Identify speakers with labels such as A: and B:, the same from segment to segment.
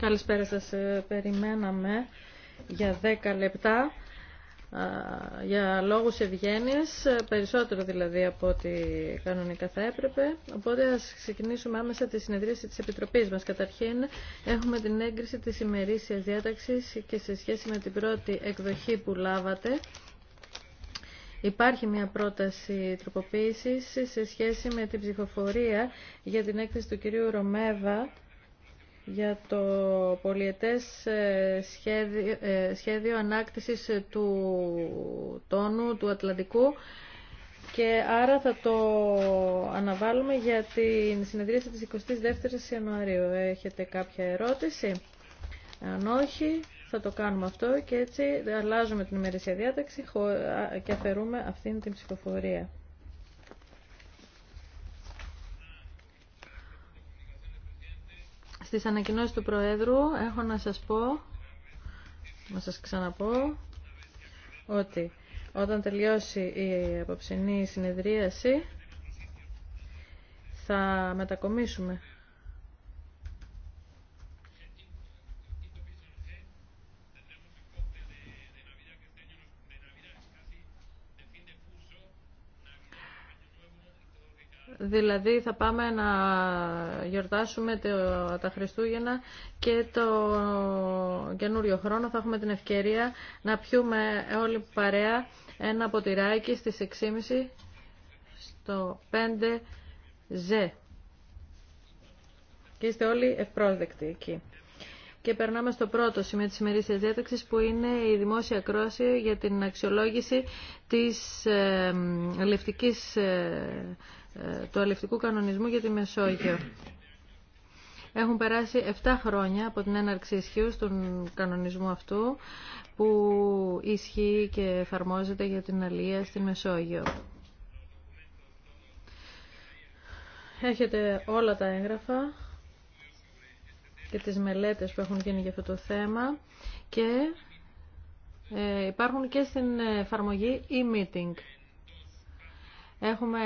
A: Καλησπέρα σας. Ε, περιμέναμε για 10 λεπτά για λόγους ευγένειας, περισσότερο δηλαδή από ό,τι κανονικά θα έπρεπε. Οπότε ας ξεκινήσουμε άμεσα τη συνεδρίαση της Επιτροπής μας. Καταρχήν έχουμε την έγκριση της ημερήσιας διάταξης και σε σχέση με την πρώτη εκδοχή που λάβατε. Υπάρχει μια πρόταση τροποποίησης σε σχέση με την ψηφοφορία για την έκθεση του κυρίου Ρωμέβα για το πολιετές ε, σχέδιο, ε, σχέδιο ανάκτησης του τόνου του Ατλαντικού και άρα θα το αναβάλουμε για την συνεδρίαση της 22ης Ιανουαρίου. Έχετε κάποια ερώτηση? Αν όχι, θα το κάνουμε αυτό και έτσι αλλάζουμε την ημερήσια διάταξη και αφαιρούμε αυτήν την ψηφοφορία. Στις ανακοινώσεις του Προέδρου έχω να σας πω, να σας ξαναπώ, ότι όταν τελειώσει η απόψινή συνεδρίαση θα μετακομίσουμε
B: Δηλαδή θα
A: πάμε να γιορτάσουμε τα Χριστούγεννα και το καινούριο χρόνο θα έχουμε την ευκαιρία να πιούμε όλοι παρέα ένα ποτηράκι στις 6.30 στο 5 Ζ. Και είστε όλοι ευπρόσδεκτοι εκεί. Και περνάμε στο πρώτο σημείο της ημερήσιας διάταξης που είναι η δημόσια κρόση για την αξιολόγηση της ε, ε, του αλευτικού κανονισμού για τη Μεσόγειο. Έχουν περάσει 7 χρόνια από την έναρξη ισχύου του κανονισμού αυτού που ισχύει και εφαρμόζεται για την αλία στη Μεσόγειο. Έχετε όλα τα έγγραφα και τις μελέτες που έχουν γίνει για αυτό το θέμα και ε, υπάρχουν και στην εφαρμογή e-meeting. Έχουμε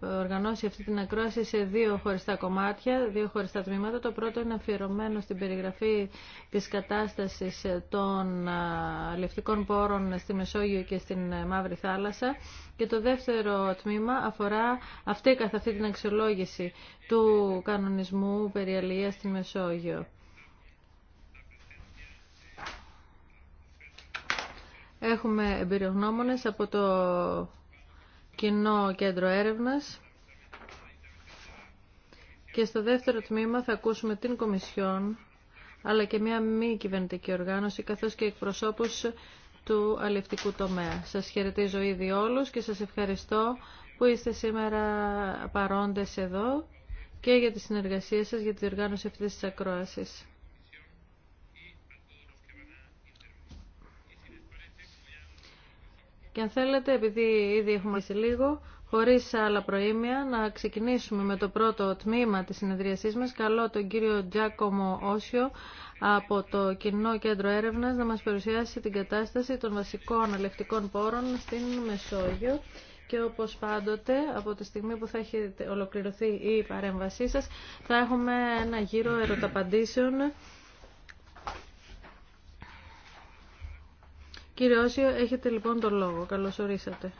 A: οργανώσει αυτή την ακρόαση σε δύο χωριστά κομμάτια, δύο χωριστά τμήματα. Το πρώτο είναι αφιερωμένο στην περιγραφή της κατάστασης των λευτικών πόρων στη Μεσόγειο και στην ε, Μαύρη Θάλασσα. Και το δεύτερο τμήμα αφορά αυτή καθ' αυτή την αξιολόγηση του κανονισμού περιαλίας στη Μεσόγειο. Έχουμε εμπειρογνώμονες από το κοινό κέντρο έρευνας και στο δεύτερο τμήμα θα ακούσουμε την Κομισιόν αλλά και μια μη κυβερνητική οργάνωση καθώς και εκπροσώπους του αλευτικού τομέα. Σας χαιρετίζω ήδη όλους και σας ευχαριστώ που είστε σήμερα παρόντες εδώ και για τη συνεργασία σας για τη διοργάνωση αυτής της ακρόασης. Και αν θέλετε, επειδή ήδη έχουμε αρχίσει λίγο, χωρίς άλλα προήμια, να ξεκινήσουμε με το πρώτο τμήμα της συνεδρίασής μας. Καλώ τον κύριο Τζάκομο Όσιο από το Κοινό Κέντρο Έρευνας να μας παρουσιάσει την κατάσταση των βασικών ελευτικών πόρων στην Μεσόγειο. Και όπως πάντοτε, από τη στιγμή που θα έχει ολοκληρωθεί η παρέμβασή σας, θα έχουμε ένα γύρο ερωταπαντήσεων Κύριε Όσιο, έχετε λοιπόν τον λόγο. Καλώς ορίσατε.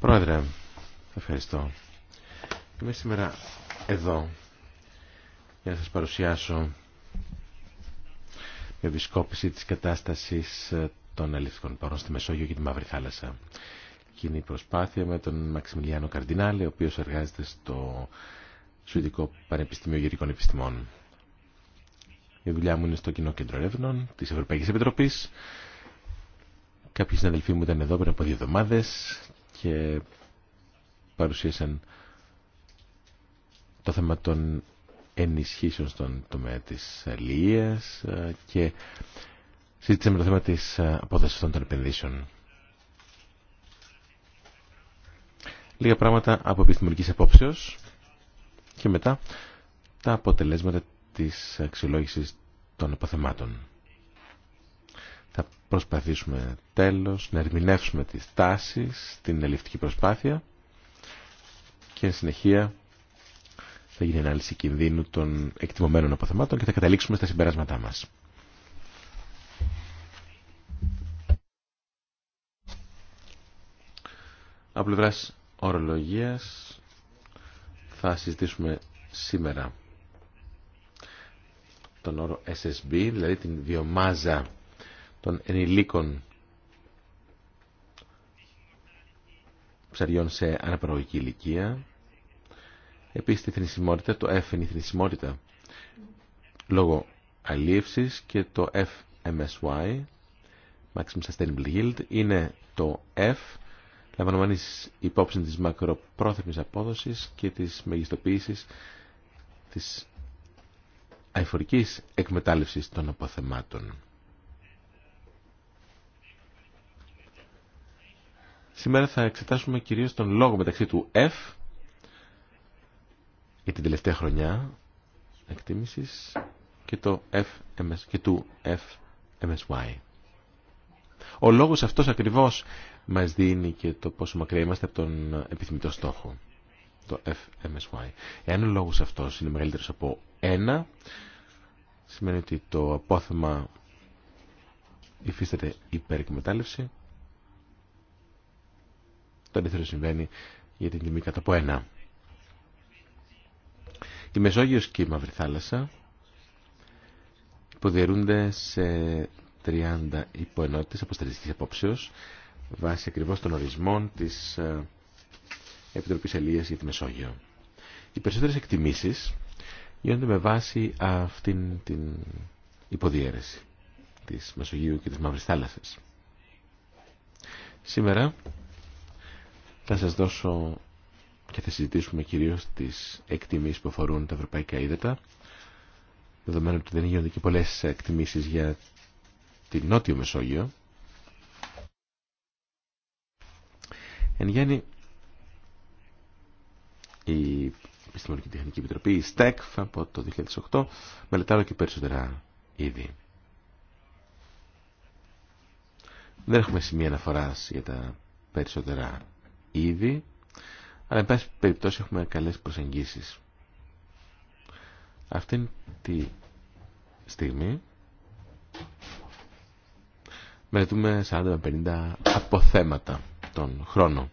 B: Πρόεδρε, ευχαριστώ. Είμαι σήμερα εδώ για να σας παρουσιάσω μια επισκόπηση της κατάστασης ε, των αληθικών παρών στη Μεσόγειο και τη Μαύρη Θάλασσα. Εκείνη προσπάθεια με τον Μαξιμιλιάνο Καρδινάλη, ο οποίος εργάζεται στο Σουηδικό Πανεπιστήμιο Γερικών Επιστημών. Η δουλειά μου είναι στο Κοινό Κέντρο Ερεύνων της Ευρωπαϊκής Επιτροπής Κάποιοι συναδελφοί μου ήταν εδώ πριν από δύο εβδομάδε και παρουσίασαν το θέμα των ενισχύσεων στον τομέα της αλληλείας ε, και συζήτησαμε το θέμα της ε, απόδοσης των επενδύσεων. Λίγα πράγματα από επιστημονικής απόψεως και μετά τα αποτελέσματα της αξιολόγηση των αποθεμάτων. Θα προσπαθήσουμε τέλος να ερμηνεύσουμε τις τάσεις, την ελληνική προσπάθεια και εν συνεχεία θα γίνει ανάλυση κινδύνου των εκτιμωμένων αποθεμάτων και θα καταλήξουμε στα συμπεράσματά μας. Από πλευράς ορολογίας θα συζητήσουμε σήμερα τον όρο SSB, δηλαδή την βιομάζα των ενηλίκων ψαριών σε αναπαραγωγική ηλικία. Επίσης τη θνησιμότητα, το F είναι η θνησιμότητα λόγω αλίευσης και το FMSY, Maximum Sustainable Yield, είναι το F, λαμβανωμένης υπόψη της μακροπρόθεσμης απόδοσης και της μεγιστοποίησης της αηφορικής εκμετάλλευσης των αποθεμάτων. Σήμερα θα εξετάσουμε κυρίως τον λόγο μεταξύ του F για την τελευταία χρονιά εκτίμησης και, το FMS, και του FMSY. Ο λόγος αυτός ακριβώς μας δίνει και το πόσο μακριά είμαστε από τον επιθυμητό στόχο, το FMSY. Εάν ο λόγος αυτός είναι μεγαλύτερος από ένα, σημαίνει ότι το απόθεμα υφίσταται εκμετάλλευση. Το αντίθετο συμβαίνει για την τιμή κατά από ένα. Η Μεσόγειος και η Μαύρη Θάλασσα υποδιαιρούνται σε 30 υποενότητες από στρατιστικής απόψεως βάσει ακριβώς των ορισμών της ε, Επιτροπής Ελίας για τη Μεσόγειο. Οι περισσότερες εκτιμήσεις γίνονται με βάση αυτήν την υποδιέρεση της Μεσογείου και της Μαύρης Θάλασσας. Σήμερα θα σας δώσω και θα συζητήσουμε κυρίως τις εκτιμήσεις που αφορούν τα ευρωπαϊκά είδετα δεδομένου ότι δεν γίνονται και πολλές εκτιμήσεις για την Νότιο Μεσόγειο. Εν γέννη, η Επιστημονική Τεχνική Επιτροπή, η ΣΤΕΚΦ από το 2008, μελετάω και περισσότερα είδη. Δεν έχουμε σημεία αναφοράς για τα περισσότερα ήδη, αλλά εν πάση περιπτώσει έχουμε καλές προσεγγίσεις. Αυτή τη στιγμή μελετούμε 40 με 50 αποθέματα τον χρόνο.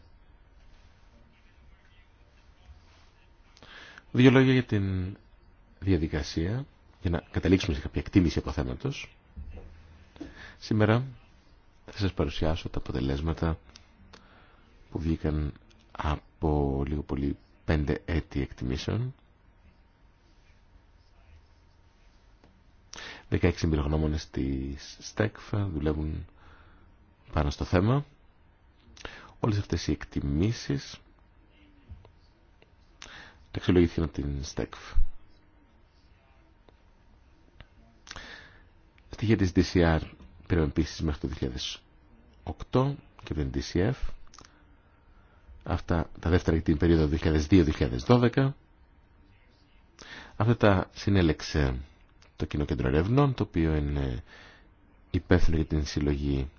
B: Δύο λόγια για την διαδικασία, για να καταλήξουμε σε κάποια εκτίμηση αποθέματος. Σήμερα θα σας παρουσιάσω τα αποτελέσματα που βγήκαν από λίγο πολύ πέντε έτη εκτιμήσεων. 16 εμπειρογνώμονες της ΣΤΕΚΦ e δουλεύουν πάνω στο θέμα. Όλες αυτές οι εκτιμήσεις αξιολογήθηκαν από την ΣΤΕΚΦ. E Στοιχεία της DCR πήραμε επίσης μέχρι το 2008 και από την DCF αυτά τα δεύτερα για την περίοδο 2002-2012. Αυτά τα συνέλεξε το Κοινό Κέντρο Ερευνών, το οποίο είναι υπεύθυνο για την συλλογή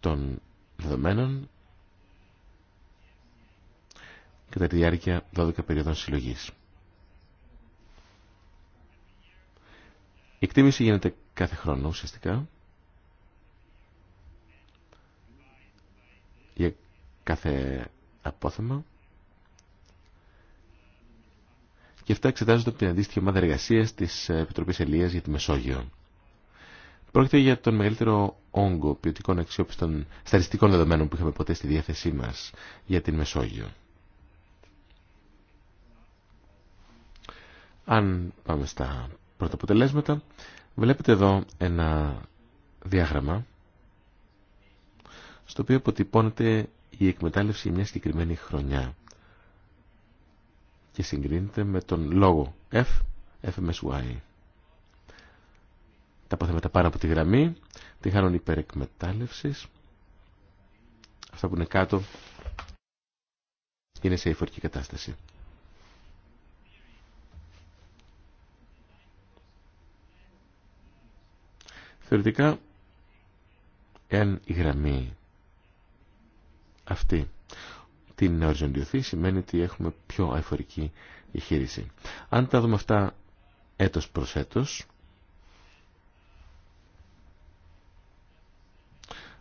B: των δεδομένων κατά τη διάρκεια 12 περίοδων συλλογής. Η εκτίμηση γίνεται κάθε χρόνο ουσιαστικά κάθε απόθεμα και αυτά εξετάζονται από την αντίστοιχη ομάδα εργασία τη Επιτροπή Ελία για τη Μεσόγειο. Πρόκειται για τον μεγαλύτερο όγκο ποιοτικών αξιόπιστων σταριστικών δεδομένων που είχαμε ποτέ στη διάθεσή μα για την Μεσόγειο. Αν πάμε στα πρώτα αποτελέσματα, βλέπετε εδώ ένα διάγραμμα στο οποίο αποτυπώνεται η εκμετάλλευση μια συγκεκριμένη χρονιά και συγκρίνεται με τον λόγο F, FMSY. Τα παθέματα πάνω από τη γραμμή, τη χάνουν υπερεκμετάλλευσης. Αυτά που είναι κάτω είναι σε υφορική κατάσταση. Θεωρητικά, εάν η γραμμή αυτή την οριζοντιωθεί σημαίνει ότι έχουμε πιο αεφορική διαχείριση. Αν τα δούμε αυτά έτος προς έτος,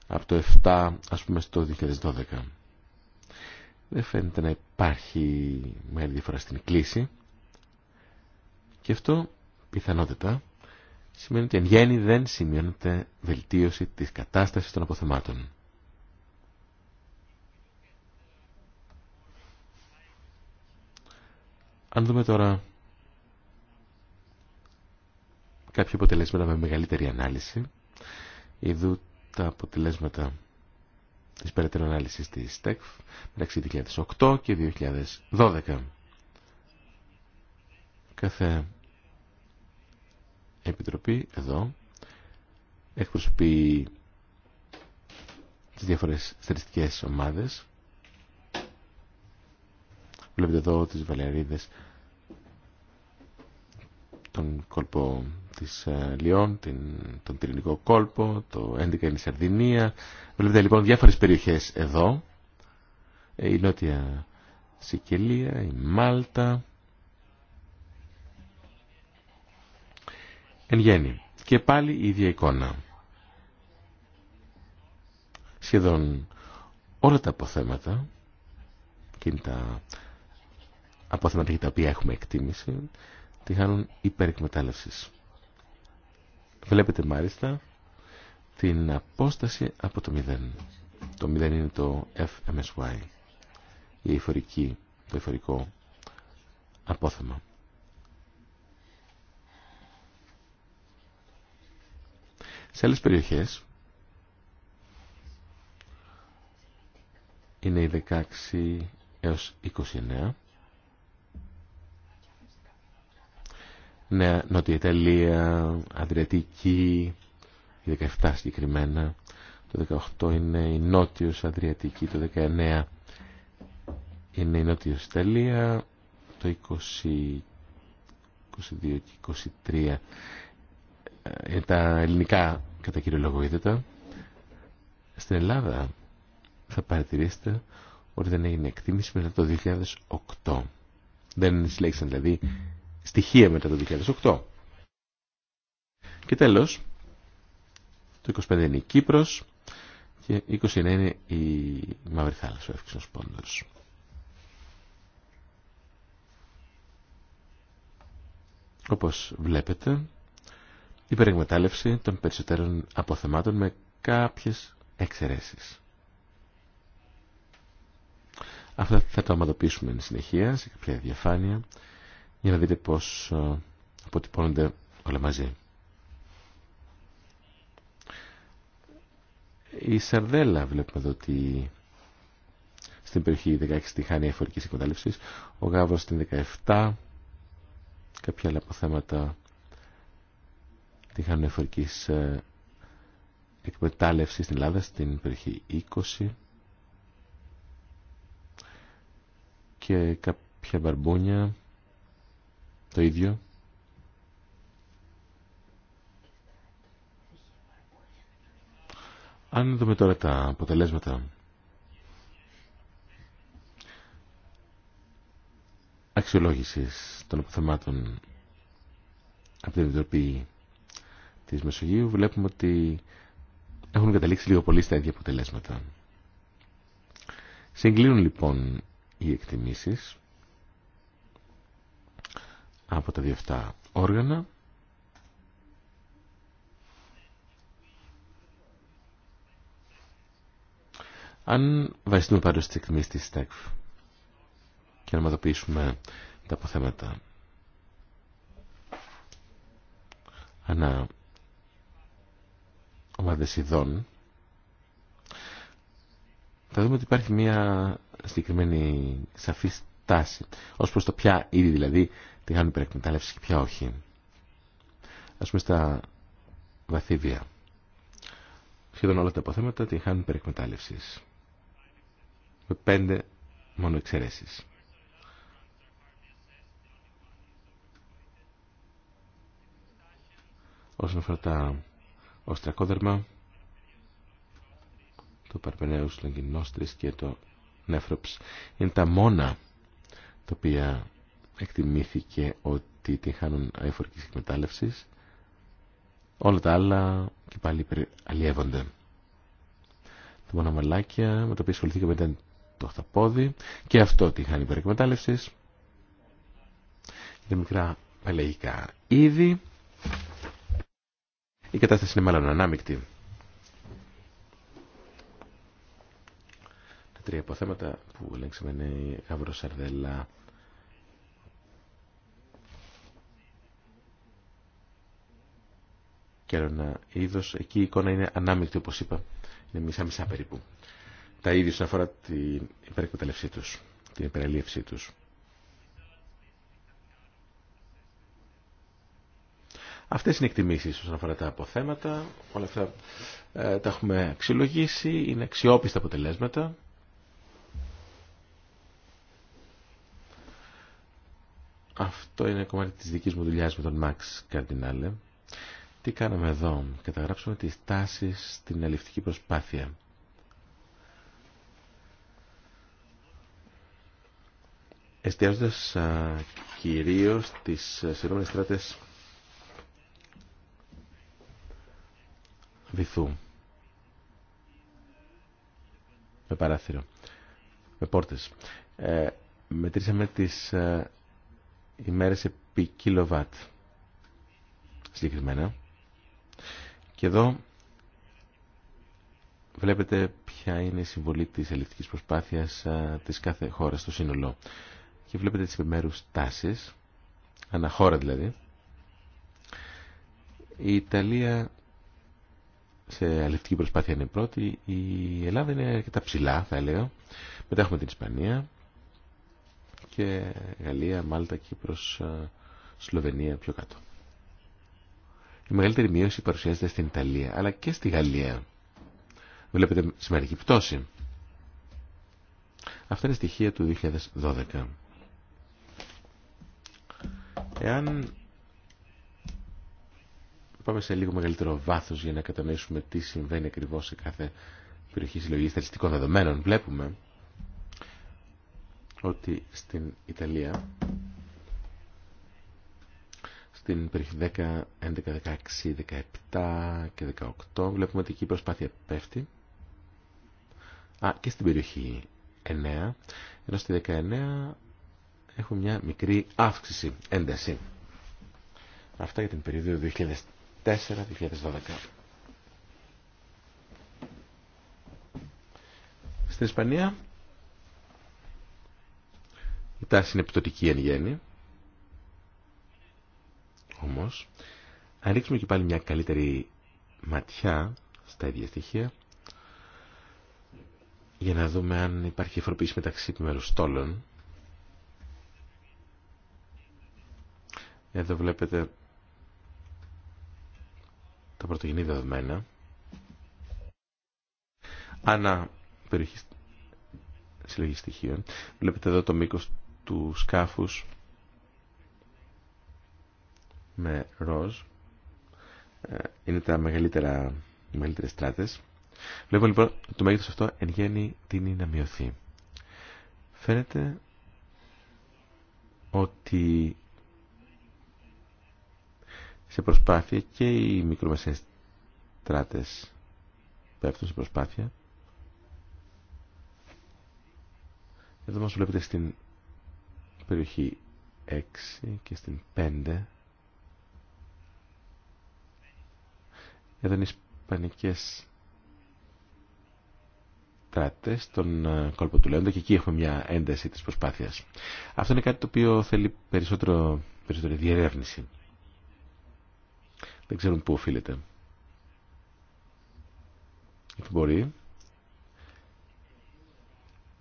B: από το 7 ας πούμε στο 2012, δεν φαίνεται να υπάρχει μεγάλη διαφορά στην κλίση και αυτό πιθανότητα σημαίνει ότι εν γέννη δεν σημειώνεται βελτίωση της κατάστασης των αποθεμάτων. Αν δούμε τώρα κάποια αποτελέσματα με μεγαλύτερη ανάλυση, ειδού τα αποτελέσματα της περαιτέρω ανάλυσης της ΣΤΕΚΦ μεταξύ 2008 και 2012. Κάθε επιτροπή εδώ εκπροσωπεί τις διάφορες στατιστικές ομάδες Βλέπετε εδώ τις βαλερίδες τον κόλπο της ε, Λιών, την, τον Τυρινικό κόλπο, το 11 είναι η Σαρδινία. Βλέπετε λοιπόν διάφορες περιοχές εδώ. Ε, η Νότια Σικελία, η Μάλτα. Εν γέννη. Και πάλι η ίδια εικόνα. Σχεδόν όλα τα αποθέματα και τα αποθέματα για τα οποία έχουμε εκτίμηση τη χάνουν υπερ-εκμετάλλευσης. Βλέπετε μάλιστα την απόσταση από το 0. Το 0 είναι το FMSY, η εφορική, το εφορικό απόθεμα. Σε άλλες περιοχές είναι η 16 έως 29 Νέα Νότια Ιταλία, Αδριατική, 17 συγκεκριμένα, το 18 είναι η Νότιος Αδριατική, το 19 είναι η Νότιος Ιταλία, το 20, 22 και 23 ε, είναι τα ελληνικά κατά κύριο λόγο είδετα. Στην Ελλάδα θα παρατηρήσετε ότι δεν έγινε εκτίμηση μετά το 2008. Δεν συλλέξαν δηλαδή στοιχεία μετά το 2008. Και τέλος, το 25 είναι η Κύπρος και 29 είναι η Μαύρη Θάλασσα, ο εύξηνος πόντος. Όπως βλέπετε, υπερεγμετάλλευση των περισσότερων αποθεμάτων με κάποιες εξαιρέσεις. Αυτά θα το ομαδοποιήσουμε εν συνεχεία σε κάποια διαφάνεια για να δείτε πώς ε, αποτυπώνονται όλα μαζί. Η Σαρδέλα βλέπουμε εδώ ότι στην περιοχή 16 τη χάνει εφορικής εκμετάλλευσης, ο Γάβρος στην 17, κάποια άλλα αποθέματα τη χάνουν εφορικής ε, εκμετάλλευση στην Ελλάδα, στην περιοχή 20 και κάποια μπαρμπούνια το ίδιο. Αν δούμε τώρα τα αποτελέσματα αξιολόγησης των αποθεμάτων από την Επιτροπή της Μεσογείου βλέπουμε ότι έχουν καταλήξει λίγο πολύ στα ίδια αποτελέσματα. Συγκλίνουν λοιπόν οι εκτιμήσεις από τα δύο όργανα Αν βασιστούμε πάντως στις εκτιμήσεις της ΣΤΕΚΦ και ονοματοποιήσουμε τα αποθέματα ανά ομάδες ειδών θα δούμε ότι υπάρχει μια συγκεκριμένη σαφή στάση ως προς το ποια είδη δηλαδή τι κάνουν υπερεκμετάλλευση και πια όχι. Ας πούμε στα βαθύβια. Σχεδόν όλα τα αποθέματα τη χάνουν υπερεκμετάλλευση. Με πέντε μόνο εξαιρέσεις. Όσον αφορά τα οστρακόδερμα, το Παρπενέους Λαγκινόστρις και το Νέφροψ είναι τα μόνα τα οποία εκτιμήθηκε ότι την χάνουν αεφορικής εκμετάλλευσης. Όλα τα άλλα και πάλι αλλιεύονται. Τα μοναμαλάκια με το οποία ασχοληθήκαμε ήταν το χταπόδι και αυτό την χάνει υπερεκμετάλλευσης. Είναι μικρά παλαιγικά είδη. Η κατάσταση είναι μάλλον ανάμεικτη. Τα τρία αποθέματα που λέξαμε είναι η Γαβροσαρδέλα, και ένα είδο. Εκεί η εικόνα είναι ανάμεικτη, όπω είπα. Είναι μισά-μισά περίπου. Τα ίδια όσον αφορά την υπερεκμεταλλευσή του, την υπεραλίευσή του. Αυτέ είναι εκτιμήσει όσον αφορά τα αποθέματα. Όλα αυτά ε, τα έχουμε αξιολογήσει. Είναι αξιόπιστα αποτελέσματα. Αυτό είναι κομμάτι τη δικής μου δουλειά με τον Μαξ Καρδινάλε. Τι κάναμε εδώ. Καταγράψαμε τις τάσεις στην αληφτική προσπάθεια. εστιάζοντας α, κυρίως τις σειρόμενες στράτες βυθού με παράθυρο με πόρτες ε, μετρήσαμε τις α, ημέρες επί κιλοβάτ συγκεκριμένα και εδώ βλέπετε ποια είναι η συμβολή της ελληνικής προσπάθειας της κάθε χώρας στο σύνολο. Και βλέπετε τις επιμέρους τάσεις, αναχώρα δηλαδή. Η Ιταλία σε αληθική προσπάθεια είναι πρώτη, η Ελλάδα είναι αρκετά ψηλά θα λέω. Μετά έχουμε την Ισπανία και Γαλλία, Μάλτα, Κύπρος, Σλοβενία πιο κάτω. Η μεγαλύτερη μείωση παρουσιάζεται στην Ιταλία αλλά και στη Γαλλία. Βλέπετε σημαντική πτώση. Αυτά είναι στοιχεία του 2012. Εάν πάμε σε λίγο μεγαλύτερο βάθος για να κατανοήσουμε τι συμβαίνει ακριβώς σε κάθε περιοχή συλλογής στατιστικών δεδομένων, βλέπουμε ότι στην Ιταλία στην περιοχή 10, 11, 16, 17 και 18 βλέπουμε ότι εκεί η προσπάθεια πέφτει. Α, και στην περιοχή 9, ενώ στη 19 έχουμε μια μικρή αύξηση, ένταση. Αυτά για την περίοδο 2004-2012. Στην Ισπανία η τάση είναι πτωτική εν γέννη. Όμως, αν ρίξουμε και πάλι μια καλύτερη ματιά στα ίδια στοιχεία, για να δούμε αν υπάρχει εφοροποίηση μεταξύ επιμέρους στόλων. Εδώ βλέπετε τα πρωτογενή δεδομένα. Ανά περιοχή συλλογή στοιχείων. Βλέπετε εδώ το μήκος του σκάφους με ροζ ε, είναι τα μεγαλύτερα, μεγαλύτερες στράτες. Βλέπουμε λοιπόν το μέγεθος αυτό εν γέννη τίνει να μειωθεί. Φαίνεται ότι σε προσπάθεια και οι μικρομεσαίες στράτες πέφτουν σε προσπάθεια. Εδώ μας βλέπετε στην περιοχή 6 και στην 5 ήταν οι Ισπανικές τράτες στον ε, κόλπο του Λέοντα και εκεί έχουμε μια ένταση της προσπάθειας. Αυτό είναι κάτι το οποίο θέλει περισσότερο, περισσότερη διερεύνηση. Δεν ξέρουν πού οφείλεται. Γιατί μπορεί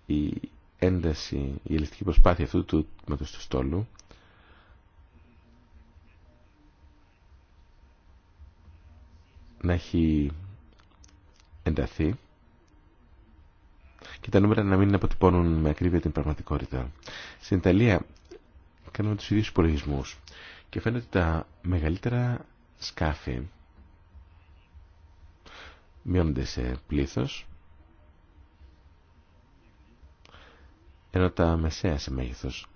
B: η ένταση, η ελιστική προσπάθεια αυτού του τμήματος του στόλου να έχει ενταθεί και τα νούμερα να μην αποτυπώνουν με ακρίβεια την πραγματικότητα. Στην Ιταλία κάνουμε τους ίδιους υπολογισμούς και φαίνεται ότι τα μεγαλύτερα σκάφη μειώνονται σε πλήθος ενώ τα μεσαία σε μέγεθος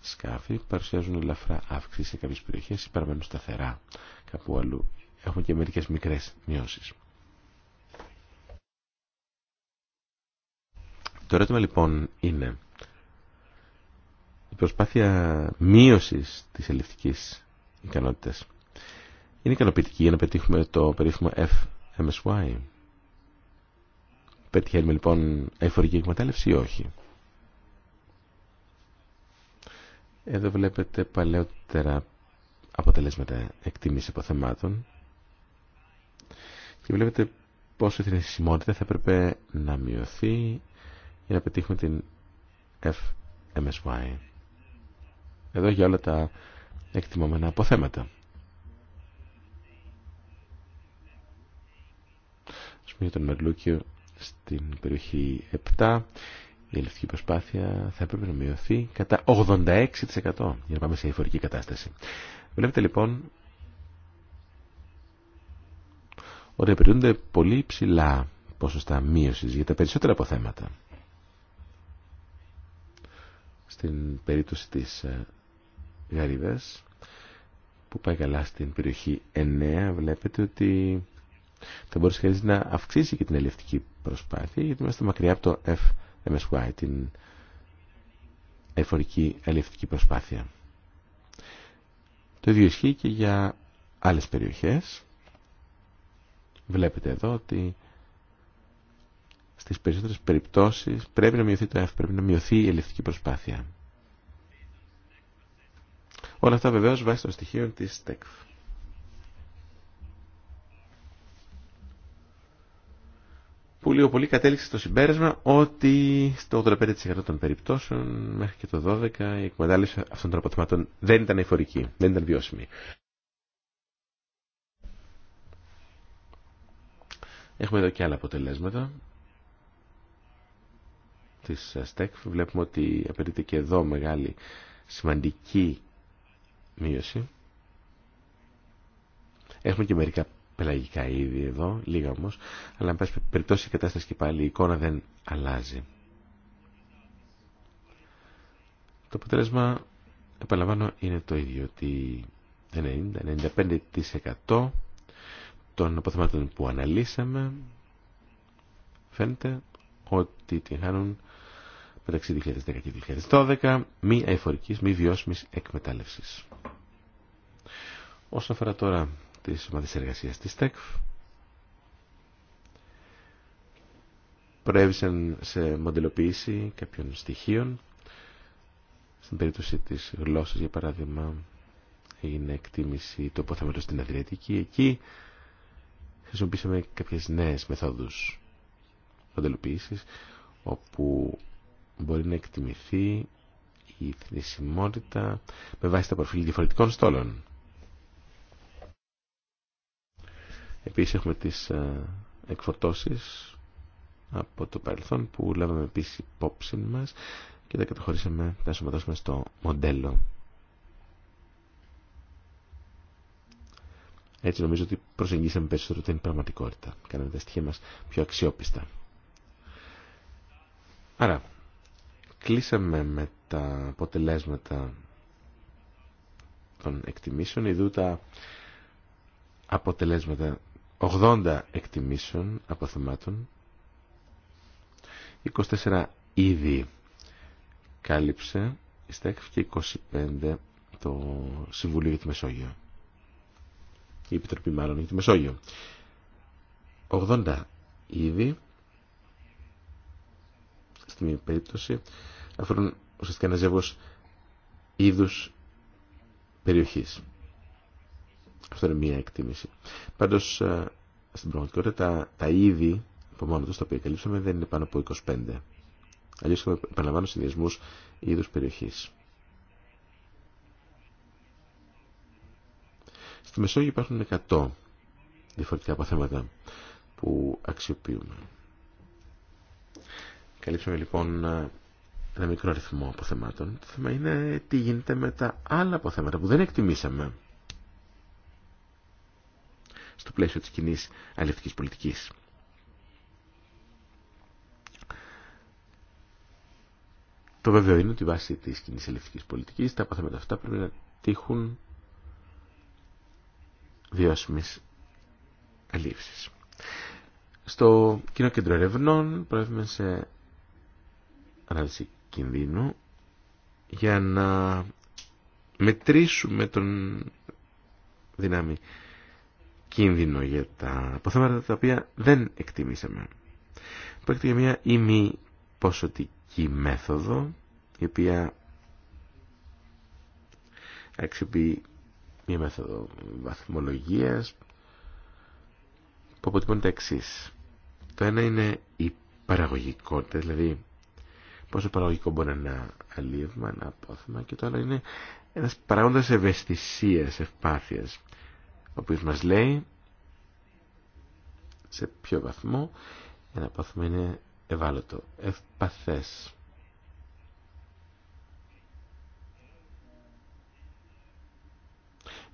B: σκάφη παρουσιάζουν ελαφρά αύξηση σε κάποιες περιοχές ή παραμένουν σταθερά. Κάπου αλλού έχουμε και μερικές μικρές μειώσεις. Το ερώτημα λοιπόν είναι η προσπάθεια μείωσης της ελληνικής ικανότητας είναι ικανοποιητική για να πετύχουμε το περίφημο FMSY. Πετυχαίνουμε λοιπόν εφορική εκμετάλλευση ή όχι. Εδώ βλέπετε παλαιότερα αποτελέσματα εκτίμηση αποθεμάτων και βλέπετε πόσο η θνησιμότητα θα έπρεπε να μειωθεί για να πετύχουμε την FMSY. Εδώ για όλα τα εκτιμωμένα αποθέματα. Ας πούμε για τον Μερλούκιο στην περιοχή 7 η ελευθερική προσπάθεια θα έπρεπε να μειωθεί κατά 86% για να πάμε σε εφορική κατάσταση. Βλέπετε λοιπόν ότι απαιτούνται πολύ ψηλά ποσοστά μείωσης για τα περισσότερα αποθέματα. Στην περίπτωση της ε, γαρίδας που πάει καλά στην περιοχή 9 βλέπετε ότι θα μπορούσε κανείς να αυξήσει και την ελευτική προσπάθεια γιατί είμαστε μακριά από το FMSY, την εφορική ελευτική προσπάθεια. Το ίδιο ισχύει και για άλλες περιοχές Βλέπετε εδώ ότι στις περισσότερες περιπτώσεις πρέπει να μειωθεί το F, πρέπει να μειωθεί η ελευθερική προσπάθεια. Όλα αυτά βεβαίως βάσει των στοιχείων της ΣΤΕΚΦ. που λίγο πολύ κατέληξε στο συμπέρασμα ότι στο 85% των περιπτώσεων μέχρι και το 12% η εκμετάλλευση αυτών των αποτυμάτων δεν ήταν εφορική, δεν ήταν βιώσιμη. Έχουμε εδώ και άλλα αποτελέσματα της ΣΤΕΚ. Βλέπουμε ότι απαιτείται και εδώ μεγάλη σημαντική μείωση. Έχουμε και μερικά πελαγικά είδη εδώ, λίγα όμω, αλλά με πάση περιπτώσει η κατάσταση και πάλι η εικόνα δεν αλλάζει. Το αποτέλεσμα, επαναλαμβάνω, είναι το ίδιο, ότι 90-95% των αποθεμάτων που αναλύσαμε φαίνεται ότι την χάνουν μεταξύ 2010 και 2012 μη αεφορικής, μη βιώσιμη εκμετάλλευσης. Όσον αφορά τώρα τις ομάδες εργασίας της ΤΕΚΦ, προέβησαν σε μοντελοποίηση κάποιων στοιχείων. Στην περίπτωση της γλώσσας, για παράδειγμα, έγινε εκτίμηση του αποθέματος στην Αδριατική. Εκεί χρησιμοποιήσαμε κάποιες νέες μεθόδους μοντελοποίησης όπου μπορεί να εκτιμηθεί η θνησιμότητα με βάση τα προφίλ διαφορετικών στόλων. Επίσης έχουμε τις ε, εκφορτώσεις από το παρελθόν που λάβαμε επίσης υπόψη μας και τα καταχωρήσαμε, τα σωματώσουμε στο μοντέλο Έτσι νομίζω ότι προσεγγίσαμε περισσότερο την πραγματικότητα. Κάναμε τα στοιχεία μας πιο αξιόπιστα. Άρα, κλείσαμε με τα αποτελέσματα των εκτιμήσεων, ειδού τα αποτελέσματα 80 εκτιμήσεων αποθεμάτων, 24 ήδη κάλυψε η ΣΤΕΚΦ και 25 το Συμβουλίο για τη Μεσόγειο η Επιτροπή μάλλον για τη Μεσόγειο. 80 είδη, στην μία περίπτωση αφορούν ουσιαστικά ένα ζεύγος είδους περιοχής. Αυτό είναι μία εκτίμηση. Πάντως ε, στην πραγματικότητα τα, τα είδη από μόνο τους τα οποία καλύψαμε δεν είναι πάνω από 25. Αλλιώς είχαμε επαναλαμβάνω συνδυασμούς είδους περιοχής. Στη Μεσόγειο υπάρχουν 100 διαφορετικά αποθέματα που αξιοποιούμε. Καλύψαμε λοιπόν ένα μικρό αριθμό αποθεμάτων. Το θέμα είναι τι γίνεται με τα άλλα αποθέματα που δεν εκτιμήσαμε στο πλαίσιο της κοινή αλληλευτικής πολιτικής. Το βέβαιο είναι ότι βάσει της κοινή αλληλευτικής πολιτικής τα αποθέματα αυτά πρέπει να τύχουν βιώσιμης αλήψης. Στο Κοινό Κέντρο Ερευνών προέβημε σε ανάλυση κινδύνου για να μετρήσουμε τον δυνάμει κίνδυνο για τα αποθέματα τα οποία δεν εκτιμήσαμε. Πρόκειται για μια ημι ποσοτική μέθοδο η οποία αξιοποιεί μια μέθοδο βαθμολογίας που αποτυπώνει τα εξή. Το ένα είναι η παραγωγικότητα, δηλαδή πόσο παραγωγικό μπορεί να είναι ένα αλίευμα, ένα απόθεμα και το άλλο είναι ένας παράγοντας ευαισθησίας, ευπάθειας, ο οποίος μας λέει σε ποιο βαθμό ένα απόθεμα είναι ευάλωτο, ευπαθές.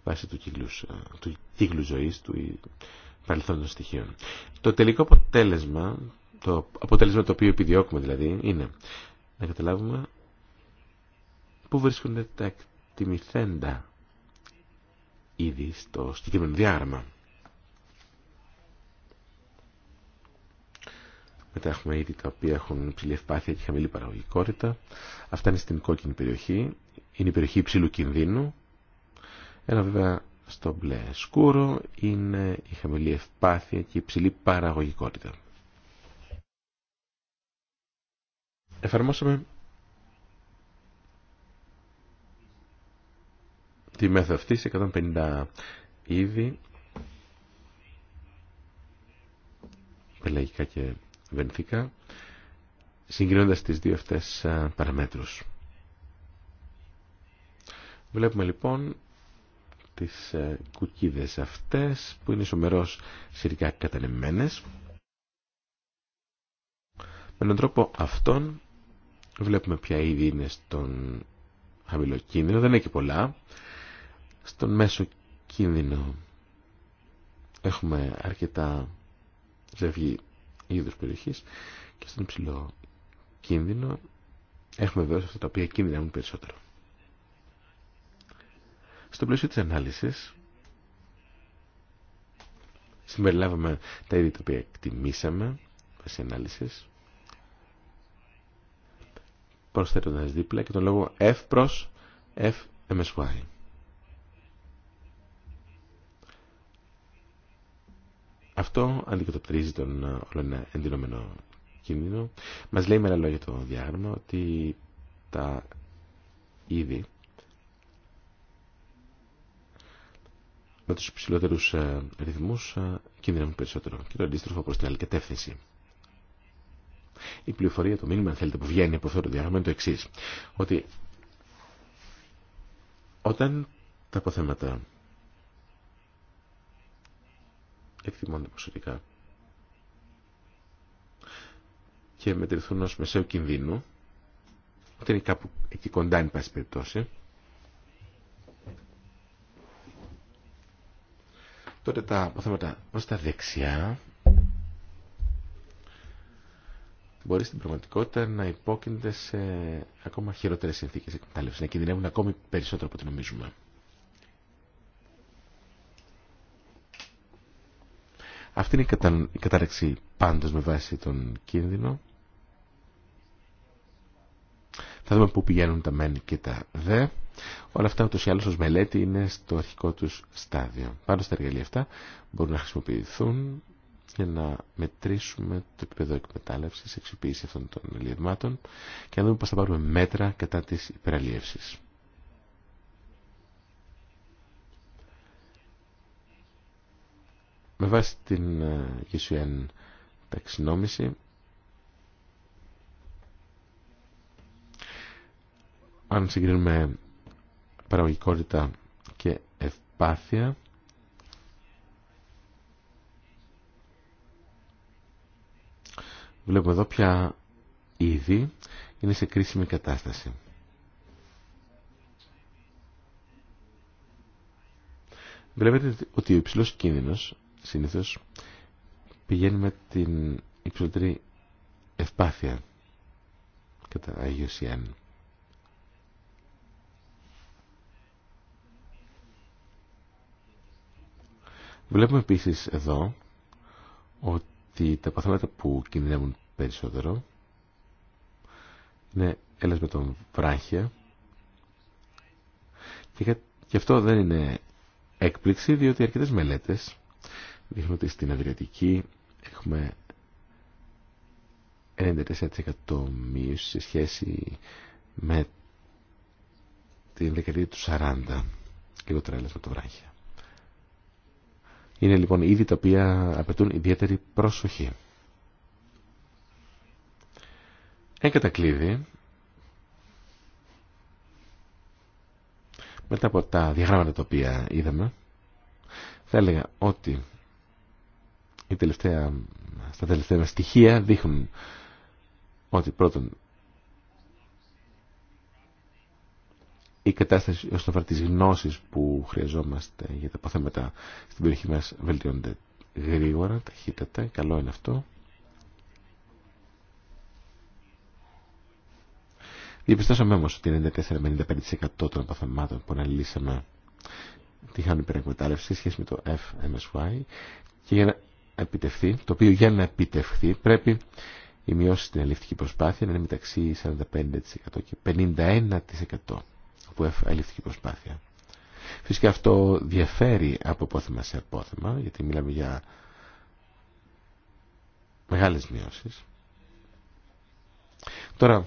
B: βάσει του κύκλου, ε, του κύκλου ζωής, του παρελθόντων στοιχείων. Το τελικό αποτέλεσμα, το αποτέλεσμα το οποίο επιδιώκουμε δηλαδή, είναι να καταλάβουμε πού βρίσκονται τα εκτιμηθέντα είδη στο συγκεκριμένο διάγραμμα. Μετά έχουμε είδη τα οποία έχουν υψηλή ευπάθεια και χαμηλή παραγωγικότητα. Αυτά είναι στην κόκκινη περιοχή. Είναι η περιοχή υψηλού κινδύνου. Ένα βέβαια στο μπλε σκούρο είναι η χαμηλή ευπάθεια και η υψηλή παραγωγικότητα. Εφαρμόσαμε τη μέθοδο αυτή σε 150 είδη πελαγικά και βενθικά συγκρίνοντας τις δύο αυτές παραμέτρους. Βλέπουμε λοιπόν τις ε, κουκίδες αυτές που είναι σωμερός σχετικά κατανεμμένες. Με τον τρόπο αυτόν βλέπουμε ποια είδη είναι στον χαμηλό κίνδυνο, δεν έχει πολλά. Στον μέσο κίνδυνο έχουμε αρκετά ζευγή είδους περιοχής και στον ψηλό κίνδυνο έχουμε βέβαια αυτά τα οποία κίνδυναν περισσότερο. Στο πλαίσιο της ανάλυσης συμπεριλάβαμε τα είδη τα οποία εκτιμήσαμε βάσει ανάλυσης προσθέτοντας δίπλα και τον λόγο F προς FMSY. Αυτό αντικατοπτρίζει τον ε, όλο ένα κίνδυνο. Μας λέει με άλλα λόγια το διάγραμμα ότι τα είδη με τους υψηλότερους ε, ρυθμούς ε, κινδυνεύουν περισσότερο και το αντίστροφο προς την άλλη κατεύθυνση. Η πληροφορία, το μήνυμα αν θέλετε που βγαίνει από αυτό το διάγραμμα είναι το εξή. Ότι όταν τα αποθέματα εκτιμώνται ποσοτικά και μετρηθούν ως μεσαίου κινδύνου, όταν είναι κάπου εκεί κοντά, εν πάση περιπτώσει, Τότε τα αποθέματα προς τα δεξιά μπορεί στην πραγματικότητα να υπόκεινται σε ακόμα χειρότερες συνθήκες εκμετάλλευσης, να κινδυνεύουν ακόμη περισσότερο από ό,τι νομίζουμε. Αυτή είναι η, η κατάρρεξη πάντως με βάση τον κίνδυνο. Θα δούμε πού πηγαίνουν τα μεν και τα δε. Όλα αυτά ούτως ή άλλως ως μελέτη είναι στο αρχικό τους στάδιο. Πάνω στα εργαλεία αυτά μπορούν να χρησιμοποιηθούν για να μετρήσουμε το επίπεδο εκμετάλλευσης, εξυπηρέτηση αυτών των ελιευμάτων και να δούμε πώς θα πάρουμε μέτρα κατά της υπεραλίευσης. Με βάση την GSUN ε, ταξινόμηση αν συγκρίνουμε παραγωγικότητα και ευπάθεια Βλέπουμε εδώ πια είδη είναι σε κρίσιμη κατάσταση. Βλέπετε ότι ο υψηλός κίνδυνος συνήθως πηγαίνει με την υψηλότερη ευπάθεια κατά Αγίος Ιάννη. Βλέπουμε επίσης εδώ ότι τα παθήματα που κινδυνεύουν περισσότερο είναι έλας με τον βράχια και αυτό δεν είναι έκπληξη διότι αρκετές μελέτες δείχνουν ότι στην Αδριατική έχουμε 94% μείωση σε σχέση με την δεκαετία του 40 και έλας με τον βράχια. Είναι λοιπόν είδη τα οποία απαιτούν ιδιαίτερη προσοχή. Εν κατακλείδη, μετά από τα διαγράμματα τα οποία είδαμε, θα έλεγα ότι η τελευταία, στα τελευταία στοιχεία δείχνουν ότι πρώτον η κατάσταση όσον αφορά τις γνώσεις που χρειαζόμαστε για τα αποθέματα στην περιοχή μας βελτιώνεται γρήγορα, ταχύτατα, καλό είναι αυτό. Διαπιστώσαμε όμως ότι 94-95% των αποθεμάτων που αναλύσαμε τη χάνουν υπερεκμετάλλευση σε σχέση με το FMSY και για να επιτευχθεί, το οποίο για να επιτευχθεί πρέπει η μειώση στην αλληλευτική προσπάθεια να είναι μεταξύ 45% και 51% που έλειφθηκε η προσπάθεια. Φυσικά αυτό διαφέρει από πόθημα σε απόθεμα, γιατί μιλάμε για μεγάλες μειώσεις. Τώρα,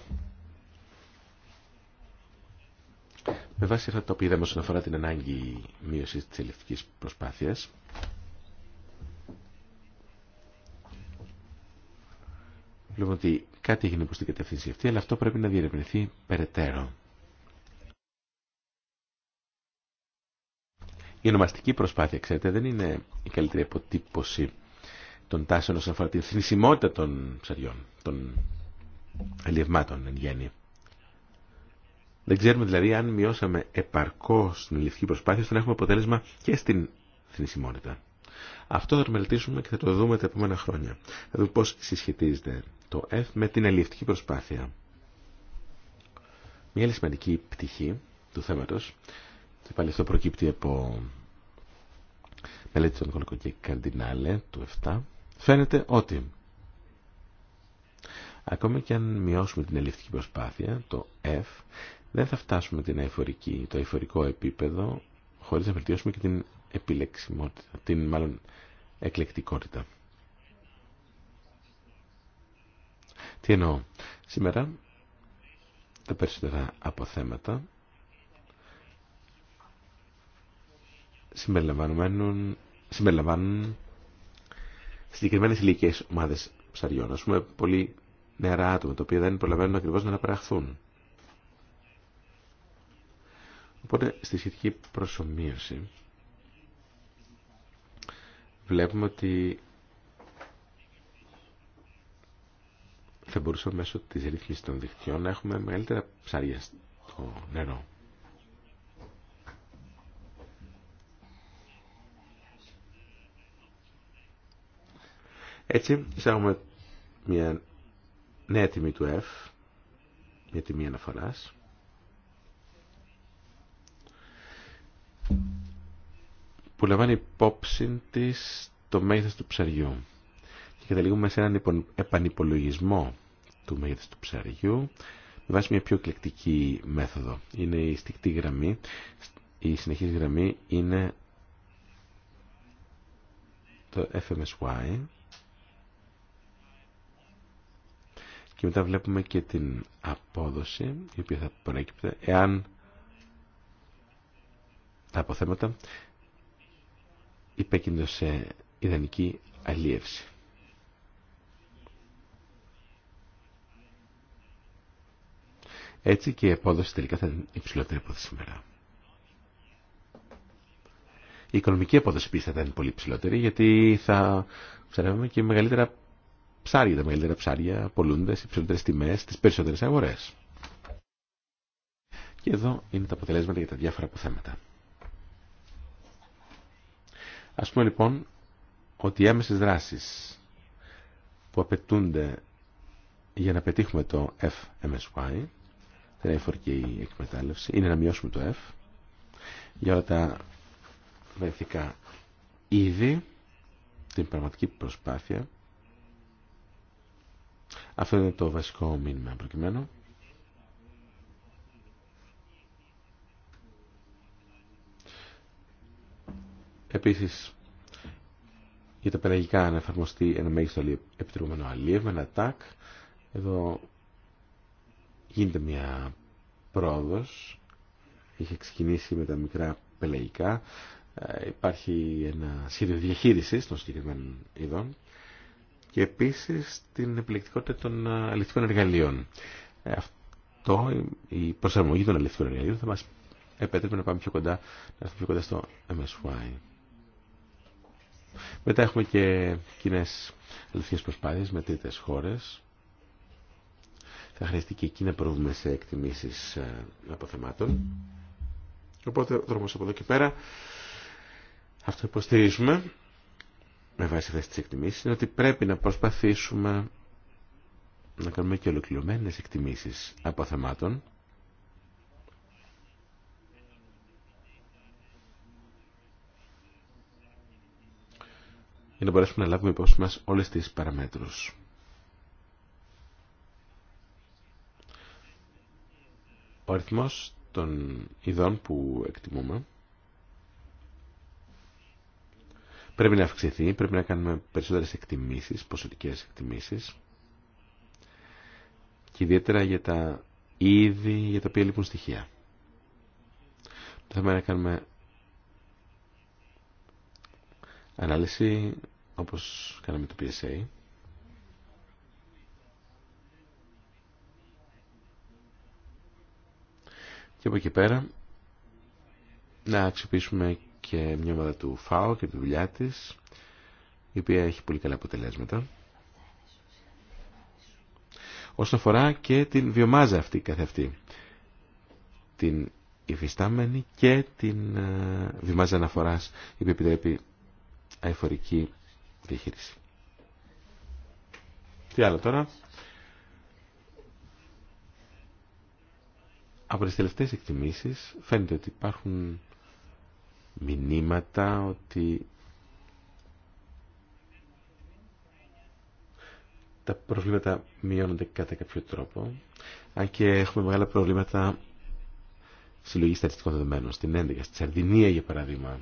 B: με βάση αυτά τα οποία είδαμε όσον αφορά την ανάγκη μείωσης της ελευθερικής προσπάθειας, βλέπουμε ότι κάτι έγινε προς την κατεύθυνση αυτή, αλλά αυτό πρέπει να διερευνηθεί περαιτέρω. Η ονομαστική προσπάθεια, ξέρετε, δεν είναι η καλύτερη αποτύπωση των τάσεων όσον αφορά τη θνησιμότητα των ψαριών, των αλλιευμάτων εν γέννη. Δεν ξέρουμε δηλαδή αν μειώσαμε επαρκώ την ελληνική προσπάθεια ώστε να έχουμε αποτέλεσμα και στην θνησιμότητα. Αυτό θα το μελετήσουμε και θα το δούμε τα επόμενα χρόνια. Θα δούμε πώ συσχετίζεται το F με την αλληλευτική προσπάθεια. Μια άλλη σημαντική πτυχή του θέματος και πάλι αυτό προκύπτει από μελέτη των Νικολικό και του 7. Φαίνεται ότι ακόμη και αν μειώσουμε την ελληνική προσπάθεια, το F, δεν θα φτάσουμε την αηφορική, το αηφορικό επίπεδο χωρίς να βελτιώσουμε και την επιλεξιμότητα, την μάλλον εκλεκτικότητα. Τι εννοώ. Σήμερα τα περισσότερα αποθέματα συμπεριλαμβάνουν, συμπεριλαμβάνουν συγκεκριμένες ηλικίες ομάδες ψαριών. α πούμε, πολύ νεαρά άτομα, τα οποία δεν προλαβαίνουν ακριβώ να αναπαραχθούν. Οπότε, στη σχετική προσωμείωση, βλέπουμε ότι θα μπορούσαμε μέσω της ρύθμισης των δικτυών να έχουμε μεγαλύτερα ψάρια στο νερό. Έτσι εισάγουμε μια νέα τιμή του F, μια τιμή αναφοράς. που λαμβάνει υπόψη της το μέγεθος του ψαριού. Και καταλήγουμε σε έναν επανυπολογισμό του μέγεθους του ψαριού με βάση μια πιο εκλεκτική μέθοδο. Είναι η στικτή γραμμή. Η συνεχής γραμμή είναι το FMSY Και μετά βλέπουμε και την απόδοση η οποία θα προέκυπτε εάν τα αποθέματα υπέκυντο σε ιδανική αλίευση. Έτσι και η απόδοση τελικά θα είναι υψηλότερη από σήμερα. Η οικονομική απόδοση επίση θα είναι πολύ υψηλότερη γιατί θα ψαρεύουμε και μεγαλύτερα ψάρια, τα μεγαλύτερα ψάρια πολλούνται σε υψηλότερε τιμέ στι περισσότερε αγορέ. Και εδώ είναι τα αποτελέσματα για τα διάφορα αποθέματα. Ας πούμε λοιπόν ότι οι άμεσε δράσεις που απαιτούνται για να πετύχουμε το FMSY, την εφορική εκμετάλλευση, είναι να μειώσουμε το F για όλα τα βαρυθικά είδη, την πραγματική προσπάθεια αυτό είναι το βασικό μήνυμα προκειμένου. Επίσης, για τα πελαγικά να εφαρμοστεί ένα μέγιστο επιτρεπόμενο αλίευμα, ένα τάκ. Εδώ γίνεται μια πρόοδος. Είχε ξεκινήσει με τα μικρά πελαγικά. Ε, υπάρχει ένα σχέδιο διαχείρισης των συγκεκριμένων ειδών και επίσης την επιλεκτικότητα των ε, αληθικών εργαλείων. Ε, αυτό, η προσαρμογή των αληθικών εργαλείων θα μας επέτρεπε να πάμε πιο κοντά, να έρθουμε κοντά στο MSY. Μετά έχουμε και κοινέ αληθικές προσπάθειες με τρίτες χώρες. Θα χρειαστεί και εκεί να προβούμε σε εκτιμήσεις ε, αποθεμάτων. Οπότε δρόμος από εδώ και πέρα αυτό υποστηρίζουμε με βάση αυτές τις εκτιμήσεις είναι ότι πρέπει να προσπαθήσουμε να κάνουμε και ολοκληρωμένε εκτιμήσεις θεμάτων για να μπορέσουμε να λάβουμε υπόψη μας όλες τις παραμέτρους. Ο αριθμός των ειδών που εκτιμούμε Πρέπει να αυξηθεί, πρέπει να κάνουμε περισσότερες εκτιμήσεις, ποσοτικές εκτιμήσεις και ιδιαίτερα για τα είδη για τα οποία λείπουν στοιχεία. Το θέμα να κάνουμε ανάλυση όπως κάναμε το PSA και από εκεί πέρα να αξιοποιήσουμε και μια ομάδα του ΦΑΟ και τη δουλειά τη, η οποία έχει πολύ καλά αποτελέσματα. Όσον αφορά και την βιομάζα αυτή καθ' αυτή, την υφιστάμενη και την ε, βιομάζα αναφοράς, η οποία επιτρέπει αεφορική διαχείριση. Τι άλλο τώρα. Από τις τελευταίες εκτιμήσεις φαίνεται ότι υπάρχουν μηνύματα ότι τα προβλήματα μειώνονται κατά κάποιο τρόπο αν και έχουμε μεγάλα προβλήματα συλλογή στατιστικών δεδομένων στην 11, στη Σαρδινία για παράδειγμα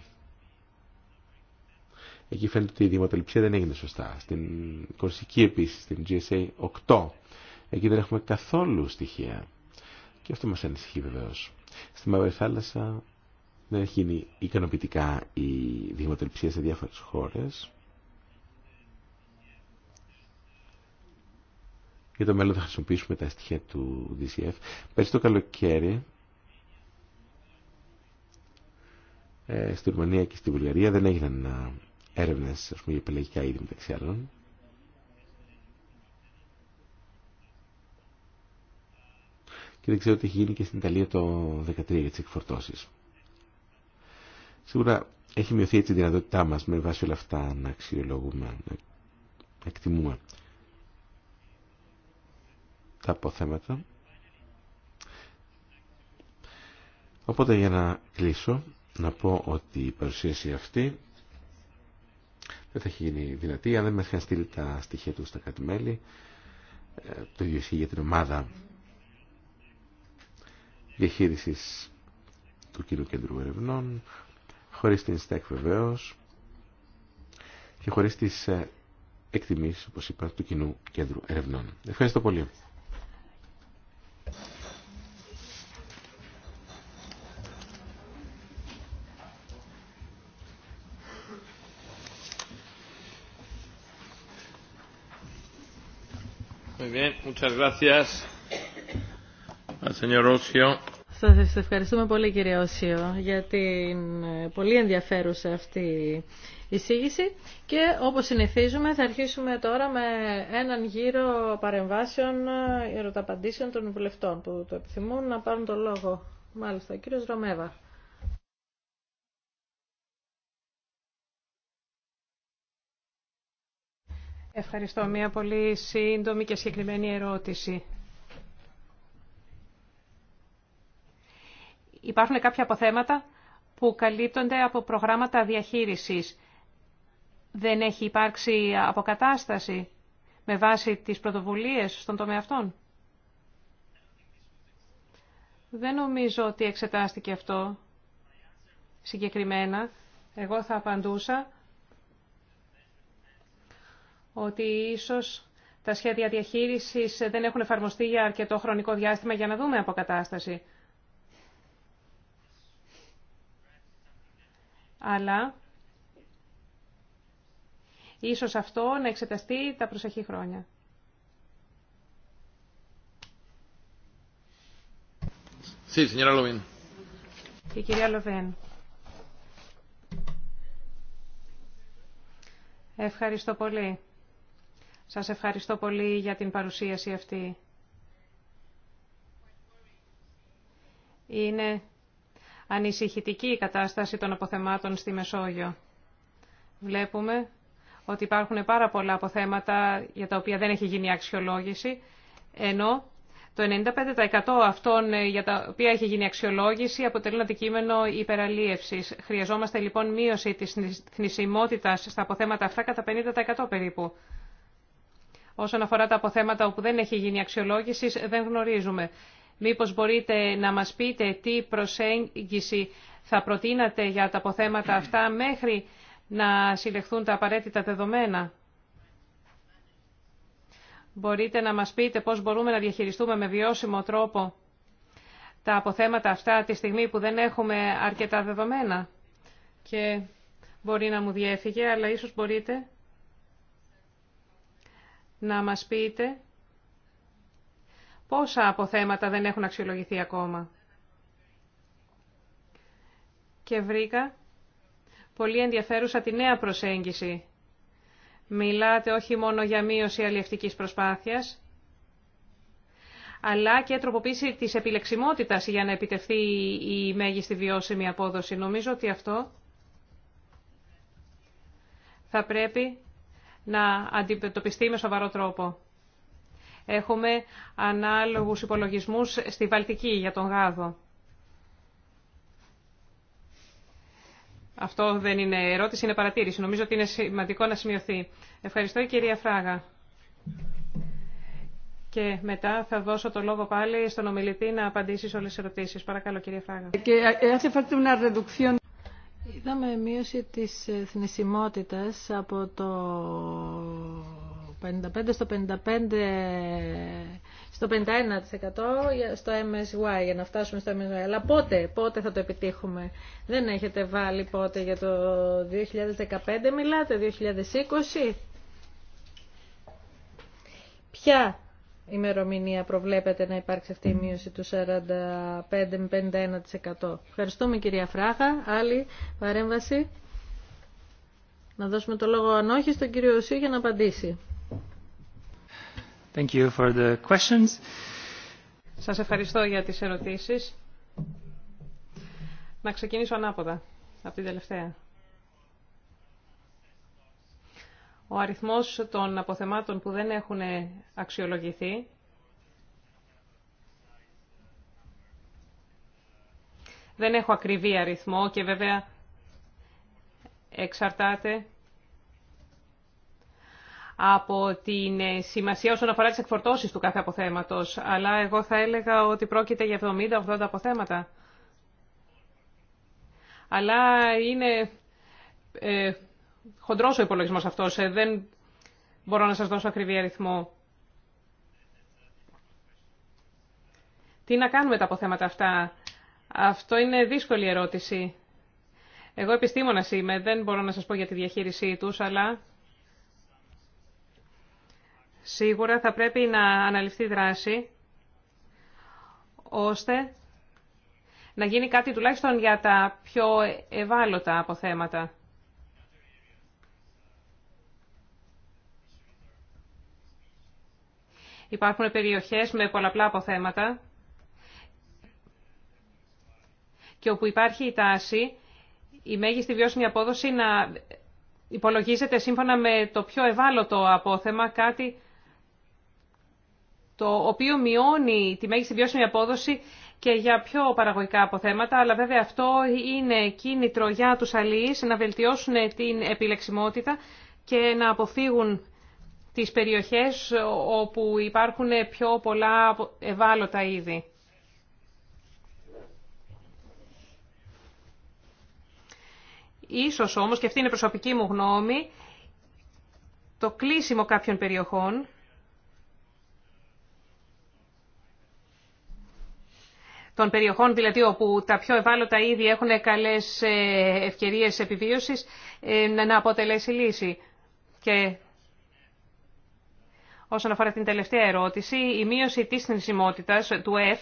B: εκεί φαίνεται ότι η δημοτοληψία δεν έγινε σωστά στην Κορσική επίσης, στην GSA 8 εκεί δεν έχουμε καθόλου στοιχεία και αυτό μας ανησυχεί βεβαίω. στη Μαύρη Θάλασσα να έχει ικανοποιητικά η δειγματοληψία σε διάφορες χώρες. Για το μέλλον θα χρησιμοποιήσουμε τα στοιχεία του DCF. Πέρσι το καλοκαίρι ε, στη Ρουμανία και στη Βουλγαρία δεν έγιναν ε, έρευνες ας πούμε, για πελαγικά είδη μεταξύ άλλων. Και δεν ξέρω τι έχει γίνει και στην Ιταλία το 2013 για τις εκφορτώσεις. Σίγουρα έχει μειωθεί έτσι η δυνατότητά μας με βάση όλα αυτά να αξιολογούμε, να εκτιμούμε τα αποθέματα. Οπότε για να κλείσω, να πω ότι η παρουσίαση αυτή δεν θα έχει γίνει δυνατή αν δεν μας είχαν στείλει τα στοιχεία του στα κατημέλη. Ε, το ίδιο ισχύει για την ομάδα διαχείρισης του Κοινού Κέντρου Ερευνών χωρίς την ΣΤΕΚ βεβαίω και χωρίς τις ε, εκτιμήσεις, όπως είπα, του Κοινού Κέντρου Ερευνών. Ευχαριστώ πολύ.
C: Muy bien, muchas gracias al señor Ocio.
A: Σας ευχαριστούμε πολύ κύριε Όσιο για την ε, πολύ ενδιαφέρουσα αυτή εισήγηση και όπως συνηθίζουμε θα αρχίσουμε τώρα με έναν γύρο παρεμβάσεων ε, ερωταπαντήσεων των βουλευτών που το επιθυμούν
D: να πάρουν το λόγο. Μάλιστα, Κύριο Ρωμέβα. Ευχαριστώ. Μια πολύ σύντομη και συγκεκριμένη ερώτηση. υπάρχουν κάποια αποθέματα που καλύπτονται από προγράμματα διαχείρισης. Δεν έχει υπάρξει αποκατάσταση με βάση τις πρωτοβουλίες στον τομέα αυτών. Δεν νομίζω ότι εξετάστηκε αυτό συγκεκριμένα. Εγώ θα απαντούσα ότι ίσως τα σχέδια διαχείρισης δεν έχουν εφαρμοστεί για αρκετό χρονικό διάστημα για να δούμε αποκατάσταση. αλλά ίσως αυτό να εξεταστεί τα προσεχή χρόνια. Η κυρία Λοβέν. Ευχαριστώ πολύ. Σας ευχαριστώ πολύ για την παρουσίαση αυτή. Είναι ανησυχητική η κατάσταση των αποθεμάτων στη Μεσόγειο. Βλέπουμε ότι υπάρχουν πάρα πολλά αποθέματα για τα οποία δεν έχει γίνει αξιολόγηση, ενώ το 95% αυτών ε, για τα οποία έχει γίνει αξιολόγηση αποτελούν αντικείμενο υπεραλίευσης. Χρειαζόμαστε λοιπόν μείωση της θνησιμότητας στα αποθέματα αυτά κατά 50% περίπου. Όσον αφορά τα αποθέματα όπου δεν έχει γίνει αξιολόγηση, δεν γνωρίζουμε. Μήπως μπορείτε να μας πείτε τι προσέγγιση θα προτείνατε για τα αποθέματα αυτά μέχρι να συλλεχθούν τα απαραίτητα δεδομένα. Μπορείτε να μας πείτε πώς μπορούμε να διαχειριστούμε με βιώσιμο τρόπο τα αποθέματα αυτά τη στιγμή που δεν έχουμε αρκετά δεδομένα. Και μπορεί να μου διέφυγε, αλλά ίσως μπορείτε να μας πείτε πόσα θέματα δεν έχουν αξιολογηθεί ακόμα. Και βρήκα πολύ ενδιαφέρουσα τη νέα προσέγγιση. Μιλάτε όχι μόνο για μείωση αλλιευτικής προσπάθειας, αλλά και τροποποίηση της επιλεξιμότητας για να επιτευθεί η μέγιστη βιώσιμη απόδοση. Νομίζω ότι αυτό θα πρέπει να αντιμετωπιστεί με σοβαρό τρόπο. Έχουμε ανάλογους υπολογισμούς στη Βαλτική για τον Γάδο. Αυτό δεν είναι ερώτηση, είναι παρατήρηση. Νομίζω ότι είναι σημαντικό να σημειωθεί. Ευχαριστώ η κυρία Φράγα. Και μετά θα δώσω το λόγο πάλι στον ομιλητή να απαντήσει σε όλες τις ερωτήσεις. Παρακαλώ κυρία Φράγα.
A: Ε, ε, Είδαμε μείωση της ε, θνησιμότητας από το 55 στο 55 στο 51% στο MSY για να φτάσουμε στο MSY. Αλλά πότε, πότε θα το επιτύχουμε. Δεν έχετε βάλει πότε για το 2015 μιλάτε, 2020. Ποια ημερομηνία προβλέπετε να υπάρξει αυτή η μείωση του 45 με 51%. Ευχαριστούμε κυρία Φράχα. Άλλη παρέμβαση. Να δώσουμε το λόγο αν όχι στον κύριο για να απαντήσει.
D: Thank Σας ευχαριστώ για τις ερωτήσεις. Να ξεκινήσω ανάποδα, από την τελευταία. Ο αριθμός των αποθεμάτων που δεν έχουν αξιολογηθεί δεν έχω ακριβή αριθμό και βέβαια εξαρτάται από την ε, σημασία όσον αφορά τις εκφορτώσεις του κάθε αποθέματος. Αλλά εγώ θα έλεγα ότι πρόκειται για 70-80 αποθέματα. Αλλά είναι ε, χοντρός ο υπολογισμός αυτός. Ε, δεν μπορώ να σας δώσω ακριβή αριθμό. Τι να κάνουμε τα αποθέματα αυτά. Αυτό είναι δύσκολη ερώτηση. Εγώ επιστήμονας είμαι, δεν μπορώ να σας πω για τη διαχείρισή τους, αλλά Σίγουρα θα πρέπει να αναλυφθεί δράση ώστε να γίνει κάτι τουλάχιστον για τα πιο ευάλωτα αποθέματα. Υπάρχουν περιοχές με πολλαπλά αποθέματα και όπου υπάρχει η τάση η μέγιστη βιώσιμη απόδοση να υπολογίζεται σύμφωνα με το πιο ευάλωτο απόθεμα, κάτι το οποίο μειώνει τη μέγιστη βιώσιμη απόδοση και για πιο παραγωγικά αποθέματα, αλλά βέβαια αυτό είναι κίνητρο για τους αλληλείς να βελτιώσουν την επιλεξιμότητα και να αποφύγουν τις περιοχές όπου υπάρχουν πιο πολλά ευάλωτα είδη. Ίσως όμως, και αυτή είναι προσωπική μου γνώμη, το κλείσιμο κάποιων περιοχών των περιοχών, δηλαδή όπου τα πιο ευάλωτα ήδη έχουν καλές ε, ευκαιρίες επιβίωσης, ε, να αποτελέσει λύση. Και όσον αφορά την τελευταία ερώτηση, η μείωση της θνησιμότητας του ΕΦ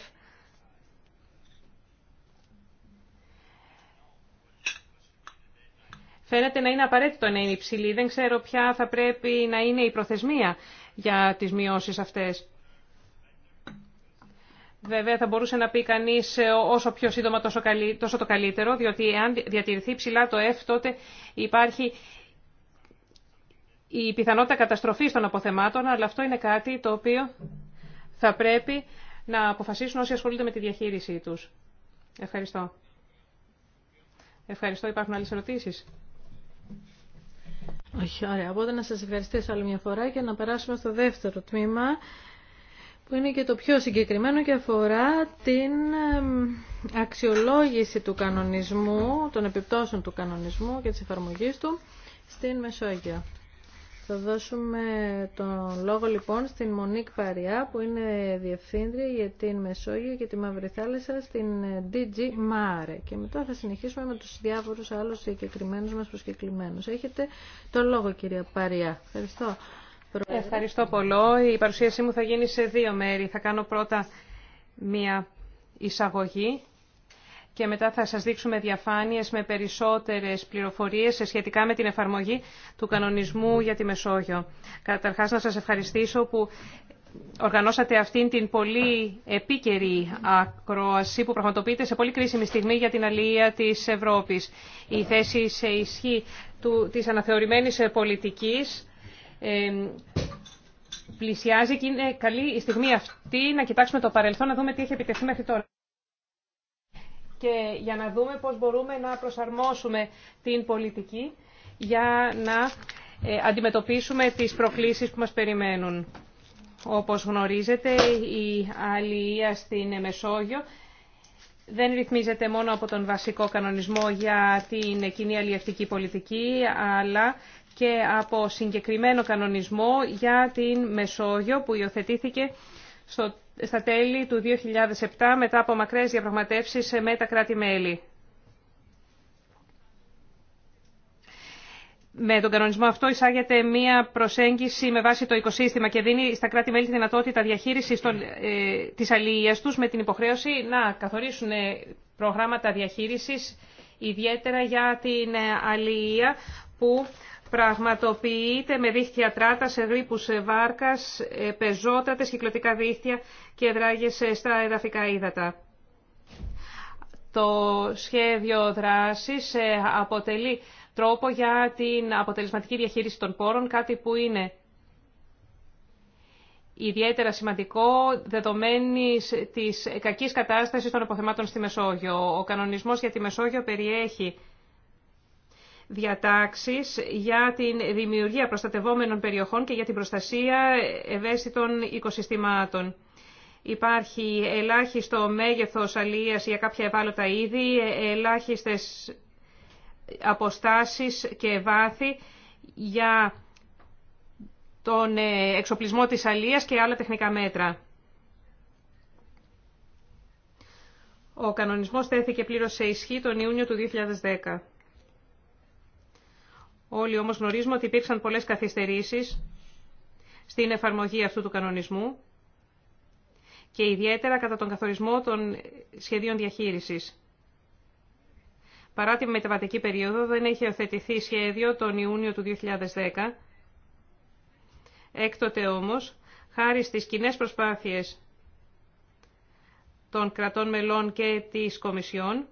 D: φαίνεται να είναι απαραίτητο να είναι υψηλή. Δεν ξέρω ποια θα πρέπει να είναι η προθεσμία για τις μειώσεις αυτές. Βέβαια θα μπορούσε να πει κανεί ε, όσο πιο σύντομα τόσο, το καλύτερο, διότι αν διατηρηθεί ψηλά το F τότε υπάρχει η πιθανότητα καταστροφή των αποθεμάτων, αλλά αυτό είναι κάτι το οποίο θα πρέπει να αποφασίσουν όσοι ασχολούνται με τη διαχείρισή του. Ευχαριστώ. Ευχαριστώ. Υπάρχουν άλλε ερωτήσει.
A: Όχι, ωραία. Οπότε να σας ευχαριστήσω άλλη μια φορά και να περάσουμε στο δεύτερο τμήμα που είναι και το πιο συγκεκριμένο και αφορά την αξιολόγηση του κανονισμού, των επιπτώσεων του κανονισμού και της εφαρμογής του στην Μεσόγειο. Θα δώσουμε τον λόγο λοιπόν στην Μονίκ Παριά που είναι διευθύντρια για την Μεσόγειο και τη Μαύρη Θάλασσα στην DG ε, Mare και μετά θα συνεχίσουμε με τους διάφορους άλλους συγκεκριμένους μας προσκεκλημένους. Έχετε τον λόγο κυρία Παριά. Ευχαριστώ. Ευχαριστώ
D: πολύ. Η παρουσίασή μου θα γίνει σε δύο μέρη. Θα κάνω πρώτα μία εισαγωγή και μετά θα σας δείξουμε διαφάνειες με περισσότερες πληροφορίες σχετικά με την εφαρμογή του κανονισμού για τη Μεσόγειο. Καταρχάς να σας ευχαριστήσω που οργανώσατε αυτήν την πολύ επίκαιρη ακρόαση που πραγματοποιείται σε πολύ κρίσιμη στιγμή για την αλληλεία της Ευρώπης. Η θέση σε ισχύ του, της αναθεωρημένης πολιτικής πλησιάζει και είναι καλή η στιγμή αυτή να κοιτάξουμε το παρελθόν, να δούμε τι έχει επιτευχθεί μέχρι τώρα. Και για να δούμε πώς μπορούμε να προσαρμόσουμε την πολιτική για να ε, αντιμετωπίσουμε τις προκλήσεις που μας περιμένουν. Όπως γνωρίζετε, η αλληλεία στην Μεσόγειο δεν ρυθμίζεται μόνο από τον βασικό κανονισμό για την κοινή αλληλευτική πολιτική, αλλά και από συγκεκριμένο κανονισμό για την Μεσόγειο που υιοθετήθηκε στο, στα τέλη του 2007 μετά από μακρές διαπραγματεύσεις με τα κράτη-μέλη. Με τον κανονισμό αυτό εισάγεται μία προσέγγιση με βάση το οικοσύστημα και δίνει στα κράτη-μέλη τη δυνατότητα διαχείρισης των, ε, της αλληλείας τους με την υποχρέωση να καθορίσουν ε, προγράμματα διαχείρισης ιδιαίτερα για την ε, αλληλεία που πραγματοποιείται με δίχτυα τράτας, ρήπους ε, βάρκα, ε, πεζότατε, κυκλωτικά δίχτυα και δράγες ε, στα εδαφικά ύδατα. Το σχέδιο δράση αποτελεί τρόπο για την αποτελεσματική διαχείριση των πόρων, κάτι που είναι ιδιαίτερα σημαντικό δεδομένη της κακή κατάσταση των αποθεμάτων στη Μεσόγειο. Ο κανονισμό για τη Μεσόγειο περιέχει διατάξεις για την δημιουργία προστατευόμενων περιοχών και για την προστασία ευαίσθητων οικοσυστημάτων. Υπάρχει ελάχιστο μέγεθος αλίας για κάποια ευάλωτα είδη, ελάχιστες αποστάσεις και βάθη για τον ε, εξοπλισμό της αλίας και άλλα τεχνικά μέτρα. Ο κανονισμός τέθηκε πλήρως σε ισχύ τον Ιούνιο του 2010. Όλοι όμως γνωρίζουμε ότι υπήρξαν πολλές καθυστερήσεις στην εφαρμογή αυτού του κανονισμού και ιδιαίτερα κατά τον καθορισμό των σχεδίων διαχείρισης. Παρά τη μεταβατική περίοδο δεν έχει οθετηθεί σχέδιο τον Ιούνιο του 2010. Έκτοτε όμως, χάρη στις κοινέ προσπάθειες των κρατών μελών και της Κομισιόν,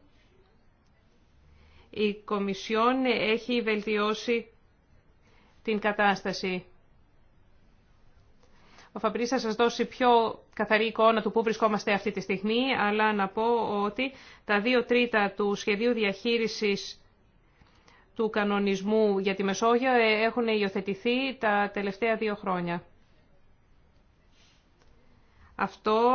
D: η Κομισιόν έχει βελτιώσει την κατάσταση. Ο Φαμπρίς θα σας δώσει πιο καθαρή εικόνα του πού βρισκόμαστε αυτή τη στιγμή, αλλά να πω ότι τα δύο τρίτα του σχεδίου διαχείρισης του κανονισμού για τη Μεσόγειο έχουν υιοθετηθεί τα τελευταία δύο χρόνια. Αυτό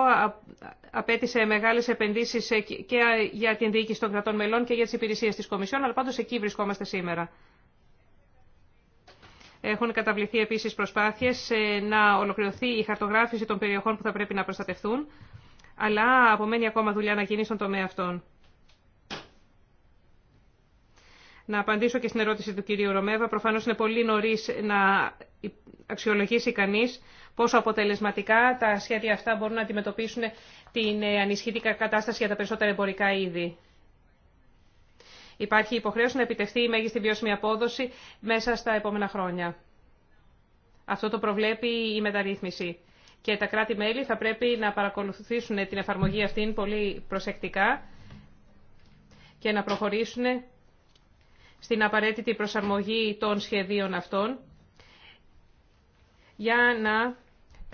D: απέτησε μεγάλε επενδύσεις και για την διοίκηση των κρατών μελών και για τι υπηρεσίε τη Κομισιόν, αλλά πάντως εκεί βρισκόμαστε σήμερα. Έχουν καταβληθεί επίσης προσπάθειες ε, να ολοκληρωθεί η χαρτογράφηση των περιοχών που θα πρέπει να προστατευτούν, αλλά απομένει ακόμα δουλειά να γίνει στον τομέα αυτών. Να απαντήσω και στην ερώτηση του κυρίου Ρωμέβα. Προφανώς είναι πολύ νωρί να αξιολογήσει κανεί πόσο αποτελεσματικά τα σχέδια αυτά μπορούν να αντιμετωπίσουν την ε, ανισχυτικά κατάσταση για τα περισσότερα εμπορικά είδη. Υπάρχει υποχρέωση να επιτευχθεί η μέγιστη βιώσιμη απόδοση μέσα στα επόμενα χρόνια. Αυτό το προβλέπει η μεταρρύθμιση. Και τα κράτη-μέλη θα πρέπει να παρακολουθήσουν την εφαρμογή αυτήν πολύ προσεκτικά και να προχωρήσουν στην απαραίτητη προσαρμογή των σχεδίων αυτών για να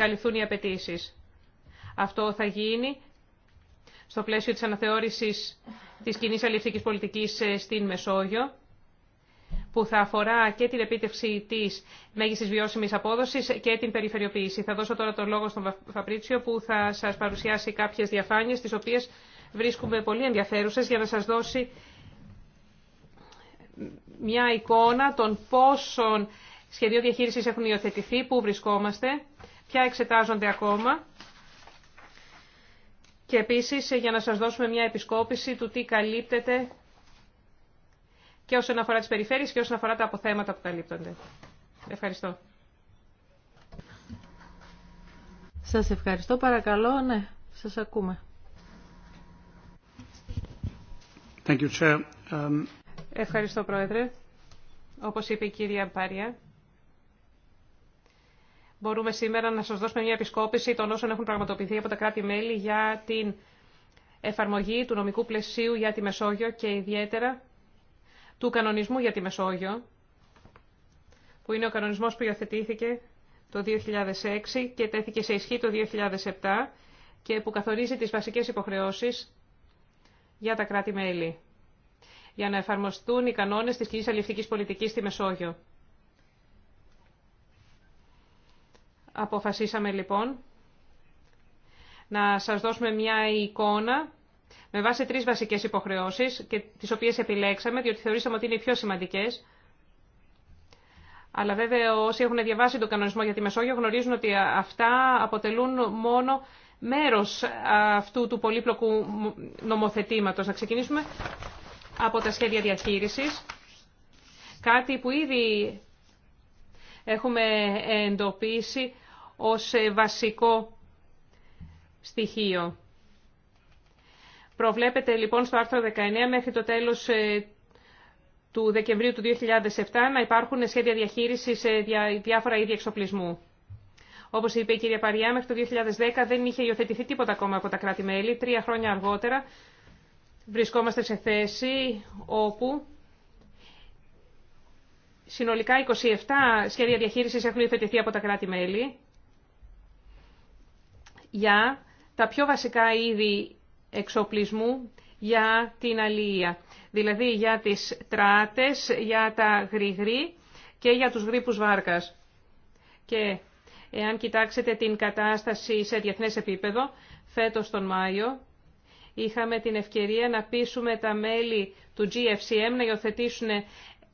D: καλυφθούν οι απαιτήσει. Αυτό θα γίνει στο πλαίσιο της αναθεώρησης της κοινή αλληλευτικής πολιτικής ε, στην Μεσόγειο, που θα αφορά και την επίτευξη της μέγιστης βιώσιμης απόδοσης και την περιφερειοποίηση. Θα δώσω τώρα το λόγο στον Φαπρίτσιο που θα σας παρουσιάσει κάποιες διαφάνειες, τις οποίες βρίσκουμε πολύ ενδιαφέρουσες για να σας δώσει μια εικόνα των πόσων σχεδίων διαχείρισης έχουν υιοθετηθεί, πού βρισκόμαστε ποια εξετάζονται ακόμα. Και επίσης για να σας δώσουμε μια επισκόπηση του τι καλύπτεται και όσον αφορά τις περιφέρειες και όσον αφορά τα αποθέματα που καλύπτονται. Ευχαριστώ.
A: Σας ευχαριστώ. Παρακαλώ, ναι, σας ακούμε.
D: Thank you, Chair. Um, ευχαριστώ, Πρόεδρε. Όπως είπε η κυρία Πάρια, μπορούμε σήμερα να σας δώσουμε μια επισκόπηση των όσων έχουν πραγματοποιηθεί από τα κράτη-μέλη για την εφαρμογή του νομικού πλαισίου για τη Μεσόγειο και ιδιαίτερα του κανονισμού για τη Μεσόγειο, που είναι ο κανονισμός που υιοθετήθηκε το 2006 και τέθηκε σε ισχύ το 2007 και που καθορίζει τις βασικές υποχρεώσεις για τα κράτη-μέλη για να εφαρμοστούν οι κανόνες της κοινής αλληλευτικής πολιτικής στη Μεσόγειο. Αποφασίσαμε λοιπόν να σας δώσουμε μια εικόνα με βάση τρεις βασικές υποχρεώσεις, και τις οποίες επιλέξαμε, διότι θεωρήσαμε ότι είναι οι πιο σημαντικές. Αλλά βέβαια όσοι έχουν διαβάσει τον κανονισμό για τη Μεσόγειο γνωρίζουν ότι αυτά αποτελούν μόνο μέρος αυτού του πολύπλοκου νομοθετήματος. Να ξεκινήσουμε από τα σχέδια διαχείρισης. Κάτι που ήδη έχουμε εντοπίσει ως ε, βασικό στοιχείο. Προβλέπεται λοιπόν στο άρθρο 19 μέχρι το τέλος ε, του Δεκεμβρίου του 2007 να υπάρχουν σχέδια διαχείρισης σε διάφορα είδη εξοπλισμού. Όπω είπε η κυρία Παριά, μέχρι το 2010 δεν είχε υιοθετηθεί τίποτα ακόμα από τα κράτη-μέλη. Τρία χρόνια αργότερα βρισκόμαστε σε θέση όπου συνολικά 27 σχέδια διαχείρισης έχουν υιοθετηθεί από τα κράτη-μέλη για τα πιο βασικά είδη εξοπλισμού για την αλληλεία. Δηλαδή για τις τράτες, για τα γρηγρή και για τους γρήπους βάρκας. Και εάν κοιτάξετε την κατάσταση σε διεθνές επίπεδο, φέτος τον Μάιο είχαμε την ευκαιρία να πείσουμε τα μέλη του GFCM να υιοθετήσουν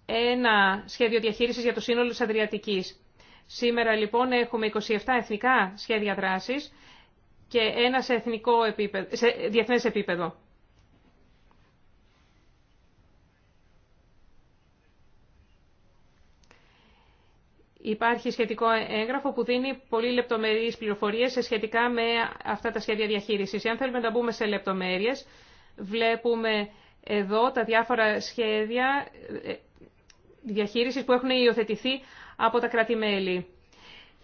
D: ένα σχέδιο διαχείρισης για το σύνολο της Αδριατικής. Σήμερα λοιπόν έχουμε 27 εθνικά σχέδια δράσης και ένα σε, εθνικό επίπεδο, σε διεθνές επίπεδο. Υπάρχει σχετικό έγγραφο που δίνει πολύ λεπτομερείς πληροφορίες σε σχετικά με αυτά τα σχέδια διαχείρισης. Αν θέλουμε να μπούμε σε λεπτομέρειες, βλέπουμε εδώ τα διάφορα σχέδια ε, διαχείρισης που έχουν υιοθετηθεί από τα κράτη-μέλη.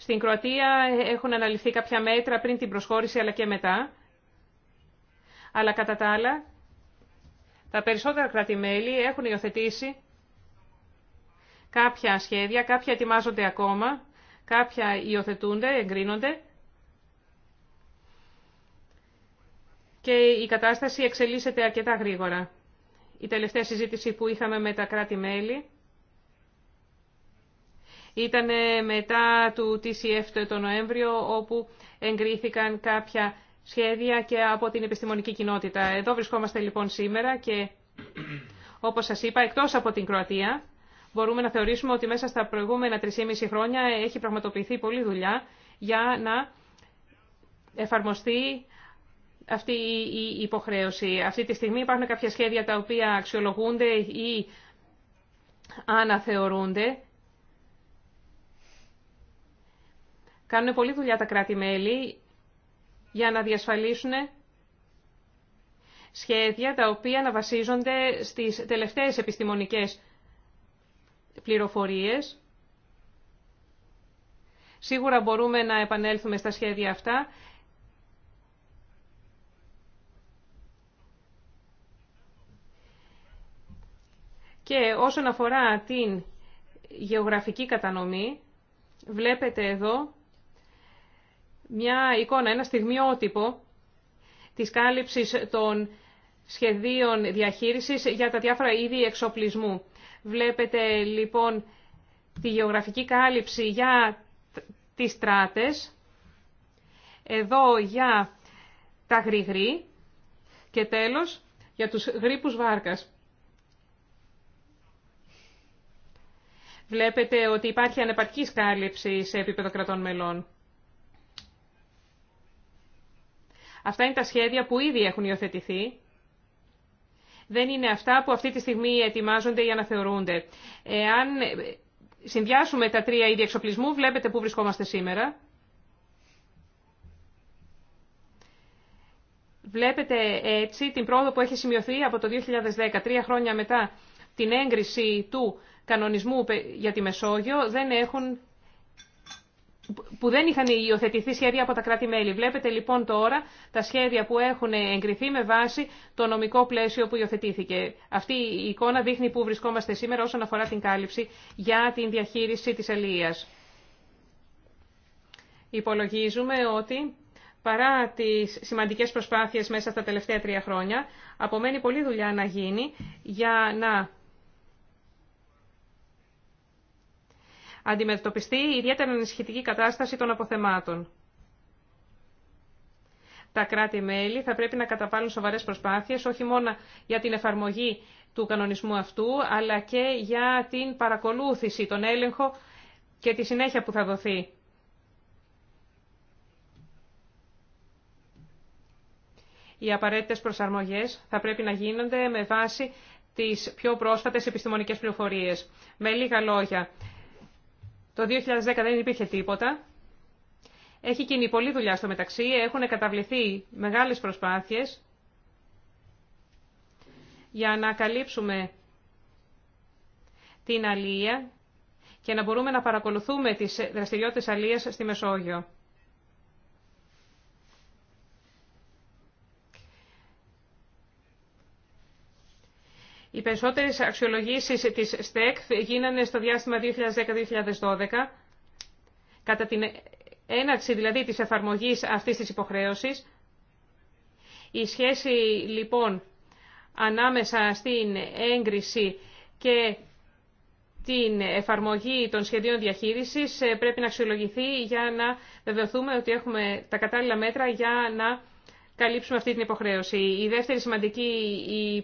D: Στην Κροατία έχουν αναλυθεί κάποια μέτρα πριν την προσχώρηση αλλά και μετά. Αλλά κατά τα άλλα, τα περισσότερα έχουν υιοθετήσει κάποια σχέδια, κάποια ετοιμάζονται ακόμα, κάποια υιοθετούνται, εγκρίνονται. Και η κατάσταση εξελίσσεται αρκετά γρήγορα. Η τελευταία συζήτηση που είχαμε με τα κράτη-μέλη ήταν ε, μετά του TCF το Νοέμβριο όπου εγκρίθηκαν κάποια σχέδια και από την επιστημονική κοινότητα. Εδώ βρισκόμαστε λοιπόν σήμερα και όπως σας είπα εκτός από την Κροατία μπορούμε να θεωρήσουμε ότι μέσα στα προηγούμενα 3,5 χρόνια έχει πραγματοποιηθεί πολλή δουλειά για να εφαρμοστεί αυτή η υποχρέωση. Αυτή τη στιγμή υπάρχουν κάποια σχέδια τα οποία αξιολογούνται ή αναθεωρούνται Κάνουν πολλή δουλειά τα κράτη-μέλη για να διασφαλίσουν σχέδια τα οποία να βασίζονται στις τελευταίες επιστημονικές πληροφορίες. Σίγουρα μπορούμε να επανέλθουμε στα σχέδια αυτά. Και όσον αφορά την γεωγραφική κατανομή, βλέπετε εδώ μια εικόνα, ένα στιγμιότυπο της κάλυψης των σχεδίων διαχείρισης για τα διάφορα είδη εξοπλισμού. Βλέπετε λοιπόν τη γεωγραφική κάλυψη για τις στράτες, εδώ για τα γρηγρή και τέλος για τους γρήπους βάρκας. Βλέπετε ότι υπάρχει ανεπαρκής κάλυψη σε επίπεδο κρατών μελών. Αυτά είναι τα σχέδια που ήδη έχουν υιοθετηθεί. Δεν είναι αυτά που αυτή τη στιγμή ετοιμάζονται ή αναθεωρούνται. Εάν συνδυάσουμε τα τρία είδη εξοπλισμού, βλέπετε πού βρισκόμαστε σήμερα. Βλέπετε έτσι την πρόοδο που έχει σημειωθεί από το 2010, τρία χρόνια μετά την έγκριση του κανονισμού για τη Μεσόγειο, δεν έχουν που δεν είχαν υιοθετηθεί σχέδια από τα κράτη-μέλη. Βλέπετε λοιπόν τώρα τα σχέδια που έχουν εγκριθεί με βάση το νομικό πλαίσιο που υιοθετήθηκε. Αυτή η εικόνα δείχνει που βρισκόμαστε σήμερα όσον αφορά την κάλυψη για την διαχείριση της ελίας. Υπολογίζουμε ότι παρά τις σημαντικές προσπάθειες μέσα στα τελευταία τρία χρόνια, απομένει πολλή δουλειά να γίνει για να αντιμετωπιστεί ιδιαίτερα ενισχυτική κατάσταση των αποθεμάτων. Τα κράτη-μέλη θα πρέπει να καταβάλουν σοβαρές προσπάθειες, όχι μόνο για την εφαρμογή του κανονισμού αυτού, αλλά και για την παρακολούθηση, τον έλεγχο και τη συνέχεια που θα δοθεί. Οι απαραίτητες προσαρμογές θα πρέπει να γίνονται με βάση τις πιο πρόσφατες επιστημονικές πληροφορίες. Με λίγα λόγια, το 2010 δεν υπήρχε τίποτα. Έχει γίνει πολλή δουλειά στο μεταξύ, έχουν καταβληθεί μεγάλες προσπάθειες για να καλύψουμε την αλία και να μπορούμε να παρακολουθούμε τις δραστηριότητες αλίας στη Μεσόγειο. Οι περισσότερες αξιολογήσεις της ΣΤΕΚ γίνανε στο διάστημα 2010-2012, κατά την έναρξη δηλαδή της εφαρμογής αυτής της υποχρέωσης. Η σχέση λοιπόν ανάμεσα στην έγκριση και την εφαρμογή των σχεδίων διαχείρισης ε, πρέπει να αξιολογηθεί για να βεβαιωθούμε ότι έχουμε τα κατάλληλα μέτρα για να καλύψουμε αυτή την υποχρέωση. Η δεύτερη σημαντική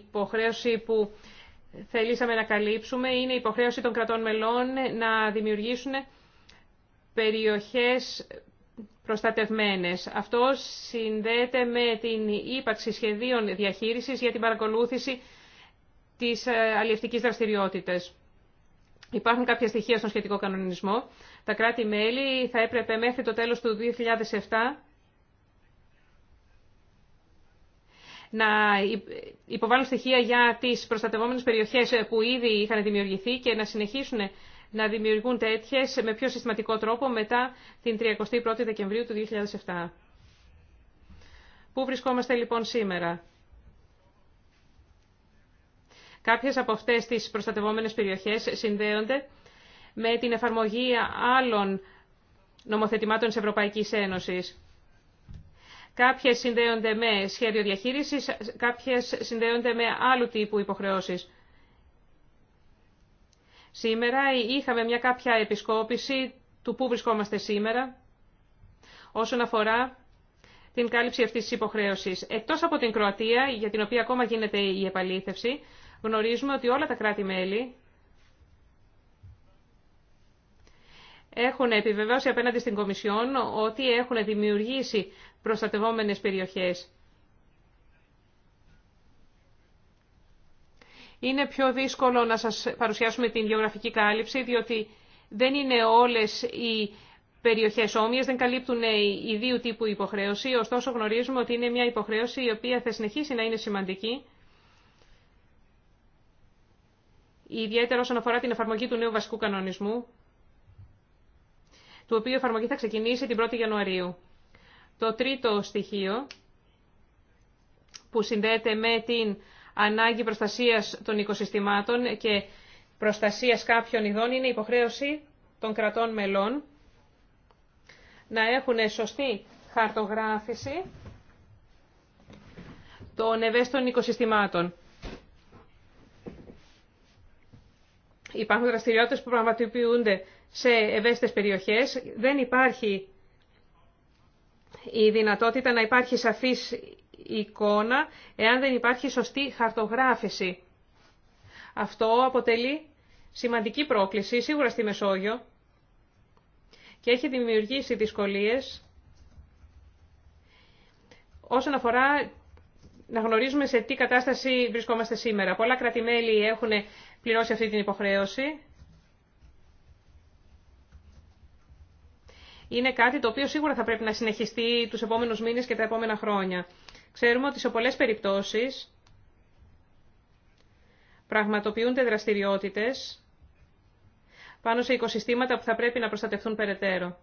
D: υποχρέωση που θελήσαμε να καλύψουμε είναι η υποχρέωση των κρατών μελών να δημιουργήσουν περιοχές προστατευμένες. Αυτό συνδέεται με την ύπαρξη σχεδίων διαχείρισης για την παρακολούθηση της ε, αλλιευτικής δραστηριότητας. Υπάρχουν κάποια στοιχεία στον σχετικό κανονισμό. Τα κράτη-μέλη θα έπρεπε μέχρι το τέλος του 2007 να υποβάλουν στοιχεία για τις προστατευόμενες περιοχές που ήδη είχαν δημιουργηθεί και να συνεχίσουν να δημιουργούν τέτοιε με πιο συστηματικό τρόπο μετά την 31η Δεκεμβρίου του 2007. Πού βρισκόμαστε λοιπόν σήμερα. Κάποιες από αυτές τις προστατευόμενες περιοχές συνδέονται με την εφαρμογή άλλων νομοθετημάτων της Ευρωπαϊκής Ένωσης. Κάποιες συνδέονται με σχέδιο διαχείρισης, κάποιες συνδέονται με άλλου τύπου υποχρεώσεις. Σήμερα είχαμε μια κάποια επισκόπηση του πού βρισκόμαστε σήμερα όσον αφορά την κάλυψη αυτής της υποχρέωσης. Εκτός από την Κροατία, για την οποία ακόμα γίνεται η επαλήθευση, γνωρίζουμε ότι όλα τα κράτη-μέλη έχουν επιβεβαιώσει απέναντι στην Κομισιόν ότι έχουν δημιουργήσει προστατευόμενες περιοχές. Είναι πιο δύσκολο να σας παρουσιάσουμε την γεωγραφική κάλυψη, διότι δεν είναι όλες οι περιοχές όμοιες, δεν καλύπτουν δύο τύπου υποχρέωση, ωστόσο γνωρίζουμε ότι είναι μια υποχρέωση η οποία θα συνεχίσει να είναι σημαντική, ιδιαίτερα όσον αφορά την εφαρμογή του νέου βασικού κανονισμού, του οποίου η εφαρμογή θα ξεκινήσει την 1η Ιανουαρίου. Το τρίτο στοιχείο που συνδέεται με την ανάγκη προστασίας των οικοσυστημάτων και προστασίας κάποιων ειδών είναι η υποχρέωση των κρατών μελών να έχουν σωστή χαρτογράφηση των ευαίσθητων οικοσυστημάτων. Υπάρχουν δραστηριότητες που πραγματοποιούνται σε ευαίσθητες περιοχές δεν υπάρχει η δυνατότητα να υπάρχει σαφής εικόνα εάν δεν υπάρχει σωστή χαρτογράφηση. Αυτό αποτελεί σημαντική πρόκληση σίγουρα στη Μεσόγειο και έχει δημιουργήσει δυσκολίες όσον αφορά να γνωρίζουμε σε τι κατάσταση βρισκόμαστε σήμερα. Πολλά κρατημέλη έχουν πληρώσει αυτή την υποχρέωση είναι κάτι το οποίο σίγουρα θα πρέπει να συνεχιστεί τους επόμενους μήνες και τα επόμενα χρόνια. Ξέρουμε ότι σε πολλές περιπτώσεις πραγματοποιούνται δραστηριότητες πάνω σε οικοσυστήματα που θα πρέπει να προστατευτούν περαιτέρω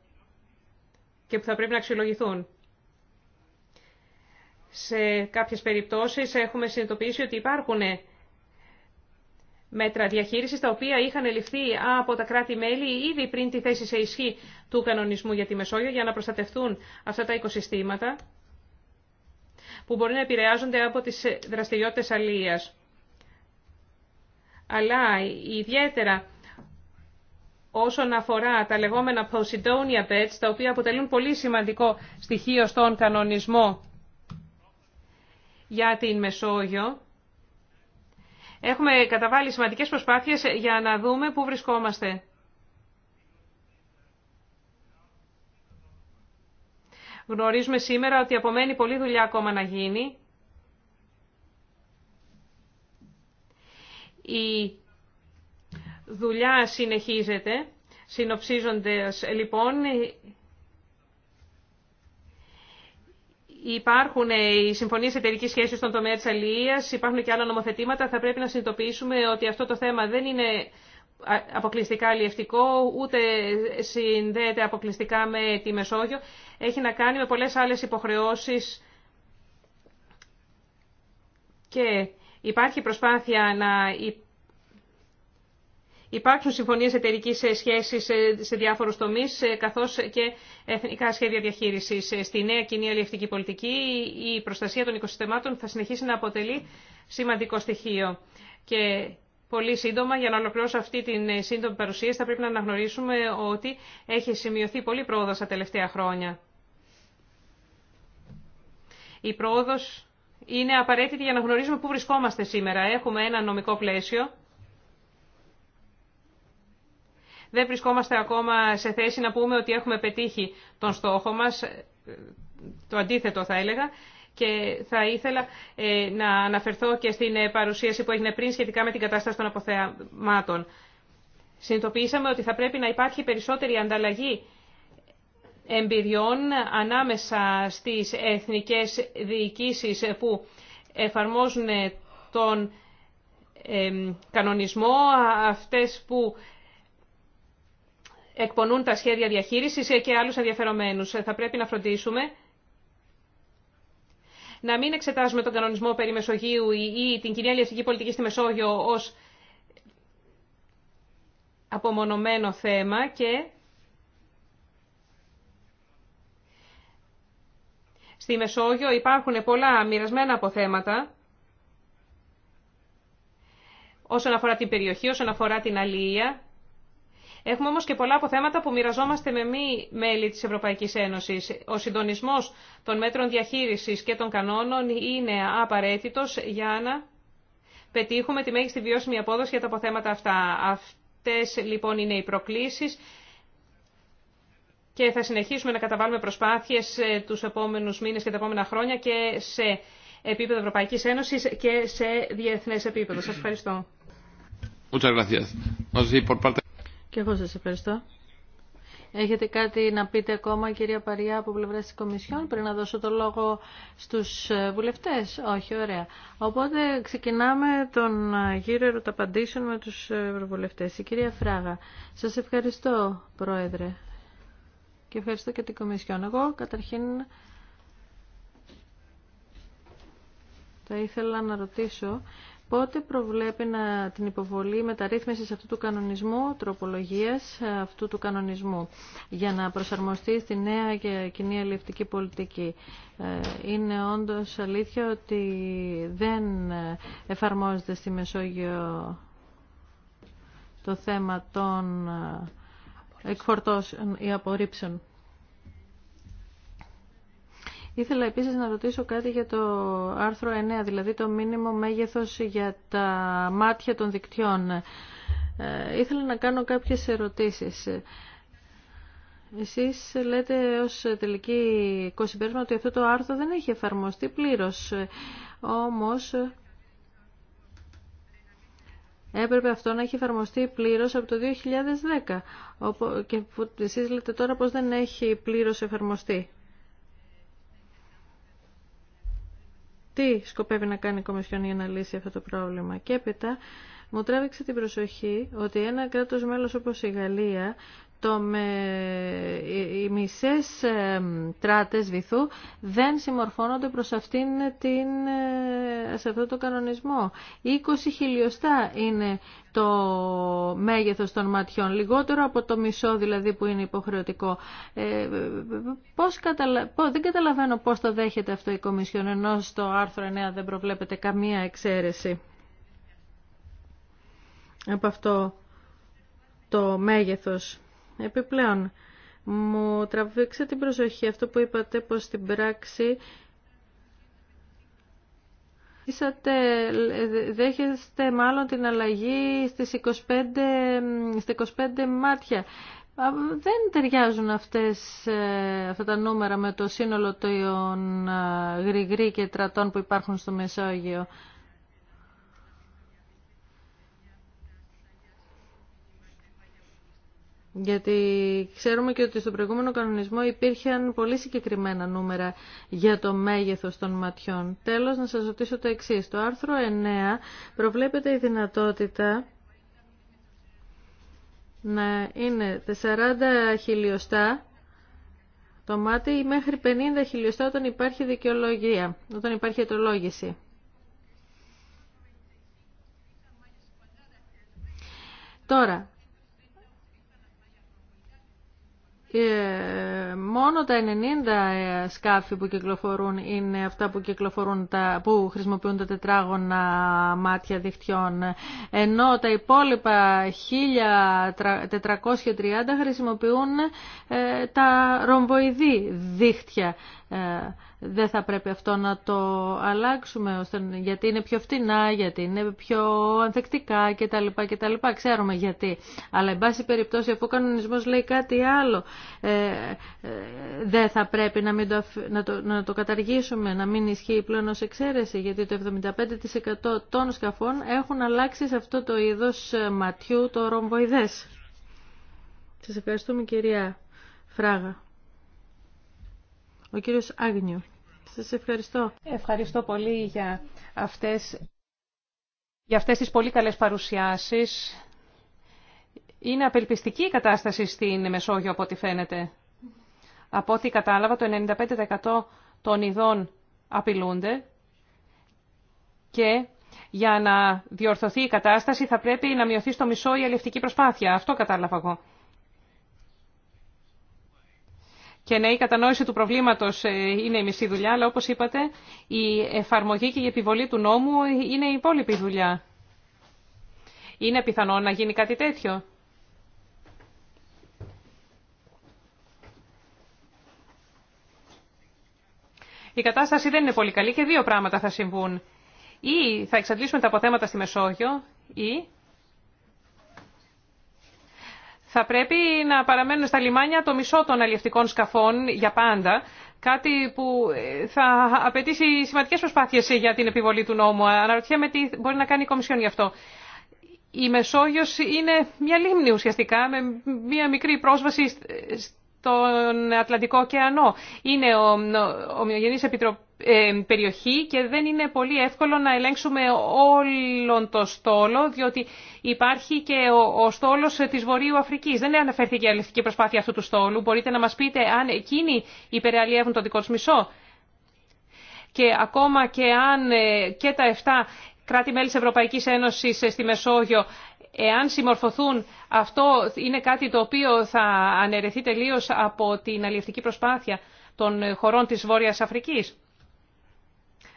D: και που θα πρέπει να αξιολογηθούν. Σε κάποιες περιπτώσεις έχουμε συνειδητοποιήσει ότι υπάρχουν μέτρα διαχείρισης, τα οποία είχαν ληφθεί από τα κράτη-μέλη ήδη πριν τη θέση σε ισχύ του κανονισμού για τη Μεσόγειο, για να προστατευτούν αυτά τα οικοσυστήματα που μπορεί να επηρεάζονται από τις δραστηριότητες αλίας. Αλλά ιδιαίτερα όσον αφορά τα λεγόμενα Posidonia Beds, τα οποία αποτελούν πολύ σημαντικό στοιχείο στον κανονισμό για την Μεσόγειο, Έχουμε καταβάλει σημαντικές προσπάθειες για να δούμε πού βρισκόμαστε. Γνωρίζουμε σήμερα ότι απομένει πολλή δουλειά ακόμα να γίνει. Η δουλειά συνεχίζεται. Συνοψίζοντας λοιπόν Υπάρχουν ε, οι συμφωνίε εταιρική σχέση στον τομέα τη αλληλεία, υπάρχουν και άλλα νομοθετήματα. Θα πρέπει να συνειδητοποιήσουμε ότι αυτό το θέμα δεν είναι αποκλειστικά αλλιευτικό, ούτε συνδέεται αποκλειστικά με τη Μεσόγειο. Έχει να κάνει με πολλές άλλες υποχρεώσεις και υπάρχει προσπάθεια να Υπάρχουν συμφωνίες εταιρικής σχέσης σε διάφορους τομείς, ε, καθώς και εθνικά σχέδια διαχείρισης. Ε, στη νέα κοινή αλληλευτική πολιτική, η προστασία των οικοσυστημάτων θα συνεχίσει να αποτελεί σημαντικό στοιχείο. Και πολύ σύντομα, για να ολοκληρώσω αυτή την ε, σύντομη παρουσίαση, θα πρέπει να αναγνωρίσουμε ότι έχει σημειωθεί πολύ πρόοδο τα τελευταία χρόνια. Η πρόοδος είναι απαραίτητη για να γνωρίζουμε πού βρισκόμαστε σήμερα. Έχουμε ένα νομικό πλαίσιο δεν βρισκόμαστε ακόμα σε θέση να πούμε ότι έχουμε πετύχει τον στόχο μας, ε, το αντίθετο θα έλεγα, και θα ήθελα ε, να αναφερθώ και στην ε, παρουσίαση που έγινε πριν σχετικά με την κατάσταση των αποθεμάτων. Συνειδητοποιήσαμε ότι θα πρέπει να υπάρχει περισσότερη ανταλλαγή εμπειριών ανάμεσα στις εθνικές διοικήσεις που εφαρμόζουν τον κανονισμό, αυτές που εκπονούν τα σχέδια διαχείριση ε, και άλλου ενδιαφέρομένου. Ε, θα πρέπει να φροντίσουμε να μην εξετάζουμε τον κανονισμό περί Μεσογείου ή την κοινή αλληλευτική πολιτική στη Μεσόγειο ως απομονωμένο θέμα και στη Μεσόγειο υπάρχουν πολλά μοιρασμένα αποθέματα όσον αφορά την περιοχή, όσον αφορά την αλληλεία Έχουμε όμως και πολλά αποθέματα που μοιραζόμαστε με μη μέλη της Ευρωπαϊκής Ένωσης. Ο συντονισμό των μέτρων διαχείρισης και των κανόνων είναι απαραίτητος για να πετύχουμε τη μέγιστη βιώσιμη απόδοση για τα αποθέματα αυτά. Αυτές λοιπόν είναι οι προκλήσεις και θα συνεχίσουμε να καταβάλουμε προσπάθειε ε, του επόμενου μήνε και τα επόμενα χρόνια και σε επίπεδο Ευρωπαϊκή Ένωση και σε διεθνέ επίπεδο. Σα ευχαριστώ.
A: Και εγώ σας ευχαριστώ. Έχετε κάτι να πείτε ακόμα, κυρία Παριά, από πλευρά τη Κομισιόν, πριν να δώσω το λόγο στου ε, βουλευτέ. Όχι, ωραία. Οπότε ξεκινάμε τον ε, γύρο ερωταπαντήσεων με του ε, ευρωβουλευτέ. Η κυρία Φράγα, σα ευχαριστώ, Πρόεδρε. Και ευχαριστώ και την Κομισιόν. Εγώ, καταρχήν, θα ήθελα να ρωτήσω Πότε προβλέπει να την υποβολή μεταρρύθμιση αυτού του κανονισμού, τροπολογία ε, αυτού του κανονισμού, για να προσαρμοστεί στη νέα και κοινή αλληλευτική πολιτική. Ε, είναι όντω αλήθεια ότι δεν εφαρμόζεται στη Μεσόγειο το θέμα των ε, εκφορτώσεων ή απορρίψεων. Ήθελα επίσης να ρωτήσω κάτι για το άρθρο 9, δηλαδή το μήνυμο μέγεθος για τα μάτια των δικτυών. Ε, ήθελα να κάνω κάποιες ερωτήσεις. Εσείς λέτε ως τελική κοσυμπέρασμα ότι αυτό το άρθρο δεν έχει εφαρμοστεί πλήρως. Όμως έπρεπε αυτό να έχει εφαρμοστεί πλήρως από το 2010. Και εσείς λέτε τώρα πως δεν έχει πλήρως εφαρμοστεί. τι σκοπεύει να κάνει η Κομισιόν για να λύσει αυτό το πρόβλημα. Και έπειτα μου τράβηξε την προσοχή ότι ένα κράτος μέλος όπως η Γαλλία το με... οι μισές ε, τράτες βυθού δεν συμμορφώνονται προς αυτήν την... Ε, σε αυτό το κανονισμό. 20 χιλιοστά είναι το μέγεθος των ματιών, λιγότερο από το μισό δηλαδή που είναι υποχρεωτικό. Ε, πώς καταλα... Δεν καταλαβαίνω πώς το δέχεται αυτό η Κομισιόν, ενώ στο άρθρο 9 δεν προβλέπεται καμία εξαίρεση από αυτό το μέγεθος. Επιπλέον, μου τραβήξε την προσοχή αυτό που είπατε πως στην πράξη Είσατε, δέχεστε μάλλον την αλλαγή στις 25, στις 25 μάτια. Δεν ταιριάζουν αυτές, ε, αυτά τα νούμερα με το σύνολο των ε, γρηγρή και τρατών που υπάρχουν στο Μεσόγειο. Γιατί ξέρουμε και ότι στον προηγούμενο κανονισμό υπήρχαν πολύ συγκεκριμένα νούμερα για το μέγεθος των ματιών. Τέλος, να σας ρωτήσω το εξής. Το άρθρο 9 προβλέπεται η δυνατότητα να είναι 40 χιλιοστά το μάτι ή μέχρι 50 χιλιοστά όταν υπάρχει δικαιολογία, όταν υπάρχει αιτολόγηση. Τώρα, Ε, μόνο τα 90 ε, σκάφη που κυκλοφορούν είναι αυτά που, κυκλοφορούν τα, που χρησιμοποιούν τα τετράγωνα μάτια δικτυών ενώ τα υπόλοιπα 1430 χρησιμοποιούν ε, τα ρομβοειδή δίχτυα ε, δεν θα πρέπει αυτό να το αλλάξουμε ώστε, γιατί είναι πιο φτηνά, γιατί είναι πιο ανθεκτικά κτλ. κτλ. Ξέρουμε γιατί. Αλλά εν πάση περιπτώσει αφού ο κανονισμός λέει κάτι άλλο ε, ε δεν θα πρέπει να, μην το, να, το, να το καταργήσουμε, να μην ισχύει πλέον ως εξαίρεση γιατί το 75% των σκαφών έχουν αλλάξει σε αυτό το είδος ε, ματιού το ρομβοϊδές. Σας ευχαριστούμε κυρία Φράγα.
D: Ο κύριος Άγνιου. Σας ευχαριστώ. Ευχαριστώ πολύ για αυτές, για αυτές τις πολύ καλές παρουσιάσεις. Είναι απελπιστική η κατάσταση στην Μεσόγειο από ό,τι φαίνεται. Από ό,τι κατάλαβα το 95% των ειδών απειλούνται και για να διορθωθεί η κατάσταση θα πρέπει να μειωθεί στο μισό η αλληλευτική προσπάθεια. Αυτό κατάλαβα εγώ. Και ναι, η κατανόηση του προβλήματος ε, είναι η μισή δουλειά, αλλά όπως είπατε, η εφαρμογή και η επιβολή του νόμου ε, είναι η υπόλοιπη δουλειά. Είναι πιθανό να γίνει κάτι τέτοιο. Η κατάσταση δεν είναι πολύ καλή και δύο πράγματα θα συμβούν. Ή θα εξαντλήσουμε τα αποθέματα στη Μεσόγειο ή θα πρέπει να παραμένουν στα λιμάνια το μισό των αλλιευτικών σκαφών για πάντα. Κάτι που ε, θα απαιτήσει σημαντικές προσπάθειες για την επιβολή του νόμου. Αναρωτιέμαι τι μπορεί να κάνει η Κομισιόν γι' αυτό. Η Μεσόγειος είναι μια λίμνη ουσιαστικά με μια μικρή πρόσβαση τον Ατλαντικό ωκεανό. Είναι ομοιογενής επιτροπή ε, περιοχή και δεν είναι πολύ εύκολο να ελέγξουμε όλον το στόλο, διότι υπάρχει και ο, ο στόλος της Βορείου Αφρικής. Δεν αναφέρθηκε η αλληλευτική προσπάθεια αυτού του στόλου. Μπορείτε να μας πείτε αν εκείνοι υπεραλλιεύουν το δικό τους μισό. Και ακόμα και αν ε, και τα 7 κράτη-μέλη της Ευρωπαϊκής Ένωσης ε, στη Μεσόγειο Εάν συμμορφωθούν, αυτό είναι κάτι το οποίο θα αναιρεθεί τελείω από την αλληλευτική προσπάθεια των χωρών της Βόρειας Αφρικής.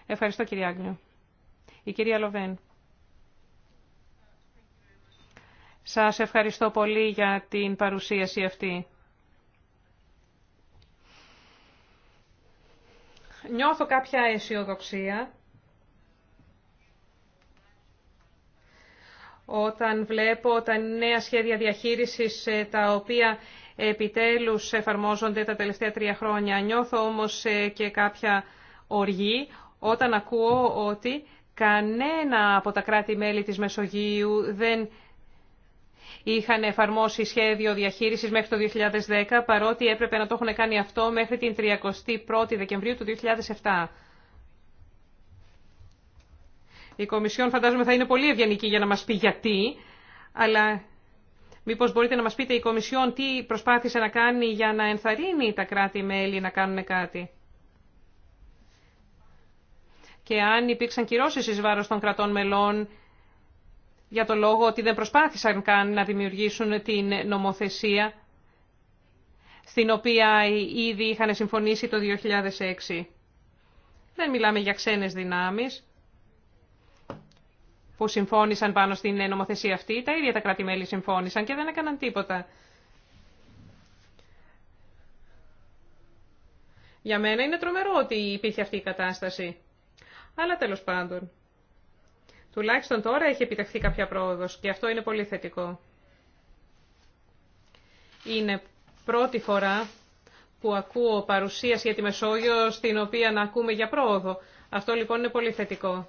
D: Ευχαριστώ κύριε Άγγλιο. Η κυρία Λοβέν. Σας ευχαριστώ πολύ για την παρουσίαση αυτή. Νιώθω κάποια αισιοδοξία όταν βλέπω τα νέα σχέδια διαχείρισης ε, τα οποία επιτέλους εφαρμόζονται τα τελευταία τρία χρόνια. Νιώθω όμως ε, και κάποια οργή όταν ακούω ότι κανένα από τα κράτη-μέλη της Μεσογείου δεν είχαν εφαρμόσει σχέδιο διαχείρισης μέχρι το 2010, παρότι έπρεπε να το έχουν κάνει αυτό μέχρι την 31η Δεκεμβρίου του 2007. Η Κομισιόν φαντάζομαι θα είναι πολύ ευγενική για να μας πει γιατί, αλλά μήπως μπορείτε να μας πείτε η Κομισιόν τι προσπάθησε να κάνει για να ενθαρρύνει τα κράτη-μέλη να κάνουν κάτι. Και αν υπήρξαν κυρώσεις εις βάρος των κρατών μελών για το λόγο ότι δεν προσπάθησαν καν να δημιουργήσουν την νομοθεσία στην οποία ήδη είχαν συμφωνήσει το 2006. Δεν μιλάμε για ξένες δυνάμεις που συμφώνησαν πάνω στην νομοθεσία αυτή. Τα ίδια τα κράτη-μέλη συμφώνησαν και δεν έκαναν τίποτα. Για μένα είναι τρομερό ότι υπήρχε αυτή η κατάσταση. Αλλά τέλος πάντων. Τουλάχιστον τώρα έχει επιτευχθεί κάποια πρόοδος και αυτό είναι πολύ θετικό. Είναι πρώτη φορά που ακούω παρουσίαση για τη Μεσόγειο στην οποία να ακούμε για πρόοδο. Αυτό λοιπόν είναι πολύ θετικό.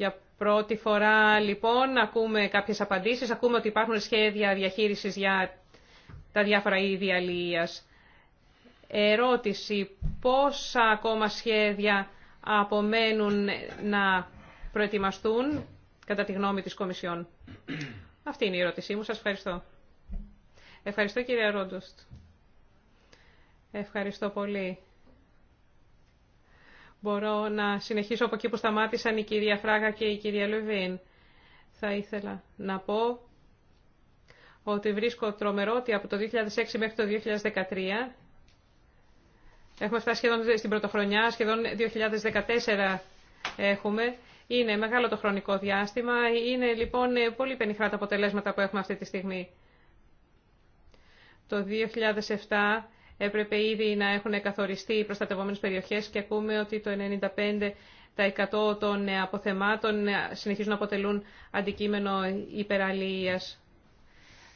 D: Για πρώτη φορά λοιπόν ακούμε κάποιες απαντήσεις, ακούμε ότι υπάρχουν σχέδια διαχείρισης για τα διάφορα είδη αλληλείας. Ερώτηση, πόσα ακόμα σχέδια απομένουν να προετοιμαστούν κατά τη γνώμη της Κομισιόν. Αυτή είναι η ερώτησή μου. Σας ευχαριστώ. Ευχαριστώ κύριε Ρόντοστ. Ευχαριστώ πολύ. Μπορώ να συνεχίσω από εκεί που σταμάτησαν η κυρία Φράγα και η κυρία Λεβίν. Θα ήθελα να πω ότι βρίσκω τρομερό ότι από το 2006 μέχρι το 2013 έχουμε φτάσει σχεδόν στην πρωτοχρονιά, σχεδόν 2014 έχουμε. Είναι μεγάλο το χρονικό διάστημα, είναι λοιπόν πολύ πενιχρά τα αποτελέσματα που έχουμε αυτή τη στιγμή. Το 2007 έπρεπε ήδη να έχουν καθοριστεί οι προστατευόμενες περιοχές και ακούμε ότι το 95% των αποθεμάτων συνεχίζουν να αποτελούν αντικείμενο υπεραλίας.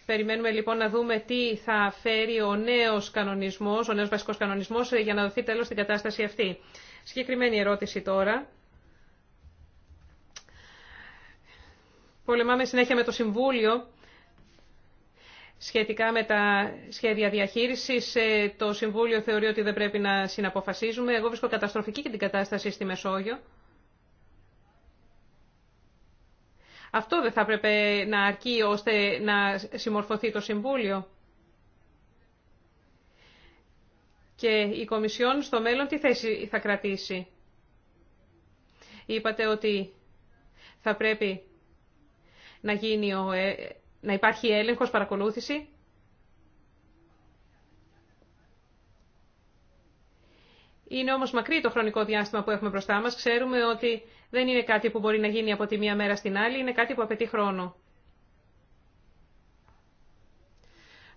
D: Περιμένουμε λοιπόν να δούμε τι θα φέρει ο νέος κανονισμός, ο νέος βασικός κανονισμός ε, για να δοθεί τέλος στην κατάσταση αυτή. Συγκεκριμένη ερώτηση τώρα. Πολεμάμε συνέχεια με το Συμβούλιο Σχετικά με τα σχέδια διαχείρισης, ε, το Συμβούλιο θεωρεί ότι δεν πρέπει να συναποφασίζουμε. Εγώ βρίσκω καταστροφική και την κατάσταση στη Μεσόγειο. Αυτό δεν θα έπρεπε να αρκεί ώστε να συμμορφωθεί το Συμβούλιο. Και η Κομισιόν στο μέλλον τι θέση θα κρατήσει. Είπατε ότι θα πρέπει να γίνει ο ε, να υπάρχει έλεγχος, παρακολούθηση. Είναι όμως μακρύ το χρονικό διάστημα που έχουμε μπροστά μας. Ξέρουμε ότι δεν είναι κάτι που μπορεί να γίνει από τη μία μέρα στην άλλη, είναι κάτι που απαιτεί χρόνο.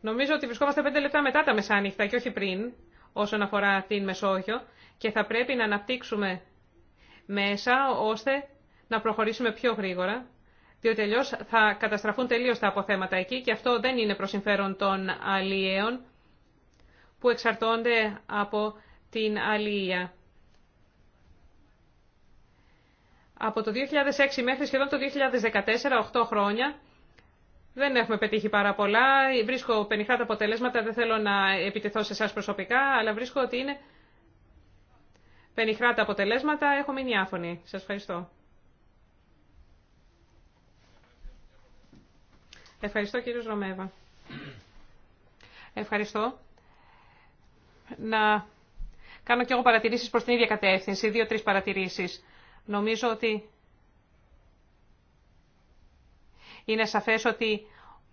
D: Νομίζω ότι βρισκόμαστε πέντε λεπτά μετά τα μεσάνυχτα και όχι πριν, όσον αφορά την Μεσόγειο, και θα πρέπει να αναπτύξουμε μέσα ώστε να προχωρήσουμε πιο γρήγορα διότι αλλιώ θα καταστραφούν τελείω τα αποθέματα εκεί και αυτό δεν είναι προ συμφέρον των αλλιέων που εξαρτώνται από την αλληλεία. Από το 2006 μέχρι σχεδόν το 2014, 8 χρόνια, δεν έχουμε πετύχει πάρα πολλά. Βρίσκω πενιχρά τα αποτελέσματα, δεν θέλω να επιτεθώ σε εσά προσωπικά, αλλά βρίσκω ότι είναι πενιχρά τα αποτελέσματα. Έχω μείνει άφωνη. Σας ευχαριστώ. Ευχαριστώ κύριος Ρωμέβα. Ευχαριστώ. Να κάνω κι εγώ παρατηρήσεις προς την ίδια κατεύθυνση, δύο-τρεις παρατηρήσεις. Νομίζω ότι είναι σαφές ότι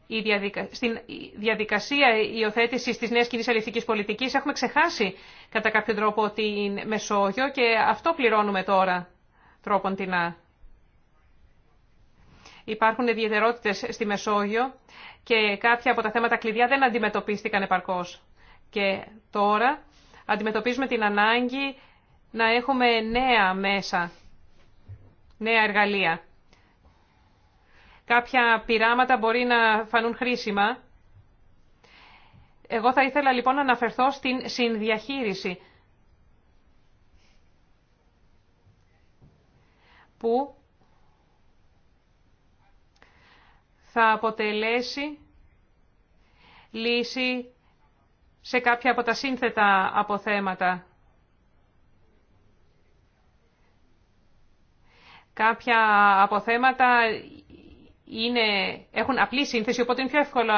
D: η στην διαδικασία υιοθέτηση τη νέα κοινή αλληλευτική πολιτική έχουμε ξεχάσει κατά κάποιο τρόπο την Μεσόγειο και αυτό πληρώνουμε τώρα τρόπον την Υπάρχουν ιδιαιτερότητε στη Μεσόγειο και κάποια από τα θέματα κλειδιά δεν αντιμετωπίστηκαν επαρκώς. Και τώρα αντιμετωπίζουμε την ανάγκη να έχουμε νέα μέσα, νέα εργαλεία. Κάποια πειράματα μπορεί να φανούν χρήσιμα. Εγώ θα ήθελα λοιπόν να αναφερθώ στην συνδιαχείριση. Που θα αποτελέσει λύση σε κάποια από τα σύνθετα αποθέματα. Κάποια αποθέματα είναι, έχουν απλή σύνθεση, οπότε είναι πιο εύκολο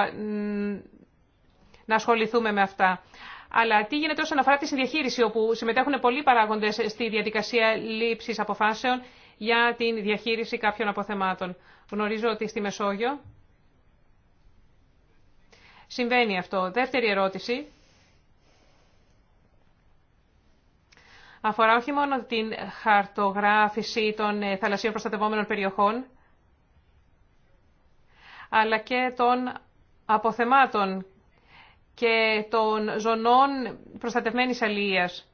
D: να ασχοληθούμε με αυτά. Αλλά τι γίνεται όσον αφορά τη συνδιαχείριση, όπου συμμετέχουν πολλοί παράγοντες στη διαδικασία λήψης αποφάσεων για την διαχείριση κάποιων αποθεμάτων. Γνωρίζω ότι στη Μεσόγειο συμβαίνει αυτό. Δεύτερη ερώτηση αφορά όχι μόνο την χαρτογράφηση των ε, θαλασσίων προστατευόμενων περιοχών, αλλά και των αποθεμάτων και των ζωνών προστατευμένης αλληλείας.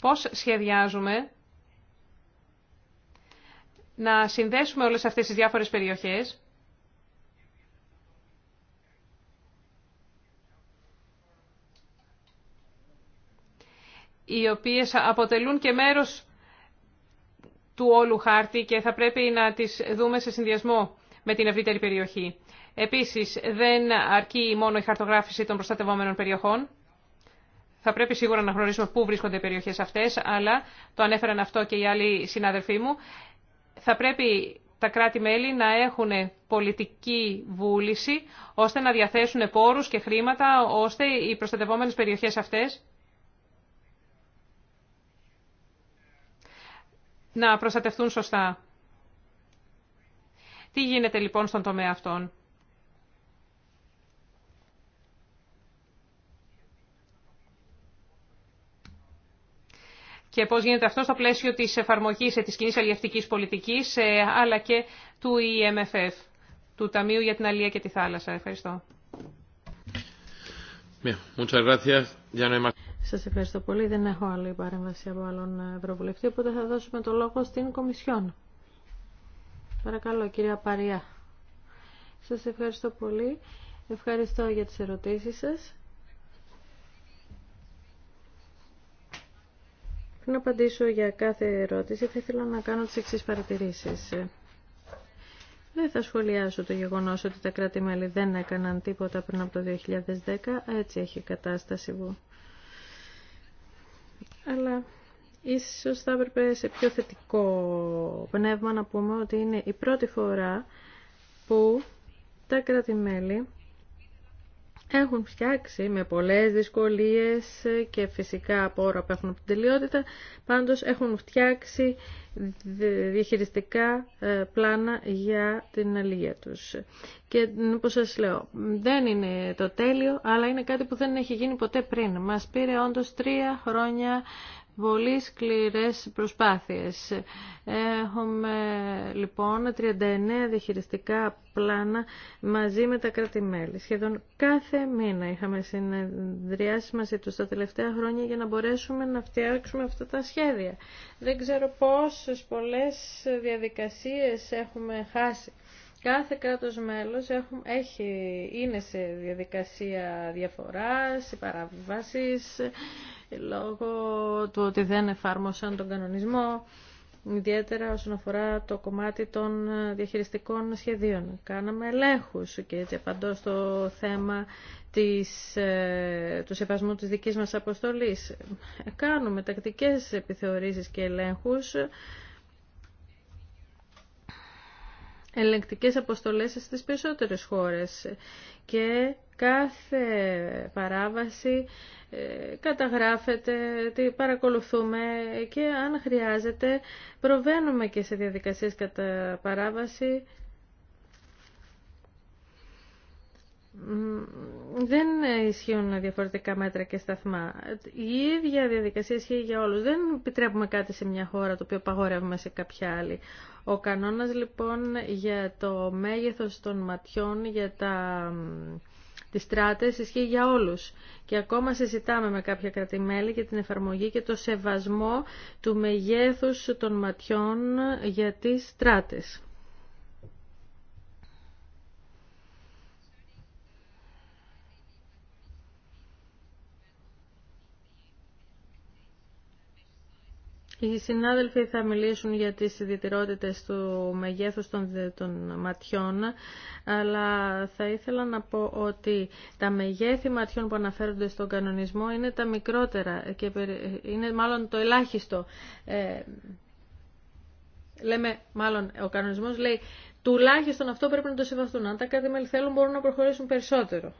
D: Πώς σχεδιάζουμε να συνδέσουμε όλες αυτές τις διάφορες περιοχές οι οποίες αποτελούν και μέρος του όλου χάρτη και θα πρέπει να τις δούμε σε συνδυασμό με την ευρύτερη περιοχή. Επίσης, δεν αρκεί μόνο η χαρτογράφηση των προστατευόμενων περιοχών θα πρέπει σίγουρα να γνωρίσουμε πού βρίσκονται οι περιοχές αυτές, αλλά το ανέφεραν αυτό και οι άλλοι συνάδελφοί μου. Θα πρέπει τα κράτη-μέλη να έχουν πολιτική βούληση, ώστε να διαθέσουν πόρους και χρήματα, ώστε οι προστατευόμενες περιοχές αυτές να προστατευτούν σωστά. Τι γίνεται λοιπόν στον τομέα αυτόν. και πώς γίνεται αυτό στο πλαίσιο της εφαρμογής ε, της κοινή αλλιευτικής πολιτικής, ε, αλλά και του EMFF, του Ταμείου για την Αλία και τη Θάλασσα. Ευχαριστώ.
A: Σας ευχαριστώ πολύ. Δεν έχω άλλη παρέμβαση από άλλον ε, Ευρωβουλευτή, οπότε θα δώσουμε το λόγο στην Κομισιόν. Παρακαλώ, κυρία Παριά. Σας ευχαριστώ πολύ. Ευχαριστώ για τις ερωτήσεις σας. Πριν απαντήσω για κάθε ερώτηση, θα ήθελα να κάνω τις εξής παρατηρήσεις. Δεν θα σχολιάσω το γεγονός ότι τα κράτη-μέλη δεν έκαναν τίποτα πριν από το 2010. Έτσι έχει η κατάσταση μου. Αλλά ίσως θα έπρεπε σε πιο θετικό πνεύμα να πούμε ότι είναι η πρώτη φορά που τα κράτη-μέλη έχουν φτιάξει με πολλές δυσκολίες και φυσικά όρα που έχουν από την τελειότητα, πάντως έχουν φτιάξει διαχειριστικά ε, πλάνα για την αλληλεία τους. Και όπως σας λέω, δεν είναι το τέλειο, αλλά είναι κάτι που δεν έχει γίνει ποτέ πριν. Μας πήρε όντως τρία χρόνια πολύ σκληρές προσπάθειες. Έχουμε λοιπόν 39 διαχειριστικά πλάνα μαζί με τα κράτη-μέλη. Σχεδόν κάθε μήνα είχαμε συνεδριάσει μαζί τους τα τελευταία χρόνια για να μπορέσουμε να φτιάξουμε αυτά τα σχέδια. Δεν ξέρω πόσες πολλές διαδικασίες έχουμε χάσει Κάθε κράτος μέλος έχει, είναι σε διαδικασία διαφοράς, παραβάσεις, λόγω του ότι δεν εφάρμοσαν τον κανονισμό, ιδιαίτερα όσον αφορά το κομμάτι των διαχειριστικών σχεδίων. Κάναμε ελέγχους και έτσι απαντώ στο θέμα της, ε, του σεβασμού της δικής μας αποστολής. Κάνουμε τακτικές επιθεωρήσεις και ελέγχους ελεγκτικές αποστολές στις περισσότερες χώρες και κάθε παράβαση ε, καταγράφεται, τη παρακολουθούμε και αν χρειάζεται προβαίνουμε και σε διαδικασίες κατά παράβαση δεν ισχύουν διαφορετικά μέτρα και σταθμά. Η ίδια διαδικασία ισχύει για όλους. Δεν επιτρέπουμε κάτι σε μια χώρα το οποίο παγορεύουμε σε κάποια άλλη. Ο κανόνας λοιπόν για το μέγεθος των ματιών, για τα... τις στράτες ισχύει για όλους. Και ακόμα συζητάμε με κάποια κρατημέλη για την εφαρμογή και το σεβασμό του μεγέθους των ματιών για τις στράτες. Οι συνάδελφοι θα μιλήσουν για τις ιδιαιτερότητες του μεγέθους των, των ματιών, αλλά θα ήθελα να πω ότι τα μεγέθη ματιών που αναφέρονται στον κανονισμό είναι τα μικρότερα και είναι μάλλον το ελάχιστο. Ε, λέμε, μάλλον ο κανονισμός λέει τουλάχιστον αυτό πρέπει να το σεβαστούν. Αν τα κάτι θέλουν μπορούν να προχωρήσουν περισσότερο.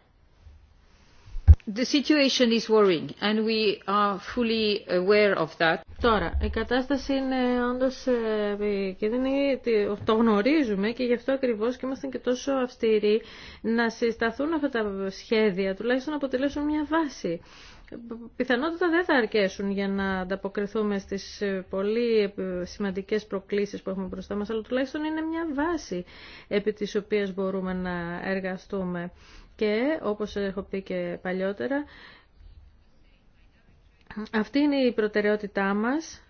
A: The situation is worrying and we are fully aware of that. Τώρα, η κατάσταση είναι όντως ε, επικίνδυνη, το γνωρίζουμε και γι' αυτό ακριβώς και ήμασταν και τόσο αυστηροί να συσταθούν αυτά τα σχέδια, τουλάχιστον να αποτελέσουν μια βάση. Πιθανότητα δεν θα αρκέσουν για να ανταποκριθούμε στις ε, πολύ ε, σημαντικές προκλήσεις που έχουμε μπροστά μας, αλλά τουλάχιστον είναι μια βάση επί της οποίας μπορούμε να εργαστούμε. Και όπως έχω πει και παλιότερα, αυτή είναι η προτεραιότητά μας.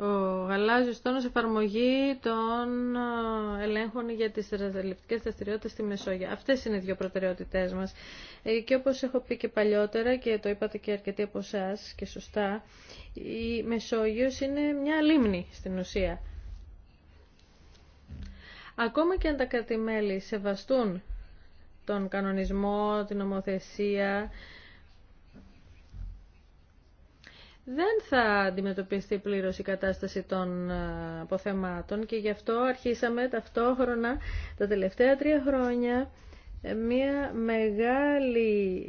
A: Ο γαλάζιος τόνος εφαρμογή των ε, ελέγχων για τις στραταληπτικές δραστηριότητες στη Μεσόγειο. Αυτές είναι οι δύο προτεραιότητές μας. Ε, και όπως έχω πει και παλιότερα και το είπατε και αρκετοί από εσά και σωστά, η Μεσόγειος είναι μια λίμνη στην ουσία. Ακόμα και αν τα κρατημέλη σεβαστούν τον κανονισμό, την ομοθέσια, δεν θα αντιμετωπιστεί πλήρως η κατάσταση των ε, αποθεμάτων και γι' αυτό αρχίσαμε ταυτόχρονα τα τελευταία τρία χρόνια μια μεγάλη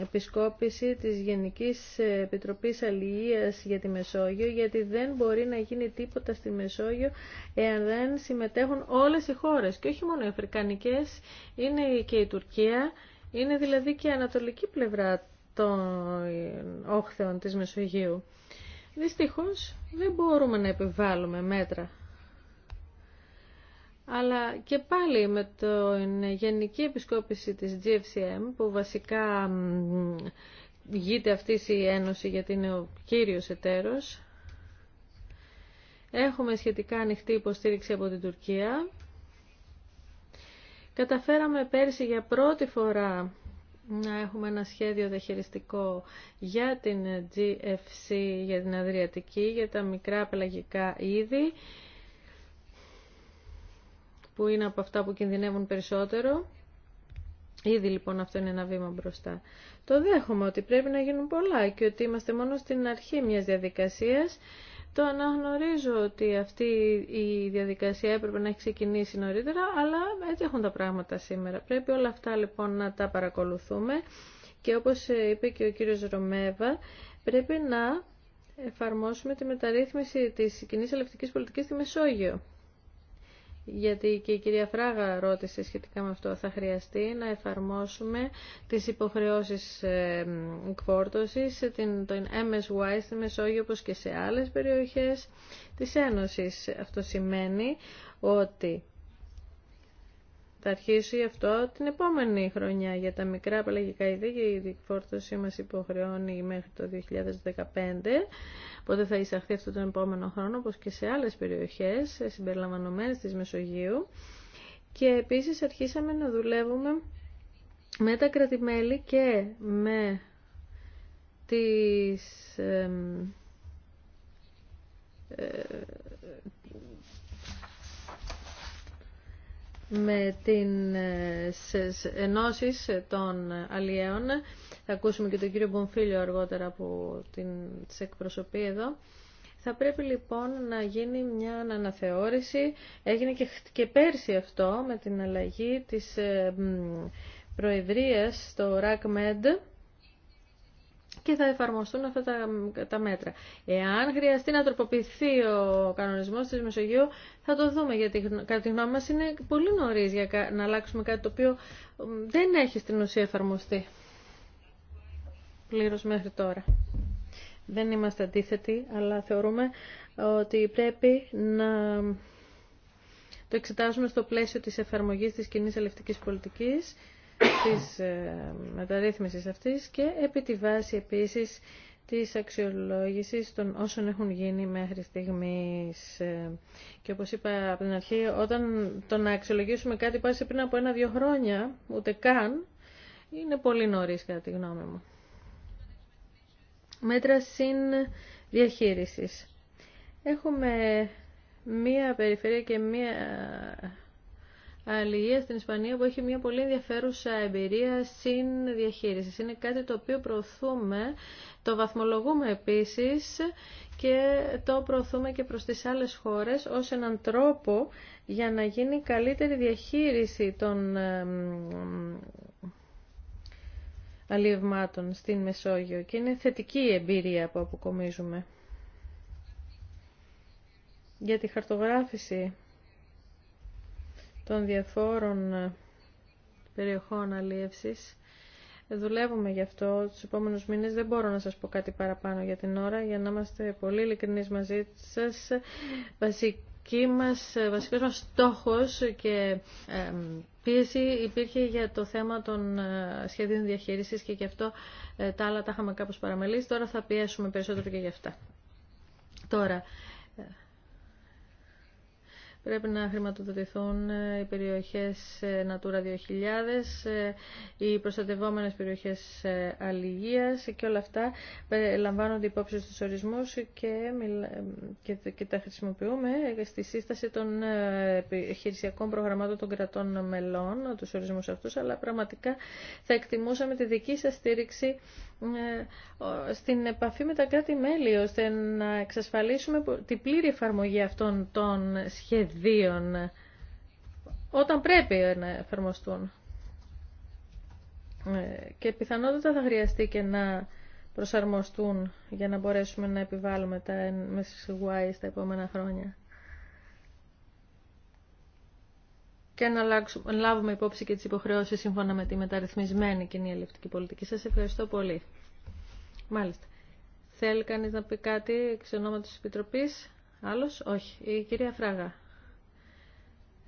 A: επισκόπηση της Γενικής Επιτροπής Αλληλείας για τη Μεσόγειο, γιατί δεν μπορεί να γίνει τίποτα στη Μεσόγειο εάν δεν συμμετέχουν όλες οι χώρες. Και όχι μόνο οι Αφρικανικές, είναι και η Τουρκία, είναι δηλαδή και η ανατολική πλευρά των όχθεων της Μεσογείου. Δυστυχώς δεν μπορούμε να επιβάλλουμε μέτρα αλλά και πάλι με την γενική επισκόπηση της GFCM που βασικά γείται αυτή η ένωση γιατί είναι ο κύριος εταίρος. Έχουμε σχετικά ανοιχτή υποστήριξη από την Τουρκία. Καταφέραμε πέρσι για πρώτη φορά να έχουμε ένα σχέδιο διαχειριστικό για την GFC, για την Αδριατική, για τα μικρά πελαγικά είδη που είναι από αυτά που κινδυνεύουν περισσότερο. Ήδη λοιπόν αυτό είναι ένα βήμα μπροστά. Το δέχομαι ότι πρέπει να γίνουν πολλά και ότι είμαστε μόνο στην αρχή μιας διαδικασίας. Το αναγνωρίζω ότι αυτή η διαδικασία έπρεπε να έχει ξεκινήσει νωρίτερα, αλλά έτσι έχουν τα πράγματα σήμερα. Πρέπει όλα αυτά λοιπόν να τα παρακολουθούμε και όπως είπε και ο κύριος Ρωμέβα, πρέπει να εφαρμόσουμε τη μεταρρύθμιση της κοινή ελευτικής πολιτικής στη Μεσόγειο γιατί και η κυρία Φράγα ρώτησε σχετικά με αυτό, θα χρειαστεί να εφαρμόσουμε τις υποχρεώσεις ε, εκφόρτωσης, την, τον MSY στη Μεσόγειο όπως και σε άλλες περιοχές της Ένωσης. Αυτό σημαίνει ότι θα αρχίσει αυτό την επόμενη χρονιά για τα μικρά απαλλαγικά είδη και η φόρτωση μας υποχρεώνει μέχρι το 2015 οπότε θα εισαχθεί αυτό τον επόμενο χρόνο όπως και σε άλλες περιοχές συμπεριλαμβανομένες της Μεσογείου και επίσης αρχίσαμε να δουλεύουμε με τα κρατημέλη και με τις, ε, με την ε, ενώσει των αλλιέων. Θα ακούσουμε και τον κύριο Μπομφίλιο αργότερα που την, τις εκπροσωπεί εδώ. Θα πρέπει λοιπόν να γίνει μια αναθεώρηση. Έγινε και, και πέρσι αυτό με την αλλαγή της ε, προεδρίας στο RACMED και θα εφαρμοστούν αυτά τα, τα μέτρα. Εάν χρειαστεί να τροποποιηθεί ο κανονισμός της Μεσογείου, θα το δούμε, γιατί κατά τη γνώμη μα είναι πολύ νωρί για να αλλάξουμε κάτι το οποίο δεν έχει στην ουσία εφαρμοστεί Πλήρω μέχρι τώρα. Δεν είμαστε αντίθετοι, αλλά θεωρούμε ότι πρέπει να το εξετάζουμε στο πλαίσιο της εφαρμογής της κοινή ελευτικής πολιτικής της ε, μεταρρύθμισης αυτής και επί τη βάση επίσης της αξιολόγησης των όσων έχουν γίνει μέχρι στιγμής. Ε, και όπως είπα από την αρχή, όταν το να αξιολογήσουμε κάτι πάση πριν από ένα-δύο χρόνια, ούτε καν, είναι πολύ νωρίς κατά τη γνώμη μου. Μέτρα συν διαχείρισης. Έχουμε μία περιφέρεια και μία αλληλεία στην Ισπανία που έχει μια πολύ ενδιαφέρουσα εμπειρία διαχείριση, Είναι κάτι το οποίο προωθούμε, το βαθμολογούμε επίσης και το προωθούμε και προς τις άλλες χώρες ως έναν τρόπο για να γίνει καλύτερη διαχείριση των αλλιευμάτων στην Μεσόγειο και είναι θετική η εμπειρία που αποκομίζουμε. Για τη χαρτογράφηση των διαφόρων ε, περιοχών αλίευσης. Δουλεύουμε γι' αυτό τους επόμενους μήνες. Δεν μπορώ να σας πω κάτι παραπάνω για την ώρα, για να είμαστε πολύ ειλικρινείς μαζί σας. Βασική μας, ε, βασικός μας στόχος και ε, πίεση υπήρχε για το θέμα των σχεδίων διαχείρισης και γι' αυτό τα άλλα τα είχαμε κάπως παραμελήσει. Τώρα θα πιέσουμε περισσότερο και γι' αυτά. Τώρα, Πρέπει να χρηματοδοτηθούν ε, οι περιοχές ε, Natura 2000, ε, οι προστατευόμενες περιοχές αλληλείας και όλα αυτά λαμβάνονται υπόψη στους ορισμούς και, και, τα χρησιμοποιούμε στη σύσταση των επιχειρησιακών προγραμμάτων των κρατών μελών, τους ορισμούς αυτούς, αλλά πραγματικά θα εκτιμούσαμε τη δική σας στήριξη στην επαφή με τα κράτη-μέλη, ώστε να εξασφαλίσουμε την πλήρη εφαρμογή αυτών των σχεδίων σχεδίων όταν πρέπει να εφαρμοστούν. Ε, και πιθανότατα θα χρειαστεί και να προσαρμοστούν για να μπορέσουμε να επιβάλλουμε τα MSY στα επόμενα χρόνια. και να λάβουμε υπόψη και τις υποχρεώσεις σύμφωνα με τη μεταρρυθμισμένη κοινή ελευτική πολιτική. Σας ευχαριστώ πολύ. Μάλιστα. Θέλει κανείς να πει κάτι εξ ονόματος της Επιτροπής. Άλλος, όχι. Η κυρία Φράγα.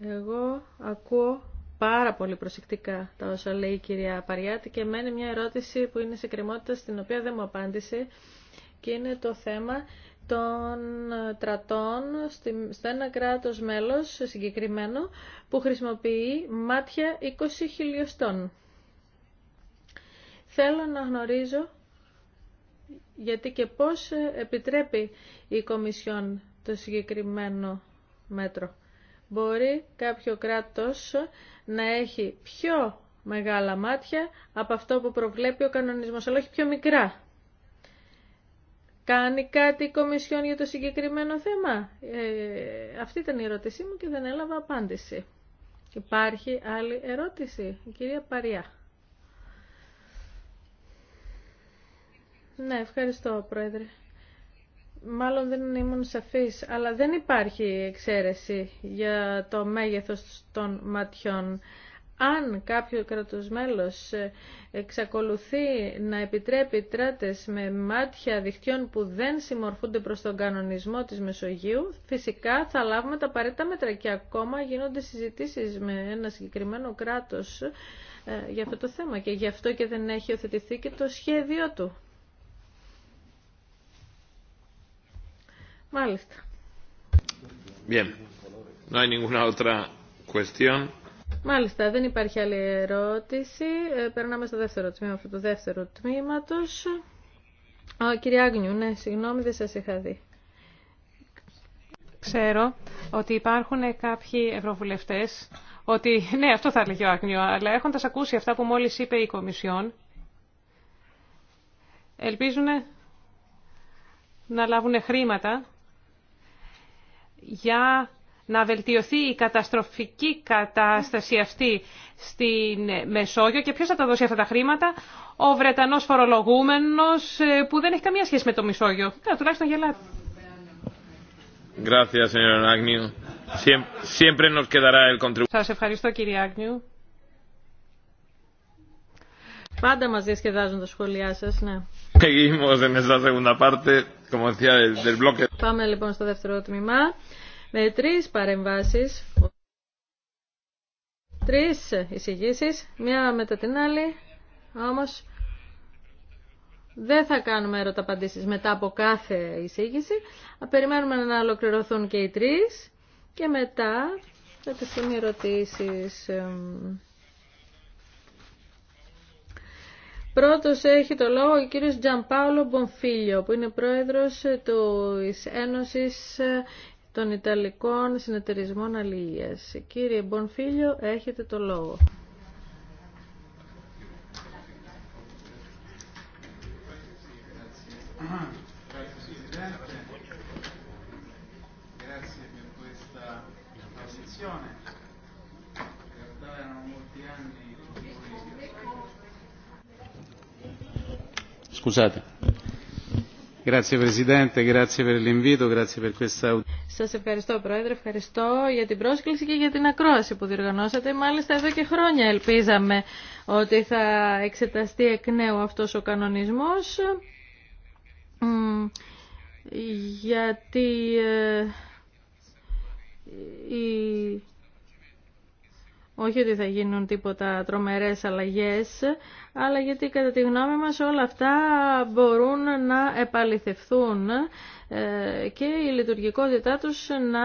A: Εγώ ακούω πάρα πολύ προσεκτικά τα όσα λέει η κυρία Παριάτη και μένει μια ερώτηση που είναι σε κρεμότητα στην οποία δεν μου απάντησε και είναι το θέμα των τρατών στο ένα κράτος μέλος συγκεκριμένο που χρησιμοποιεί μάτια 20 χιλιοστών. Θέλω να γνωρίζω γιατί και πώς επιτρέπει η Κομισιόν το συγκεκριμένο μέτρο μπορεί κάποιο κράτος να έχει πιο μεγάλα μάτια από αυτό που προβλέπει ο κανονισμός, αλλά όχι πιο μικρά. Κάνει κάτι η Κομισιόν για το συγκεκριμένο θέμα. Ε, αυτή ήταν η ερώτησή μου και δεν έλαβα απάντηση. Υπάρχει άλλη ερώτηση, η κυρία Παριά. Ναι, ευχαριστώ, Πρόεδρε μάλλον δεν ήμουν σαφής, αλλά δεν υπάρχει εξαίρεση για το μέγεθος των ματιών. Αν κάποιο κράτος μέλος εξακολουθεί να επιτρέπει τράτες με μάτια δικτυών που δεν συμμορφούνται προς τον κανονισμό της Μεσογείου, φυσικά θα λάβουμε τα απαραίτητα μέτρα και ακόμα γίνονται συζητήσεις με ένα συγκεκριμένο κράτος ε, για αυτό το θέμα και γι' αυτό και δεν έχει οθετηθεί και το σχέδιο του. Μάλιστα.
C: Bien. No hay ninguna otra cuestión.
A: Μάλιστα, δεν υπάρχει άλλη ερώτηση. Ε, περνάμε στο δεύτερο τμήμα αυτού του δεύτερου τμήματος. κύριε Άγνιου, ναι, συγγνώμη, δεν σας είχα δει.
D: Ξέρω ότι υπάρχουν κάποιοι ευρωβουλευτές, ότι, ναι, αυτό θα έλεγε ο Άγνιου, αλλά έχοντα ακούσει αυτά που μόλις είπε η Κομισιόν, ελπίζουν να λάβουν χρήματα για να βελτιωθεί η καταστροφική κατάσταση αυτή στην Μεσόγειο και ποιος θα τα δώσει αυτά τα χρήματα, ο Βρετανός φορολογούμενος ε, που δεν έχει καμία σχέση με το Μεσόγειο. τουλάχιστον γελάτε. Σας ευχαριστώ κύριε Άγνιου.
A: Πάντα μας διασκεδάζουν τα σχόλιά σας, ναι. Πάμε λοιπόν στο δεύτερο τμήμα με τρεις παρεμβάσεις, τρεις εισηγήσει, μία μετά την άλλη, όμως δεν θα κάνουμε ερωταπαντήσεις μετά από κάθε εισήγηση. Περιμένουμε να ολοκληρωθούν και οι τρεις και μετά θα τις κάνουμε ερωτήσεις. Πρώτος έχει το λόγο ο κύριος Τζαμπάολο Μπομφίλιο, που είναι πρόεδρος του Ένωσης των Ιταλικών Συνεταιρισμών Αλληλείας. Κύριε Μπονφίλιο, έχετε το λόγο.
B: Scusate. Grazie Presidente, grazie per l'invito, grazie per questa audizione.
A: Σας ευχαριστώ Πρόεδρε, ευχαριστώ για την πρόσκληση και για την ακρόαση που διοργανώσατε. Μάλιστα εδώ και χρόνια ελπίζαμε ότι θα εξεταστεί εκ νέου αυτός ο κανονισμός γιατί ε, Όχι ότι θα γίνουν τίποτα τρομερές αλλαγές, αλλά γιατί κατά τη γνώμη μας όλα αυτά μπορούν να επαληθευθούν ε, και η λειτουργικότητά τους να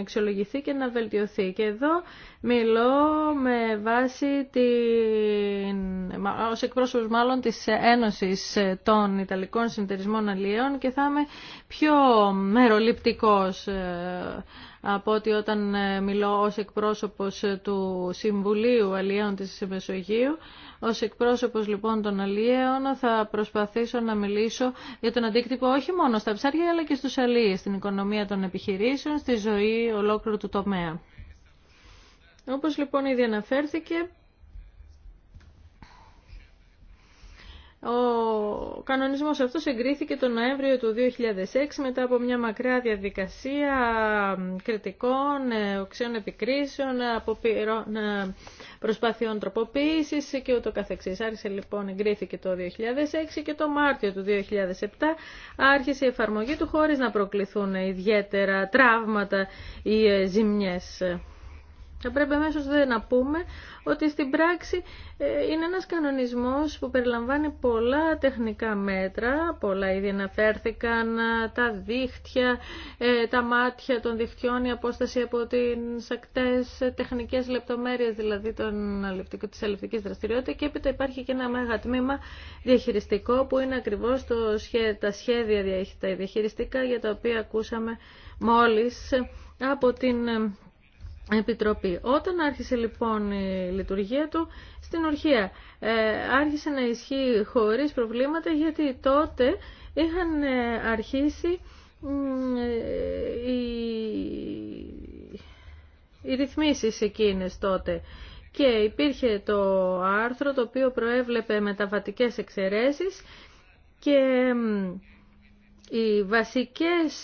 A: εξολογηθεί και να βελτιωθεί. Και εδώ μιλώ με βάση την, ως εκπρόσωπος μάλλον της Ένωσης των Ιταλικών Συντερισμών Αλλιέων και θα είμαι πιο μεροληπτικός ε, από ότι όταν ε, μιλώ ως εκπρόσωπος του Συμβουλίου Αλλιέων της Μεσογείου, ως εκπρόσωπος λοιπόν των αλλιέων θα προσπαθήσω να μιλήσω για τον αντίκτυπο όχι μόνο στα ψάρια αλλά και στους αλλιείς, στην οικονομία των επιχειρήσεων, στη ζωή ολόκληρου του τομέα. Όπως λοιπόν ήδη αναφέρθηκε, Ο κανονισμός αυτός εγκρίθηκε τον Νοέμβριο του 2006 μετά από μια μακρά διαδικασία κριτικών, ε, οξέων επικρίσεων, ε, προσπαθειών τροποποίησης και ούτω καθεξής. Άρχισε λοιπόν, εγκρίθηκε το 2006 και το Μάρτιο του 2007 άρχισε η εφαρμογή του χωρίς να προκληθούν ιδιαίτερα τραύματα ή ε, ζημιές. Θα πρέπει αμέσω να πούμε ότι στην πράξη ε, είναι ένας κανονισμός που περιλαμβάνει πολλά τεχνικά μέτρα, πολλά ήδη αναφέρθηκαν, ε, τα δίχτυα, ε, τα μάτια των διχτυών, η απόσταση από τις ακτές, τεχνικές λεπτομέρειες δηλαδή των, της δραστηριότητα. δραστηριότητας και έπειτα υπάρχει και ένα μέγα τμήμα διαχειριστικό που είναι ακριβώς το, τα σχέδια τα διαχειριστικά για τα οποία ακούσαμε μόλις από την Επιτροπή. Όταν άρχισε λοιπόν η λειτουργία του, στην ορχία ε, άρχισε να ισχύει χωρίς προβλήματα γιατί τότε είχαν ε, αρχίσει ε, οι, οι ρυθμίσεις εκείνες τότε και υπήρχε το άρθρο το οποίο προέβλεπε μεταβατικές εξαιρέσεις και οι βασικές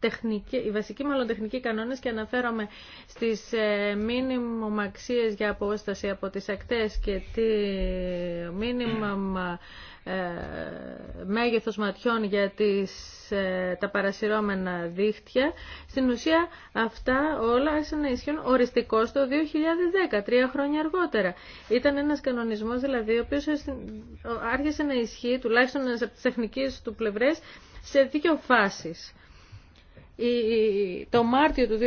A: τεχνική, οι βασικοί μάλλον τεχνικοί κανόνες και αναφέρομαι στις ε, αξίες για απόσταση από τις ακτές και τη μήνυμα ε, μέγεθος ματιών για τις, ε, τα παρασυρώμενα δίχτυα. Στην ουσία αυτά όλα άρχισαν να ισχύουν οριστικό το 2010, τρία χρόνια αργότερα. Ήταν ένας κανονισμός δηλαδή ο οποίος άρχισε να ισχύει τουλάχιστον από τις τεχνικές του πλευρές σε δύο φάσεις το Μάρτιο του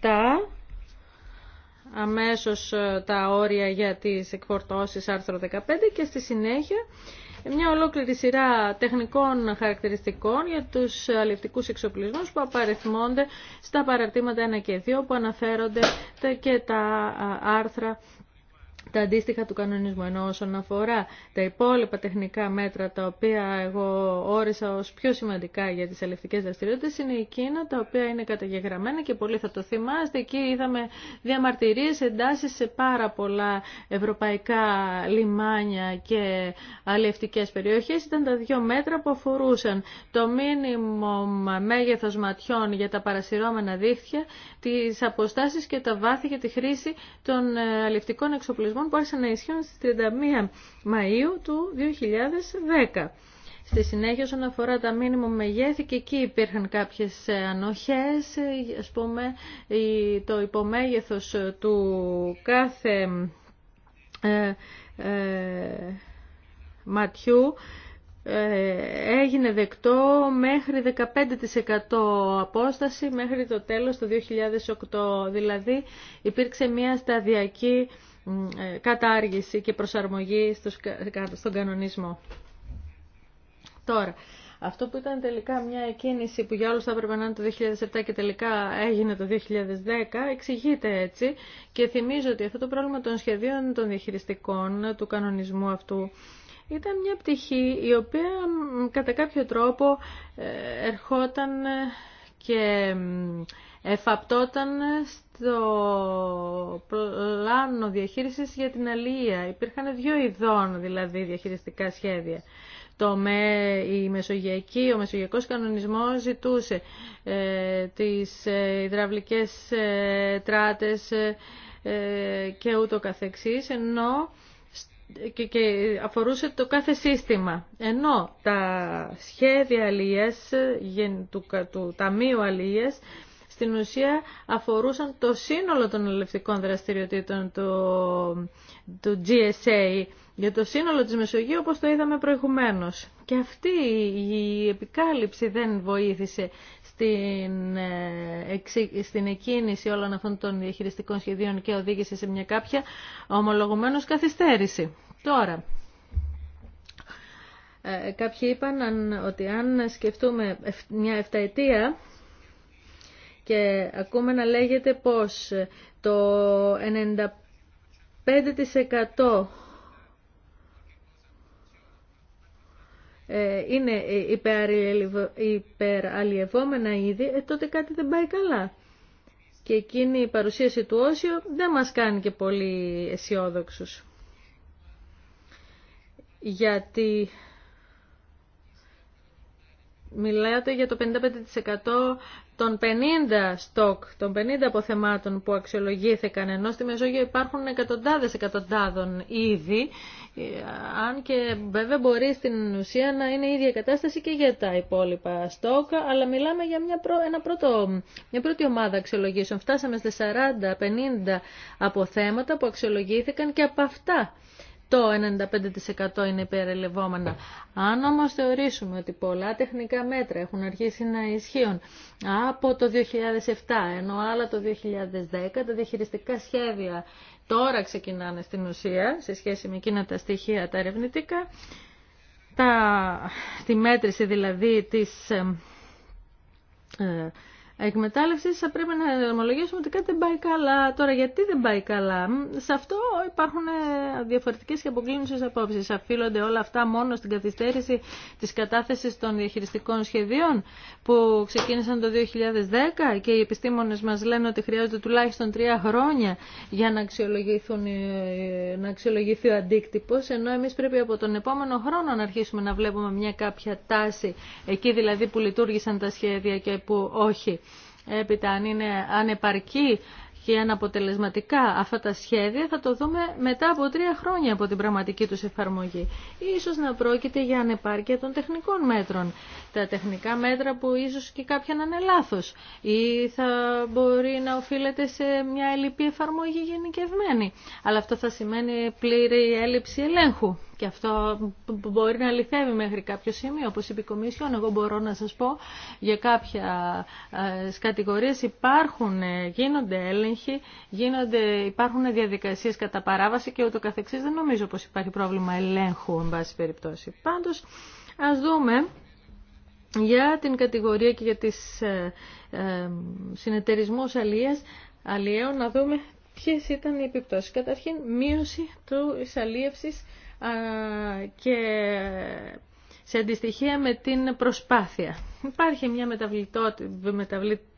A: 2007 αμέσως ε, τα όρια για τις εκφορτώσεις άρθρο 15 και στη συνέχεια μια ολόκληρη σειρά τεχνικών χαρακτηριστικών για τους αληφτικούς εξοπλισμούς που απαριθμώνται στα παραρτήματα 1 και 2 που αναφέρονται και τα άρθρα τα αντίστοιχα του κανονισμού. Ενώ όσον αφορά τα υπόλοιπα τεχνικά μέτρα τα οποία εγώ όρισα ως πιο σημαντικά για τις ελευτικές δραστηριότητες είναι εκείνα τα οποία είναι καταγεγραμμένα και πολύ θα το θυμάστε. Εκεί είδαμε διαμαρτυρίες, εντάσεις σε πάρα πολλά ευρωπαϊκά λιμάνια και αλληλευτικές περιοχές. Ήταν τα δύο μέτρα που αφορούσαν το μήνυμο μέγεθος ματιών για τα παρασυρώμενα δίχτυα, τις αποστάσεις και τα βάθη για τη χρήση των ε, αλληλευτικών εξοπλισμών λοιπόν που άρχισαν να ισχύουν στις 31 Μαΐου του 2010. Στη συνέχεια όσον αφορά τα μήνυμα μεγέθη και εκεί υπήρχαν κάποιες ε, ανοχές, ε, ας πούμε το υπομέγεθος ε, του κάθε ε, ματιού έγινε δεκτό μέχρι 15% απόσταση μέχρι το τέλος του 2008. Δηλαδή υπήρξε μια σταδιακή ε, κατάργηση και προσαρμογή στον κανονισμό. Τώρα, αυτό που ήταν τελικά μια κίνηση που για όλους θα έπρεπε να είναι το 2007 και τελικά έγινε το 2010, εξηγείται έτσι και θυμίζω ότι αυτό το πρόβλημα των σχεδίων των διαχειριστικών του κανονισμού αυτού ήταν μια πτυχή η οποία κατά κάποιο τρόπο ε, ερχόταν και εφαπτόταν στο πλάνο διαχείρισης για την αλληλεία. Υπήρχαν δύο ειδών δηλαδή διαχειριστικά σχέδια. Το με, η μεσογειακή, ο μεσογειακός κανονισμός ζητούσε ε, τις ε, υδραυλικές ε, τράτες ε, ε, και ούτω καθεξής, ενώ και, αφορούσε το κάθε σύστημα. Ενώ τα σχέδια αλίες του, του Ταμείου αλίες, στην ουσία αφορούσαν το σύνολο των ελευτικών δραστηριοτήτων του, του GSA για το σύνολο της Μεσογείου όπως το είδαμε προηγουμένως. Και αυτή η επικάλυψη δεν βοήθησε στην, ε, στην εκκίνηση όλων αυτών των διαχειριστικών σχεδίων και οδήγησε σε μια κάποια ομολογουμένως καθυστέρηση. Τώρα, ε, κάποιοι είπαν ότι αν σκεφτούμε μια εφταετία και ακούμε να λέγεται πως το 95% ε, είναι υπεραλλιευόμενα ήδη, ε, τότε κάτι δεν πάει καλά. Και εκείνη η παρουσίαση του Όσιο δεν μας κάνει και πολύ αισιόδοξου. Γιατί μιλάτε για το 55% των 50 στόκ, των 50 αποθεμάτων που αξιολογήθηκαν, ενώ στη Μεσόγειο υπάρχουν εκατοντάδες εκατοντάδων ήδη, ε, αν και βέβαια μπορεί στην ουσία να είναι η ίδια κατάσταση και για τα υπόλοιπα στόκ, αλλά μιλάμε για μια, ένα πρώτο, μια πρώτη ομάδα αξιολογήσεων. Φτάσαμε σε 40-50 αποθέματα που αξιολογήθηκαν και από αυτά το 95% είναι υπερελευόμενα. Αν όμως θεωρήσουμε ότι πολλά τεχνικά μέτρα έχουν αρχίσει να ισχύουν από το 2007, ενώ άλλα το 2010, τα διαχειριστικά σχέδια τώρα ξεκινάνε στην ουσία, σε σχέση με εκείνα τα στοιχεία τα ερευνητικά, τα, τη μέτρηση δηλαδή της ε, Εκμετάλλευση θα πρέπει να ομολογήσουμε ότι κάτι δεν πάει καλά. Τώρα γιατί δεν πάει καλά. Σε αυτό υπάρχουν ε, διαφορετικέ και αποκλίνουσες απόψεις. Αφήνονται όλα αυτά μόνο στην καθυστέρηση τη κατάθεση των διαχειριστικών σχεδίων που ξεκίνησαν το 2010 και οι επιστήμονε μα λένε ότι χρειάζονται τουλάχιστον τρία χρόνια για να, αξιολογηθούν, ε, να αξιολογηθεί ο αντίκτυπο, ενώ εμεί πρέπει από τον επόμενο χρόνο να αρχίσουμε να βλέπουμε μια κάποια τάση εκεί δηλαδή που λειτουργήσαν τα σχέδια και που όχι έπειτα αν είναι ανεπαρκή και αναποτελεσματικά αυτά τα σχέδια θα το δούμε μετά από τρία χρόνια από την πραγματική τους εφαρμογή. Ίσως να πρόκειται για ανεπάρκεια των τεχνικών μέτρων. Τα τεχνικά μέτρα που ίσως και κάποια να είναι λάθος ή θα μπορεί να οφείλεται σε μια ελλειπή εφαρμογή γενικευμένη. Αλλά αυτό θα σημαίνει πλήρη έλλειψη ελέγχου και αυτό μπορεί να αληθεύει μέχρι κάποιο σημείο, όπως είπε η Κομισιόν. Εγώ μπορώ να σας πω για κάποια ε, κατηγορίες υπάρχουν, ε, γίνονται έλεγχοι, γίνονται, υπάρχουν διαδικασίες κατά παράβαση και ούτω καθεξής. Δεν νομίζω πως υπάρχει πρόβλημα ελέγχου, εν πάση περιπτώσει. Πάντως, ας δούμε για την κατηγορία και για τις ε, ε, συνεταιρισμούς αλίες, να δούμε ποιες ήταν οι επιπτώσεις. Καταρχήν, μείωση του εισαλίευσης και σε αντιστοιχεία με την προσπάθεια. Υπάρχει μια μεταβλητή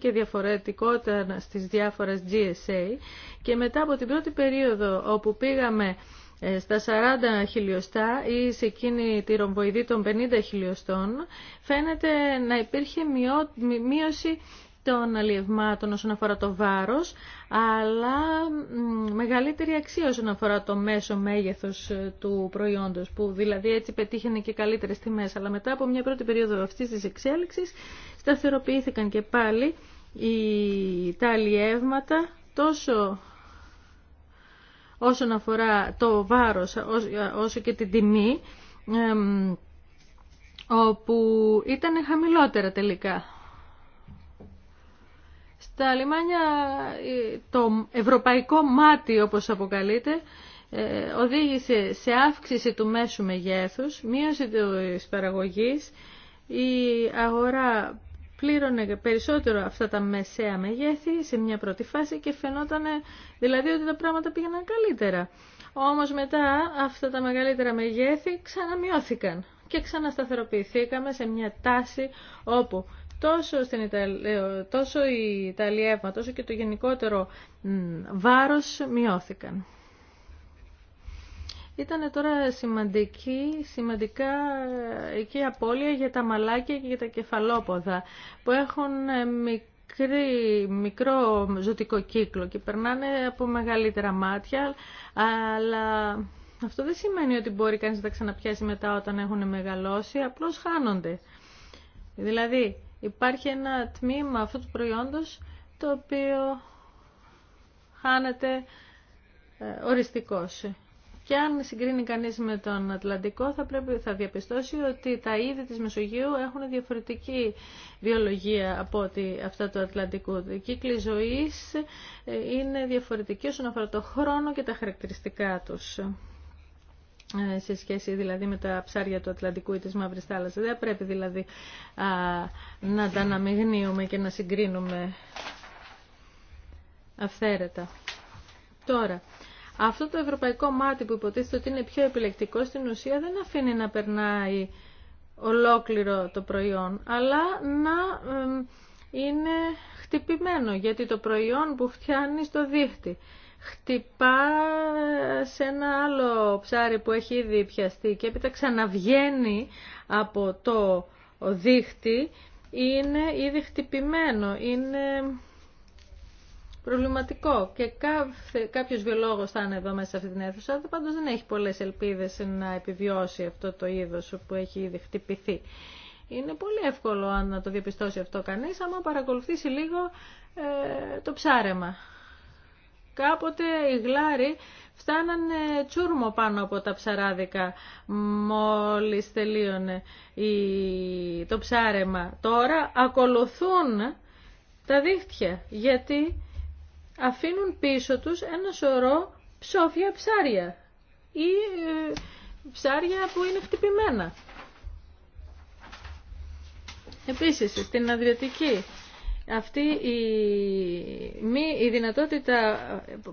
A: και διαφορετικότητα στις διάφορες GSA και μετά από την πρώτη περίοδο όπου πήγαμε ε, στα 40 χιλιοστά ή σε εκείνη τη ρομποειδή των 50 χιλιοστών φαίνεται να υπήρχε μειώση των αλλιευμάτων όσον αφορά το βάρος, αλλά μεγαλύτερη αξία όσον αφορά το μέσο μέγεθος ε, του προϊόντος, που δηλαδή έτσι πετύχαινε και καλύτερες τιμές. Αλλά μετά από μια πρώτη περίοδο αυτής της εξέλιξης, σταθεροποιήθηκαν και πάλι οι, τα αλλιεύματα τόσο όσον αφορά το βάρος ε, όσο και την τιμή όπου ήταν χαμηλότερα τελικά τα λιμάνια ε, το ευρωπαϊκό μάτι όπως αποκαλείται ε, οδήγησε σε αύξηση του μέσου μεγέθους, μείωση της παραγωγής, η αγορά πλήρωνε περισσότερο αυτά τα μεσαία μεγέθη σε μια πρώτη φάση και φαινόταν δηλαδή ότι τα πράγματα πήγαιναν καλύτερα. Όμως μετά αυτά τα μεγαλύτερα μεγέθη ξαναμειώθηκαν και ξανασταθεροποιηθήκαμε σε μια τάση όπου τόσο, στην ε, τόσο η Ιταλιεύμα, τόσο και το γενικότερο βάρος μειώθηκαν. Ήταν τώρα σημαντική, σημαντικά εκεί απώλεια για τα μαλάκια και για τα κεφαλόποδα που έχουν ε, μικρό ζωτικό κύκλο και περνάνε από μεγαλύτερα μάτια, αλλά αυτό δεν σημαίνει ότι μπορεί κανείς να τα ξαναπιάσει μετά όταν έχουν μεγαλώσει, απλώς χάνονται. Δηλαδή, υπάρχει ένα τμήμα αυτού του προϊόντος το οποίο χάνεται ε, οριστικώς. Και αν συγκρίνει κανείς με τον Ατλαντικό θα, πρέπει, θα διαπιστώσει ότι τα είδη της Μεσογείου έχουν διαφορετική βιολογία από ότι αυτά του Ατλαντικού. Οι κύκλοι ζωής ε, είναι διαφορετικοί όσον αφορά το χρόνο και τα χαρακτηριστικά τους. Ε, σε σχέση δηλαδή με τα ψάρια του Ατλαντικού ή της Μαύρης Θάλασσας. Δεν πρέπει δηλαδή α, να τα αναμειγνύουμε και να συγκρίνουμε αυθαίρετα. Τώρα, αυτό το ευρωπαϊκό μάτι που υποτίθεται ότι είναι πιο επιλεκτικό στην ουσία δεν αφήνει να περνάει ολόκληρο το προϊόν, αλλά να είναι χτυπημένο, γιατί το προϊόν που φτιάνει στο δίχτυ χτυπά σε ένα άλλο ψάρι που έχει ήδη πιαστεί και έπειτα ξαναβγαίνει από το δίχτυ είναι ήδη χτυπημένο, είναι προβληματικό και κάποιος βιολόγος θα είναι εδώ μέσα σε αυτή την αίθουσα, πάντως δεν έχει πολλές ελπίδες να επιβιώσει αυτό το είδος που έχει ήδη χτυπηθεί. Είναι πολύ εύκολο αν να το διαπιστώσει αυτό κανείς, άμα παρακολουθήσει λίγο ε, το ψάρεμα. Κάποτε οι γλάροι φτάνανε τσούρμο πάνω από τα ψαράδικα μόλις τελείωνε το ψάρεμα. Τώρα ακολουθούν τα δίχτυα γιατί αφήνουν πίσω τους ένα σωρό ψόφια ψάρια ή ε, ψάρια που είναι χτυπημένα. Επίσης, στην Αδριατική αυτή η, μη, η δυνατότητα,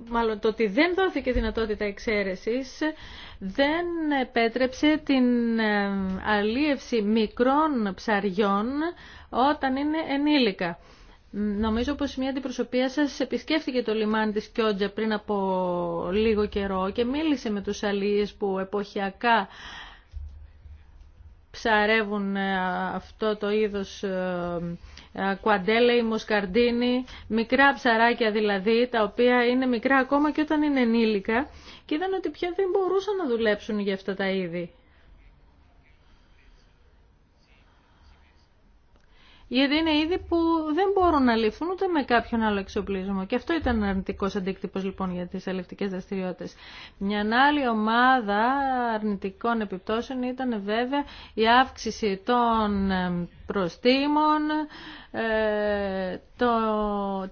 A: μάλλον το ότι δεν δόθηκε δυνατότητα εξαίρεσης, δεν επέτρεψε την ε, αλίευση μικρών ψαριών όταν είναι ενήλικα. Νομίζω πως μια αντιπροσωπεία σας επισκέφθηκε το λιμάνι της Κιόντζα πριν από λίγο καιρό και μίλησε με τους αλίες που εποχιακά ψαρεύουν ε, αυτό το είδος ε, ή ε, μοσκαρτίνη, μικρά ψαράκια δηλαδή, τα οποία είναι μικρά ακόμα και όταν είναι ενήλικα και είδαν ότι πια δεν μπορούσαν να δουλέψουν για αυτά τα είδη. γιατί είναι είδη που δεν μπορούν να ληφθούν ούτε με κάποιον άλλο εξοπλισμό. Και αυτό ήταν αρνητικό αντίκτυπο λοιπόν για τι αλληλευτικέ δραστηριότητε. Μια άλλη ομάδα αρνητικών επιπτώσεων ήταν βέβαια η αύξηση των προστήμων, ε, το,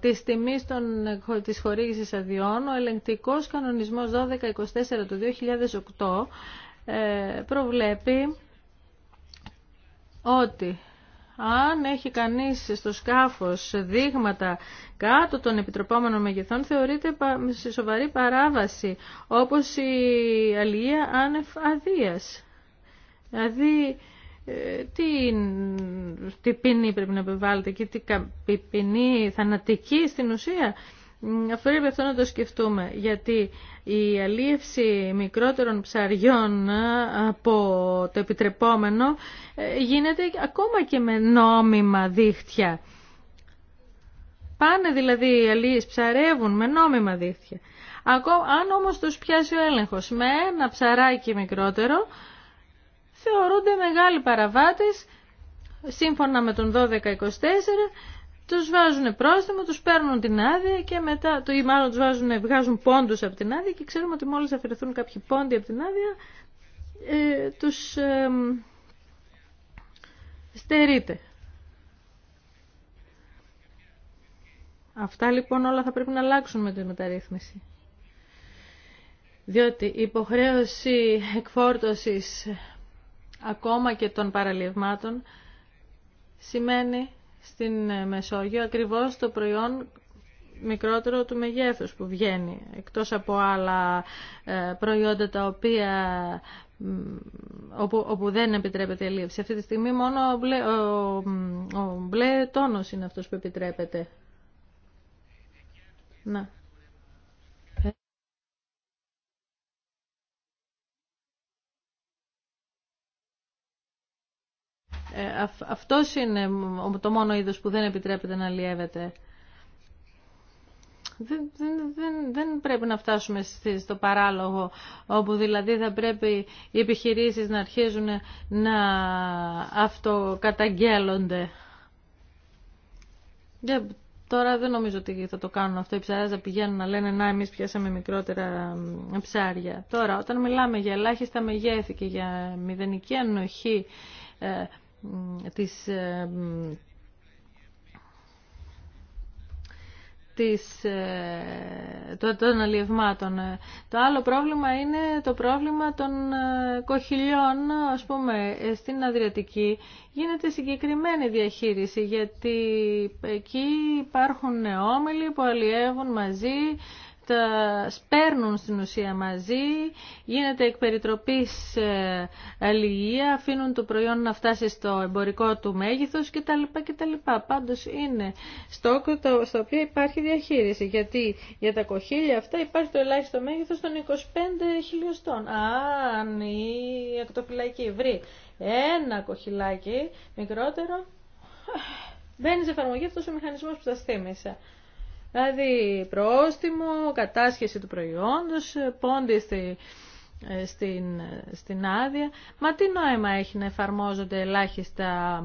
A: της τιμής των, της χορήγησης αδειών. Ο ελεγκτικός κανονισμός 1224 του 2008 ε, προβλέπει ότι αν έχει κανείς στο σκάφος δείγματα κάτω των επιτροπόμενων μεγεθών θεωρείται σε σοβαρή παράβαση όπως η αλληλεία άνευ αδείας. Δηλαδή ε, τι, τι ποινή πρέπει να επιβάλλεται και τι ποινή θανατική στην ουσία αφού είναι αυτό να το σκεφτούμε, γιατί η αλίευση μικρότερων ψαριών ε, από το επιτρεπόμενο ε, γίνεται ακόμα και με νόμιμα δίχτυα. Πάνε δηλαδή οι αλίες ψαρεύουν με νόμιμα δίχτυα. Αν όμως τους πιάσει ο έλεγχος με ένα ψαράκι μικρότερο, θεωρούνται μεγάλοι παραβάτες, σύμφωνα με τον 1224, τους βάζουν πρόστιμο, τους παίρνουν την άδεια και μετά, το, ή μάλλον τους βγάζουν πόντους από την άδεια και ξέρουμε ότι μόλις αφαιρεθούν κάποιοι πόντοι από την άδεια, ε, τους στερείται. Αυτά λοιπόν όλα θα πρέπει να αλλάξουν με τη μεταρρύθμιση. Διότι η υποχρέωση εκφόρτωσης ακόμα και των παραλιευμάτων σημαίνει στην ε, Μεσόγειο ακριβώς το προϊόν μικρότερο του μεγέθους που βγαίνει εκτός από άλλα ε, προϊόντα τα οποία όπου, δεν επιτρέπεται η λήψη. Αυτή τη στιγμή μόνο ο μπλε, ο, τόνος είναι αυτός που επιτρέπεται. Να. Ε, αυτός είναι το μόνο είδος που δεν επιτρέπεται να λιεύεται. Δεν, δεν, δεν, πρέπει να φτάσουμε στο παράλογο, όπου δηλαδή θα πρέπει οι επιχειρήσεις να αρχίζουν να αυτοκαταγγέλλονται. τώρα δεν νομίζω ότι θα το κάνουν αυτό οι ψαράδες, θα πηγαίνουν να λένε «Να, εμείς πιάσαμε μικρότερα ψάρια». Τώρα, όταν μιλάμε για ελάχιστα μεγέθη και για μηδενική ανοχή ε, της ε, ε, των αλλιευμάτων. Ε, το άλλο πρόβλημα είναι το πρόβλημα των κοχυλιών, ας πούμε, στην Αδριατική. Γίνεται συγκεκριμένη διαχείριση, γιατί εκεί υπάρχουν όμιλοι που αλλιεύουν μαζί, ε, σπέρνουν στην ουσία μαζί, γίνεται εκ περιτροπής ε, αλληλεία, αφήνουν το προϊόν να φτάσει στο εμπορικό του μέγεθος κτλ. κτλ. Πάντως είναι στόκο στο οποίο υπάρχει διαχείριση, γιατί για τα κοχύλια αυτά υπάρχει το ελάχιστο μέγεθος των 25 χιλιοστών. Αν η ακτοφυλακή βρει ένα κοχυλάκι μικρότερο, μπαίνει σε εφαρμογή αυτός ο μηχανισμός που σας θύμισα. Δηλαδή πρόστιμο, κατάσχεση του προϊόντος, πόντι ε, στην, ε, στην άδεια. Μα τι νόημα έχει να εφαρμόζονται ελάχιστα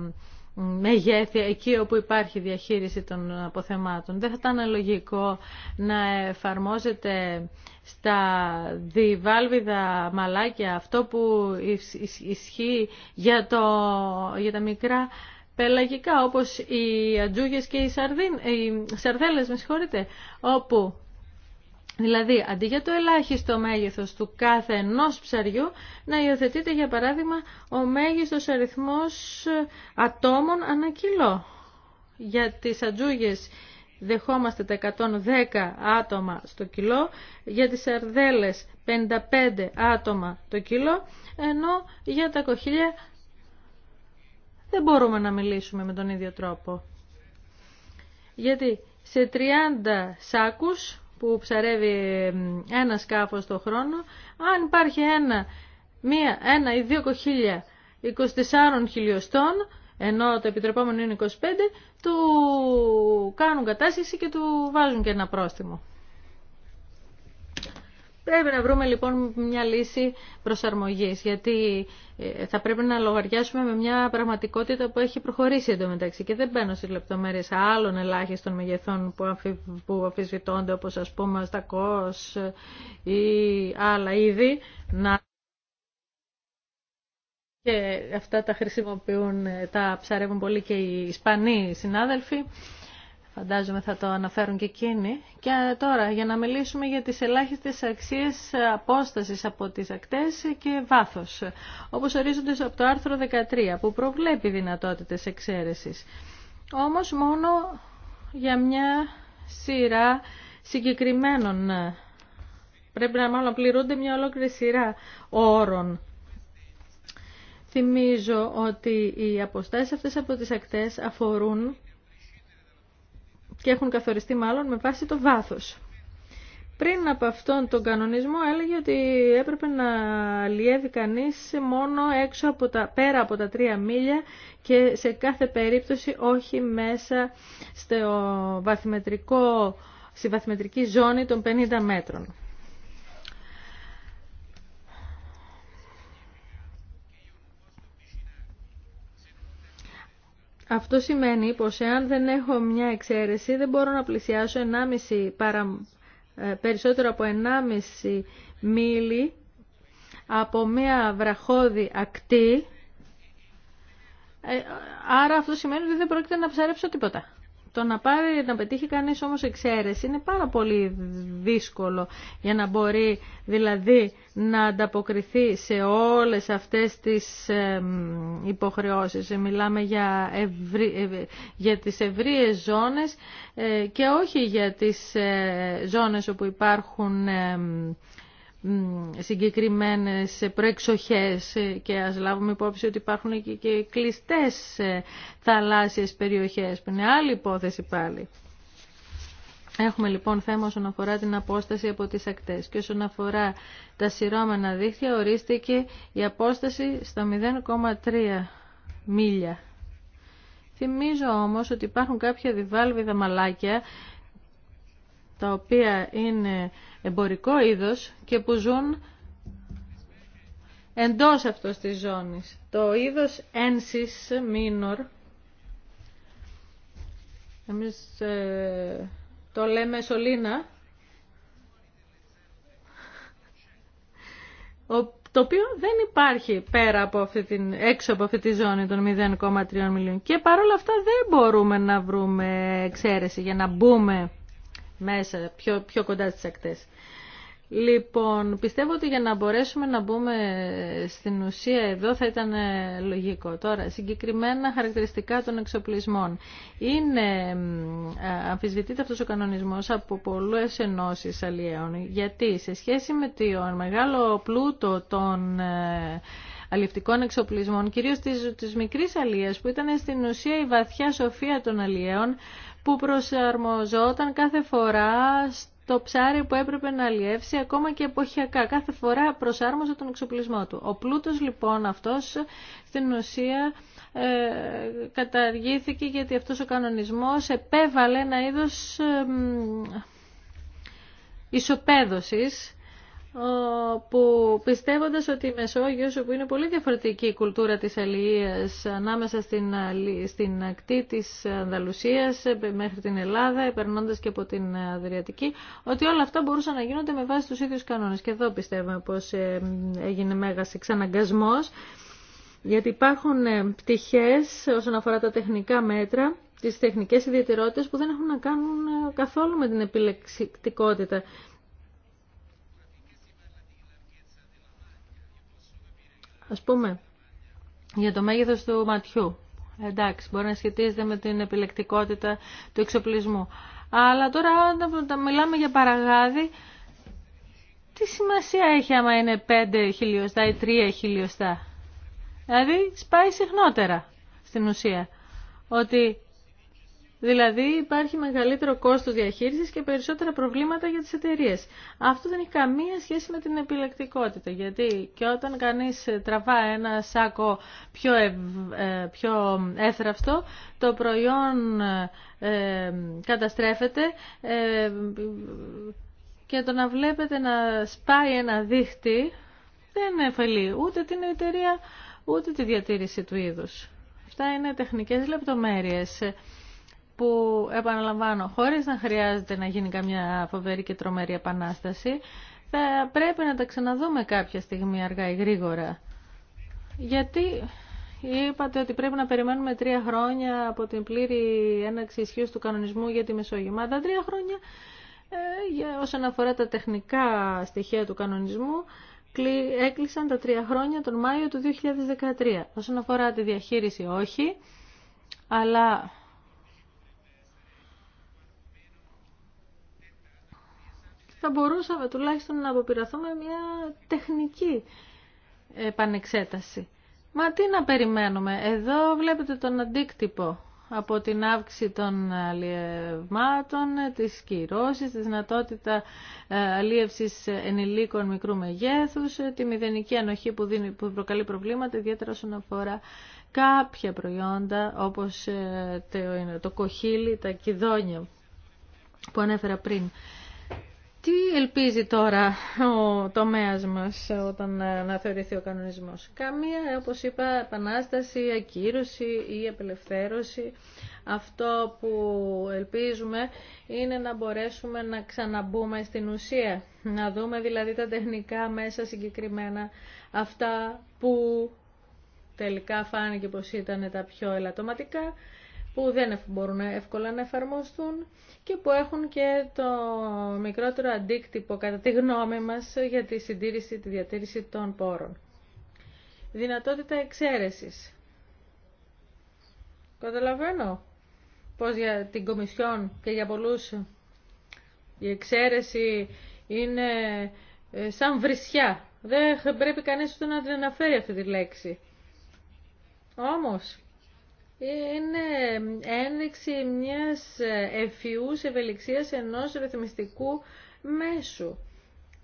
A: μεγέθη εκεί όπου υπάρχει διαχείριση των αποθεμάτων. Δεν θα ήταν λογικό να εφαρμόζεται στα διβάλβιδα μαλάκια αυτό που ισχύει για, το, για τα μικρά πελαγικά όπως οι ατζούγες και οι, σαρδίν, ε, οι σαρδέλες, με συγχωρείτε, όπου Δηλαδή, αντί για το ελάχιστο μέγεθος του κάθε ενός ψαριού, να υιοθετείται, για παράδειγμα, ο μέγιστος αριθμός ε, ατόμων ανά κιλό. Για τις ατζούγες δεχόμαστε τα 110 άτομα στο κιλό, για τις σαρδέλες 55 άτομα το κιλό, ενώ για τα κοχύλια δεν μπορούμε να μιλήσουμε με τον ίδιο τρόπο. Γιατί σε 30 σάκους που ψαρεύει ένα σκάφος το χρόνο, αν υπάρχει ένα, μία, ένα ή δύο κοχύλια 24 χιλιοστών, ενώ το επιτρεπόμενο είναι 25, του κάνουν κατάσχεση και του βάζουν και ένα πρόστιμο. Πρέπει να βρούμε λοιπόν μια λύση προσαρμογής, γιατί ε, θα πρέπει να λογαριάσουμε με μια πραγματικότητα που έχει προχωρήσει εντωμεταξύ και δεν μπαίνω στις λεπτομέρειες άλλων ελάχιστων μεγεθών που αφισβητώνται όπως ας πούμε στα Στακός ή άλλα είδη. Να... Και αυτά τα χρησιμοποιούν, ε, τα ψαρεύουν πολύ και οι Ισπανοί συνάδελφοι. Φαντάζομαι θα το αναφέρουν και εκείνοι. Και τώρα για να μιλήσουμε για τις ελάχιστες αξίες απόστασης από τις ακτές και βάθος, όπως ορίζονται από το άρθρο 13 που προβλέπει δυνατότητες εξαίρεσης. Όμως μόνο για μια σειρά συγκεκριμένων πρέπει να μάλλον πληρούνται μια ολόκληρη σειρά όρων. Θυμίζω ότι οι αποστάσεις αυτές από τις ακτές αφορούν και έχουν καθοριστεί μάλλον με βάση το βάθος. Πριν από αυτόν τον κανονισμό έλεγε ότι έπρεπε να λιεύει κανείς μόνο έξω από τα, πέρα από τα τρία μίλια και σε κάθε περίπτωση όχι μέσα στο βαθμετρικό, στη βαθμετρική ζώνη των 50 μέτρων. Αυτό σημαίνει πως εάν δεν έχω μια εξαίρεση δεν μπορώ να πλησιάσω 1,5 παρα, ε, περισσότερο από 1,5 μίλι από μια βραχώδη ακτή. Ε, ε, άρα αυτό σημαίνει ότι δεν πρόκειται να ψαρέψω τίποτα. Το να, πάρει, να πετύχει κανείς όμως εξαίρεση είναι πάρα πολύ δύσκολο για να μπορεί δηλαδή να ανταποκριθεί σε όλες αυτές τις υποχρεώσεις. Μιλάμε για, ευρύ, ε, για τις ευρείες ζώνες ε, και όχι για τις ε, ζώνες όπου υπάρχουν συγκεκριμένες προεξοχές και ας λάβουμε υπόψη ότι υπάρχουν και κλειστές ε, θαλάσσιες περιοχές που είναι άλλη υπόθεση πάλι. Έχουμε λοιπόν θέμα όσον αφορά την απόσταση από τις ακτές και όσον αφορά τα σειρώμενα δίχτυα ορίστηκε η απόσταση στα 0,3 μίλια. Θυμίζω όμως ότι υπάρχουν κάποια διβάλβιδα μαλάκια τα οποία είναι εμπορικό είδος και που ζουν εντός αυτός της ζώνης. Το είδος ένσις μίνορ, εμείς ε, το λέμε σωλήνα, το οποίο δεν υπάρχει πέρα από αυτή την, έξω από αυτή τη ζώνη των 0,3 μιλίων. Και παρόλα αυτά δεν μπορούμε να βρούμε εξαίρεση για να μπούμε μέσα πιο, πιο κοντά στις ακτές. Λοιπόν, πιστεύω ότι για να μπορέσουμε να μπούμε στην ουσία εδώ θα ήταν ε, λογικό. Τώρα, συγκεκριμένα χαρακτηριστικά των εξοπλισμών. Είναι, αμφισβητείται αυτός ο κανονισμός από πολλές ενώσεις αλλιέων, γιατί σε σχέση με το μεγάλο πλούτο των ε, αλληλευτικών εξοπλισμών, κυρίως της, της μικρής αλίας που ήταν στην ουσία η βαθιά σοφία των αλλιέων, που προσαρμοζόταν κάθε φορά το ψάρι που έπρεπε να αλλιεύσει ακόμα και εποχιακά. Κάθε φορά προσάρμοζε τον εξοπλισμό του. Ο πλούτος λοιπόν αυτός στην ουσία ε, καταργήθηκε γιατί αυτός ο κανονισμός επέβαλε ένα είδος ε, που πιστεύοντας ότι η Μεσόγειος, όπου είναι πολύ διαφορετική η κουλτούρα της αλληλείας ανάμεσα στην, στην ακτή της Ανδαλουσίας μέχρι την Ελλάδα, περνώντας και από την Αδριατική, ότι όλα αυτά μπορούσαν να γίνονται με βάση τους ίδιους κανόνες. Και εδώ πιστεύουμε πως ε, έγινε μέγας εξαναγκασμός, γιατί υπάρχουν ε, πτυχές όσον αφορά τα τεχνικά μέτρα, τις τεχνικές ιδιαιτερότητες που δεν έχουν να κάνουν ε, καθόλου με την επιλεξικτικότητα Ας πούμε, για το μέγεθος του ματιού. Εντάξει, μπορεί να σχετίζεται με την επιλεκτικότητα του εξοπλισμού. Αλλά τώρα όταν μιλάμε για παραγάδι, τι σημασία έχει άμα είναι 5 χιλιοστά ή 3 χιλιοστά. Δηλαδή σπάει συχνότερα στην ουσία. Ότι Δηλαδή υπάρχει μεγαλύτερο κόστος διαχείρισης και περισσότερα προβλήματα για τις εταιρείες. Αυτό δεν έχει καμία σχέση με την επιλεκτικότητα, γιατί και όταν κανείς τραβά ένα σάκο πιο, ευ, ε, πιο έθραυστο, το προϊόν ε, καταστρέφεται ε, και το να βλέπετε να σπάει ένα δίχτυ δεν εφαλεί ούτε την εταιρεία ούτε τη διατήρηση του είδους. Αυτά είναι τεχνικές λεπτομέρειες που επαναλαμβάνω, χωρίς να χρειάζεται να γίνει καμιά φοβερή και τρομερή επανάσταση, θα πρέπει να τα ξαναδούμε κάποια στιγμή αργά ή γρήγορα. Γιατί είπατε ότι πρέπει να περιμένουμε τρία χρόνια από την πλήρη έναξη ισχύω του κανονισμού για τη Μεσόγειο. Μα τα τρία χρόνια, ε, για, όσον αφορά τα τεχνικά στοιχεία του κανονισμού, έκλεισαν τα τρία χρόνια τον Μάιο του 2013. Όσον αφορά τη διαχείριση, όχι, αλλά θα μπορούσαμε τουλάχιστον να αποπειραθούμε μια τεχνική επανεξέταση. Μα τι να περιμένουμε. Εδώ βλέπετε τον αντίκτυπο από την αύξηση των αλλιευμάτων, τις κυρώσεις, τη δυνατότητα ε, αλλίευσης ενηλίκων μικρού μεγέθους, ε, τη μηδενική ανοχή που, δίνει, που προκαλεί προβλήματα, ιδιαίτερα όσον αφορά κάποια προϊόντα όπως ε, το, το κοχύλι, τα κυδόνια που ανέφερα πριν. Τι ελπίζει τώρα ο τομέας μας όταν αναθεωρηθεί ε, ο κανονισμός. Καμία, όπως είπα, επανάσταση, ακύρωση ή απελευθέρωση. Αυτό που ελπίζουμε είναι να μπορέσουμε να ξαναμπούμε στην ουσία. Να δούμε δηλαδή τα τεχνικά μέσα συγκεκριμένα, αυτά που τελικά φάνηκε πως ήταν τα πιο ελαττωματικά που δεν μπορούν εύκολα να εφαρμοστούν και που έχουν και το μικρότερο αντίκτυπο, κατά τη γνώμη μας, για τη συντήρηση, τη διατήρηση των πόρων. Δυνατότητα εξαίρεσης. Καταλαβαίνω πως για την Κομισιόν και για πολλούς η εξαίρεση είναι ε, σαν βρισιά. Δεν πρέπει κανείς ούτε να την αναφέρει αυτή τη λέξη. Όμως, είναι ένδειξη μιας ευφυούς ευελιξίας ενός ρυθμιστικού μέσου.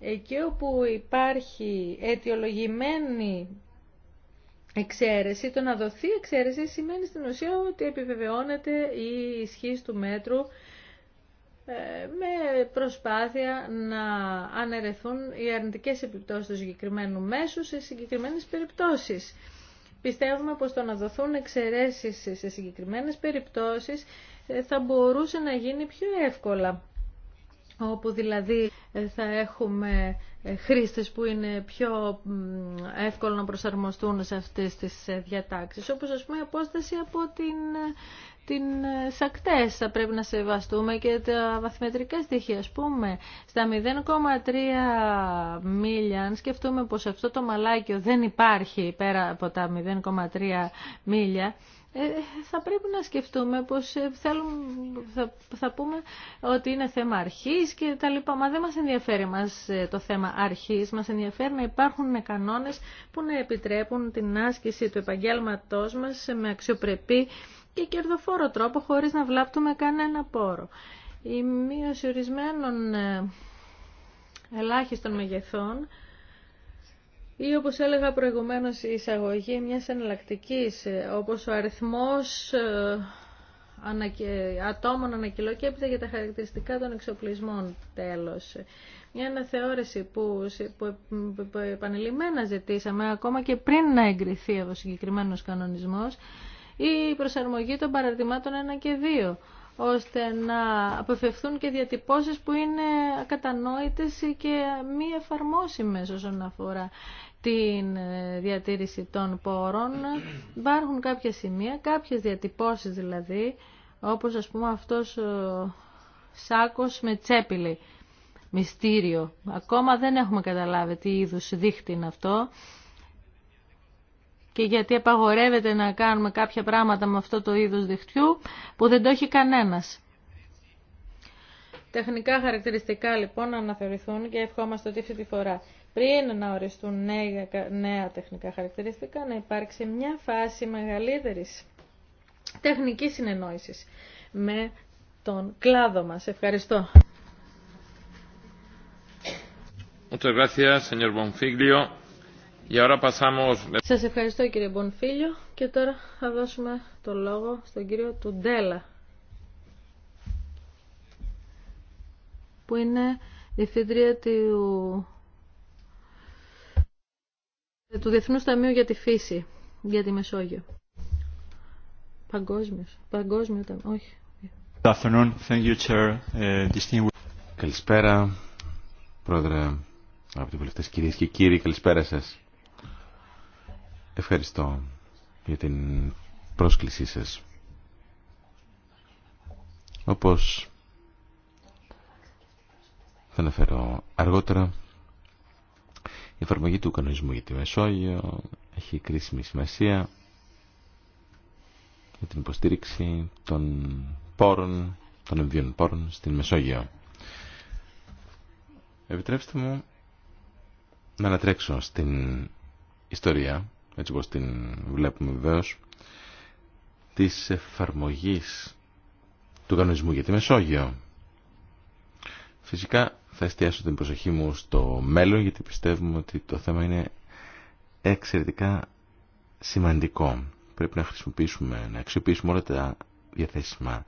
A: Εκεί όπου υπάρχει αιτιολογημένη εξαίρεση, το να δοθεί εξαίρεση σημαίνει στην ουσία ότι επιβεβαιώνεται η ισχύ του μέτρου ε, με προσπάθεια να αναιρεθούν οι αρνητικές επιπτώσεις του συγκεκριμένου μέσου σε συγκεκριμένες περιπτώσεις. Πιστεύουμε πως το να δοθούν εξαιρέσεις σε συγκεκριμένες περιπτώσεις ε, θα μπορούσε να γίνει πιο εύκολα, όπου δηλαδή ε, θα έχουμε ε, χρήστες που είναι πιο εύκολο να προσαρμοστούν σε αυτές τις ε, διατάξεις, όπως ας πούμε η απόσταση από την, ε, την σακτές θα πρέπει να σεβαστούμε και τα βαθμετρικά στοιχεία. Ας πούμε, στα 0,3 μίλια, αν σκεφτούμε πως αυτό το μαλάκιο δεν υπάρχει πέρα από τα 0,3 μίλια, ε, θα πρέπει να σκεφτούμε πως ε, θέλουμε, θα, θα πούμε ότι είναι θέμα αρχής και τα λοιπά. Μα δεν μας ενδιαφέρει μας ε, το θέμα αρχής, μας ενδιαφέρει να υπάρχουν κανόνες που να επιτρέπουν την άσκηση του επαγγέλματός μας με αξιοπρεπή και κερδοφόρο τρόπο χωρίς να βλάπτουμε κανένα πόρο. Η μείωση ορισμένων ελάχιστων μεγεθών ή όπως έλεγα προηγουμένως η εισαγωγή μιας εναλλακτική, ε, όπως ο αριθμός ε, ατόμων ανακυλώ για τα χαρακτηριστικά των εξοπλισμών τέλος. Μια αναθεώρηση που, που, που επανειλημμένα ζητήσαμε ακόμα και πριν να εγκριθεί ο συγκεκριμένος κανονισμός η προσαρμογή των παραρτημάτων 1 και 2 ώστε να αποφευθούν και διατυπώσεις που είναι ακατανόητες και μη εφαρμόσιμες όσον αφορά την ε, διατήρηση των πόρων. Υπάρχουν κάποια σημεία, κάποιες διατυπώσεις δηλαδή, όπως ας πούμε αυτός ο σάκος με τσέπιλι μυστήριο. Ακόμα δεν έχουμε καταλάβει τι είδους δείχτη είναι αυτό και γιατί απαγορεύεται να κάνουμε κάποια πράγματα με αυτό το είδος διχτυού που δεν το έχει κανένας. Τεχνικά χαρακτηριστικά λοιπόν να και ευχόμαστε ότι αυτή τη φορά πριν να οριστούν νέα, τεχνικά χαρακτηριστικά, να υπάρξει μια φάση μεγαλύτερης τεχνικής συνεννόησης με τον κλάδο μας. Ευχαριστώ. Σας ευχαριστώ κύριε Μπονφίλιο και τώρα θα δώσουμε το λόγο στον κύριο Τουντέλα που είναι διευθύντρια του του Διεθνούς Ταμείου για τη Φύση, για τη Μεσόγειο. Παγκόσμιος. Παγκόσμιο Ταμείο. Όχι.
B: Thank you, Chair. Ε, καλησπέρα, Πρόεδρε, αγαπητοί βουλευτές, κυρίες και κύριοι, καλησπέρα σας. Ευχαριστώ για την πρόσκλησή σας. Όπως θα αναφέρω αργότερα, η εφαρμογή του κανονισμού για τη Μεσόγειο έχει κρίσιμη σημασία για την υποστήριξη των πόρων, των εμβίων πόρων στην Μεσόγειο. Επιτρέψτε μου να ανατρέξω στην ιστορία, έτσι όπως την βλέπουμε βεβαίω, της εφαρμογής του κανονισμού για τη Μεσόγειο. Φυσικά θα εστιάσω την προσοχή μου στο μέλλον γιατί πιστεύουμε ότι το θέμα είναι εξαιρετικά σημαντικό. Πρέπει να χρησιμοποιήσουμε, να αξιοποιήσουμε όλα τα διαθέσιμα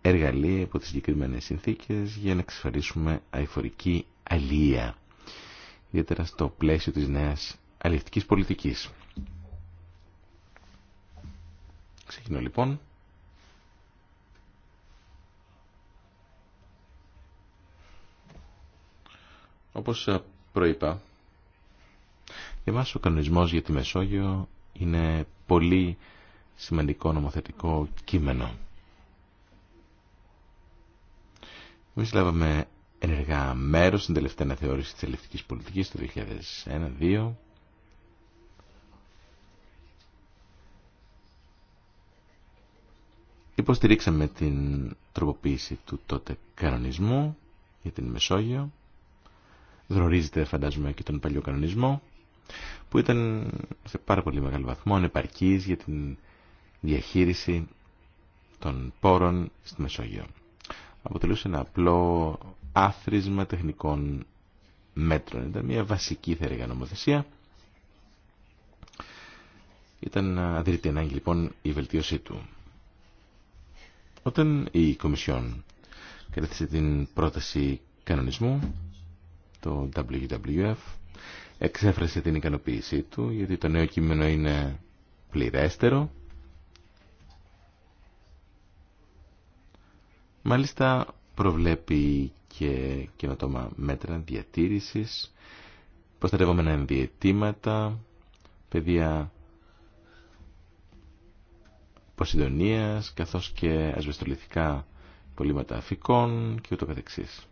B: εργαλεία από τις συγκεκριμένες συνθήκες για να εξασφαλίσουμε αηφορική αλληλεία, ιδιαίτερα στο πλαίσιο της νέας αλληλευτικής πολιτικής. Ξεκινώ λοιπόν Όπως ε, προείπα, για μας ο κανονισμός για τη Μεσόγειο είναι πολύ σημαντικό νομοθετικό κείμενο. Εμείς λάβαμε ενεργά μέρος στην τελευταία αναθεώρηση της ελευθερικής πολιτικής το 2001-2002. Υποστηρίξαμε την τροποποίηση του τότε κανονισμού για την Μεσόγειο Γνωρίζετε φαντάζομαι και τον παλιό κανονισμό που ήταν σε πάρα πολύ μεγάλο βαθμό ανεπαρκής για την διαχείριση των πόρων στη Μεσόγειο. Αποτελούσε ένα απλό άθροισμα τεχνικών μέτρων. Ήταν μια βασική θα νομοθεσία. Ήταν αδρήτη ανάγκη λοιπόν η βελτίωσή του. Όταν η Κομισιόν κατέθεσε την πρόταση κανονισμού το WWF εξέφρασε την ικανοποίησή του γιατί το νέο κείμενο είναι πληρέστερο μάλιστα προβλέπει και καινοτόμα μέτρα διατήρησης προστατευόμενα ενδιαιτήματα παιδεία ποσειδονίας καθώς και ασβεστολιθικά πολύματα αφικών και ούτω καθεξής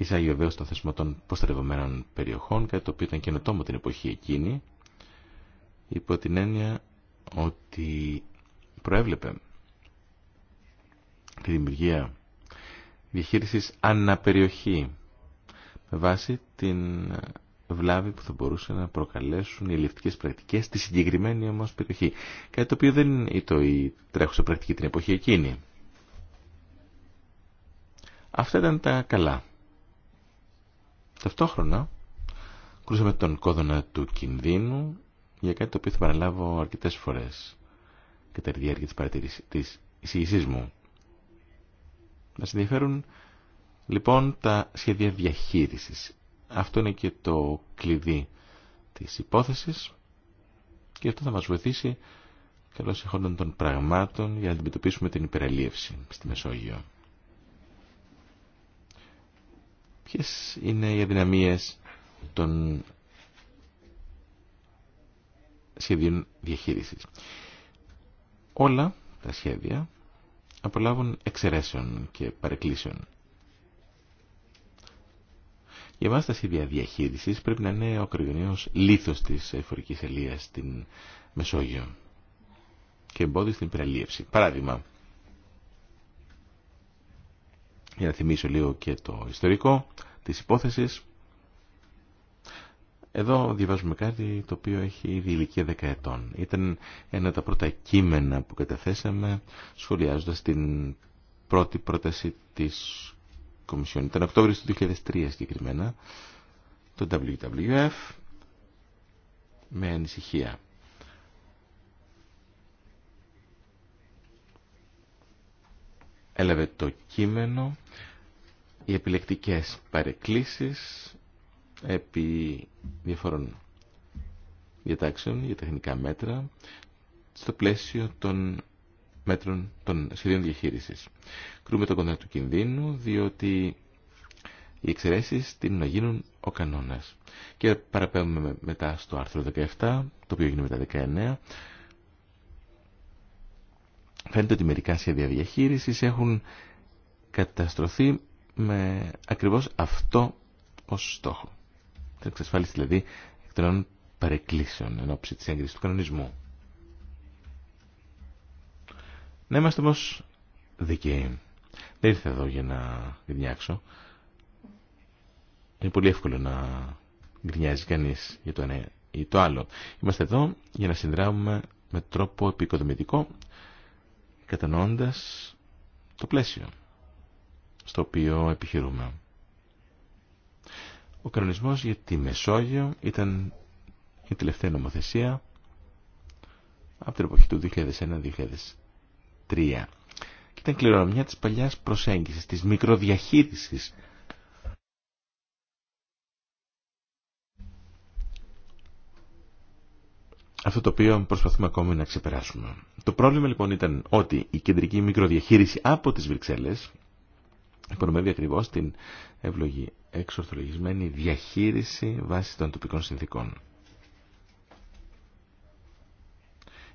B: εισάγει βεβαίω των θέσμα των προστατευμένων περιοχών, κάτι το οποίο ήταν καινοτόμο την εποχή εκείνη, υπό την έννοια ότι προέβλεπε τη δημιουργία διαχείρισης αναπεριοχή με βάση την βλάβη που θα μπορούσε να προκαλέσουν οι ελληνικές πρακτικές στη συγκεκριμένη όμως περιοχή. Κάτι το οποίο δεν ήταν η τρέχουσα πρακτική την εποχή εκείνη. Αυτά ήταν τα καλά Ταυτόχρονα, κρούσαμε τον κόδωνα του κινδύνου για κάτι το οποίο θα παραλάβω αρκετές φορές κατά τη διάρκεια της της εισηγησής μου. Μας ενδιαφέρουν λοιπόν τα σχέδια διαχείρισης. Αυτό είναι και το κλειδί της υπόθεσης και αυτό θα μας βοηθήσει καλώς εχόντων των πραγμάτων για να αντιμετωπίσουμε την υπεραλίευση στη Μεσόγειο. ποιες είναι οι αδυναμίες των σχεδίων διαχείρισης. Όλα τα σχέδια απολάβουν εξαιρέσεων και παρεκκλήσεων. Για εμάς τα σχέδια διαχείρισης πρέπει να είναι ο ακρογωνιαίος λίθος της εφορικής ελίας στην Μεσόγειο και εμπόδιο στην πυραλίευση. Παράδειγμα, για να θυμίσω λίγο και το ιστορικό της υπόθεσης. Εδώ διαβάζουμε κάτι το οποίο έχει ήδη ηλικία 10 ετών. Ήταν ένα από τα πρώτα κείμενα που καταθέσαμε σχολιάζοντας την πρώτη πρόταση της Κομισιόν. Ήταν Οκτώβριο του 2003 συγκεκριμένα το WWF με ανησυχία. Έλαβε το κείμενο οι επιλεκτικές παρεκκλήσεις επί διαφορών διατάξεων για τεχνικά μέτρα στο πλαίσιο των μέτρων των σχεδίων διαχείρισης. Κρούμε το κοντά του κινδύνου διότι οι εξαιρέσει την να γίνουν ο κανόνας. Και παραπέμπουμε μετά στο άρθρο 17, το οποίο γίνεται μετά 19. Φαίνεται ότι μερικά σχέδια διαχείρισης έχουν καταστρωθεί με ακριβώς αυτό ως στόχο. Την εξασφάλιση δηλαδή εκτελών παρεκκλήσεων εν ώψη της έγκρισης του κανονισμού. Να είμαστε όμως δικαίοι. Δεν ήρθα εδώ για να γκρινιάξω. Είναι πολύ εύκολο να γκρινιάζει κανείς για το ένα ή το άλλο. Είμαστε εδώ για να συνδράμουμε με τρόπο επικοδομητικό, κατανοώντας το πλαίσιο στο οποίο επιχειρούμε. Ο κανονισμός για τη Μεσόγειο ήταν η τελευταία νομοθεσία από την εποχή του 2001-2003 και ήταν κληρονομιά της παλιάς προσέγγισης, της μικροδιαχείρισης αυτό το οποίο προσπαθούμε ακόμη να ξεπεράσουμε. Το πρόβλημα λοιπόν ήταν ότι η κεντρική μικροδιαχείριση από τις Βρυξέλλες Οικονομεύει ακριβώς την ευλογή εξορθολογισμένη διαχείριση βάσει των τοπικών συνθήκων.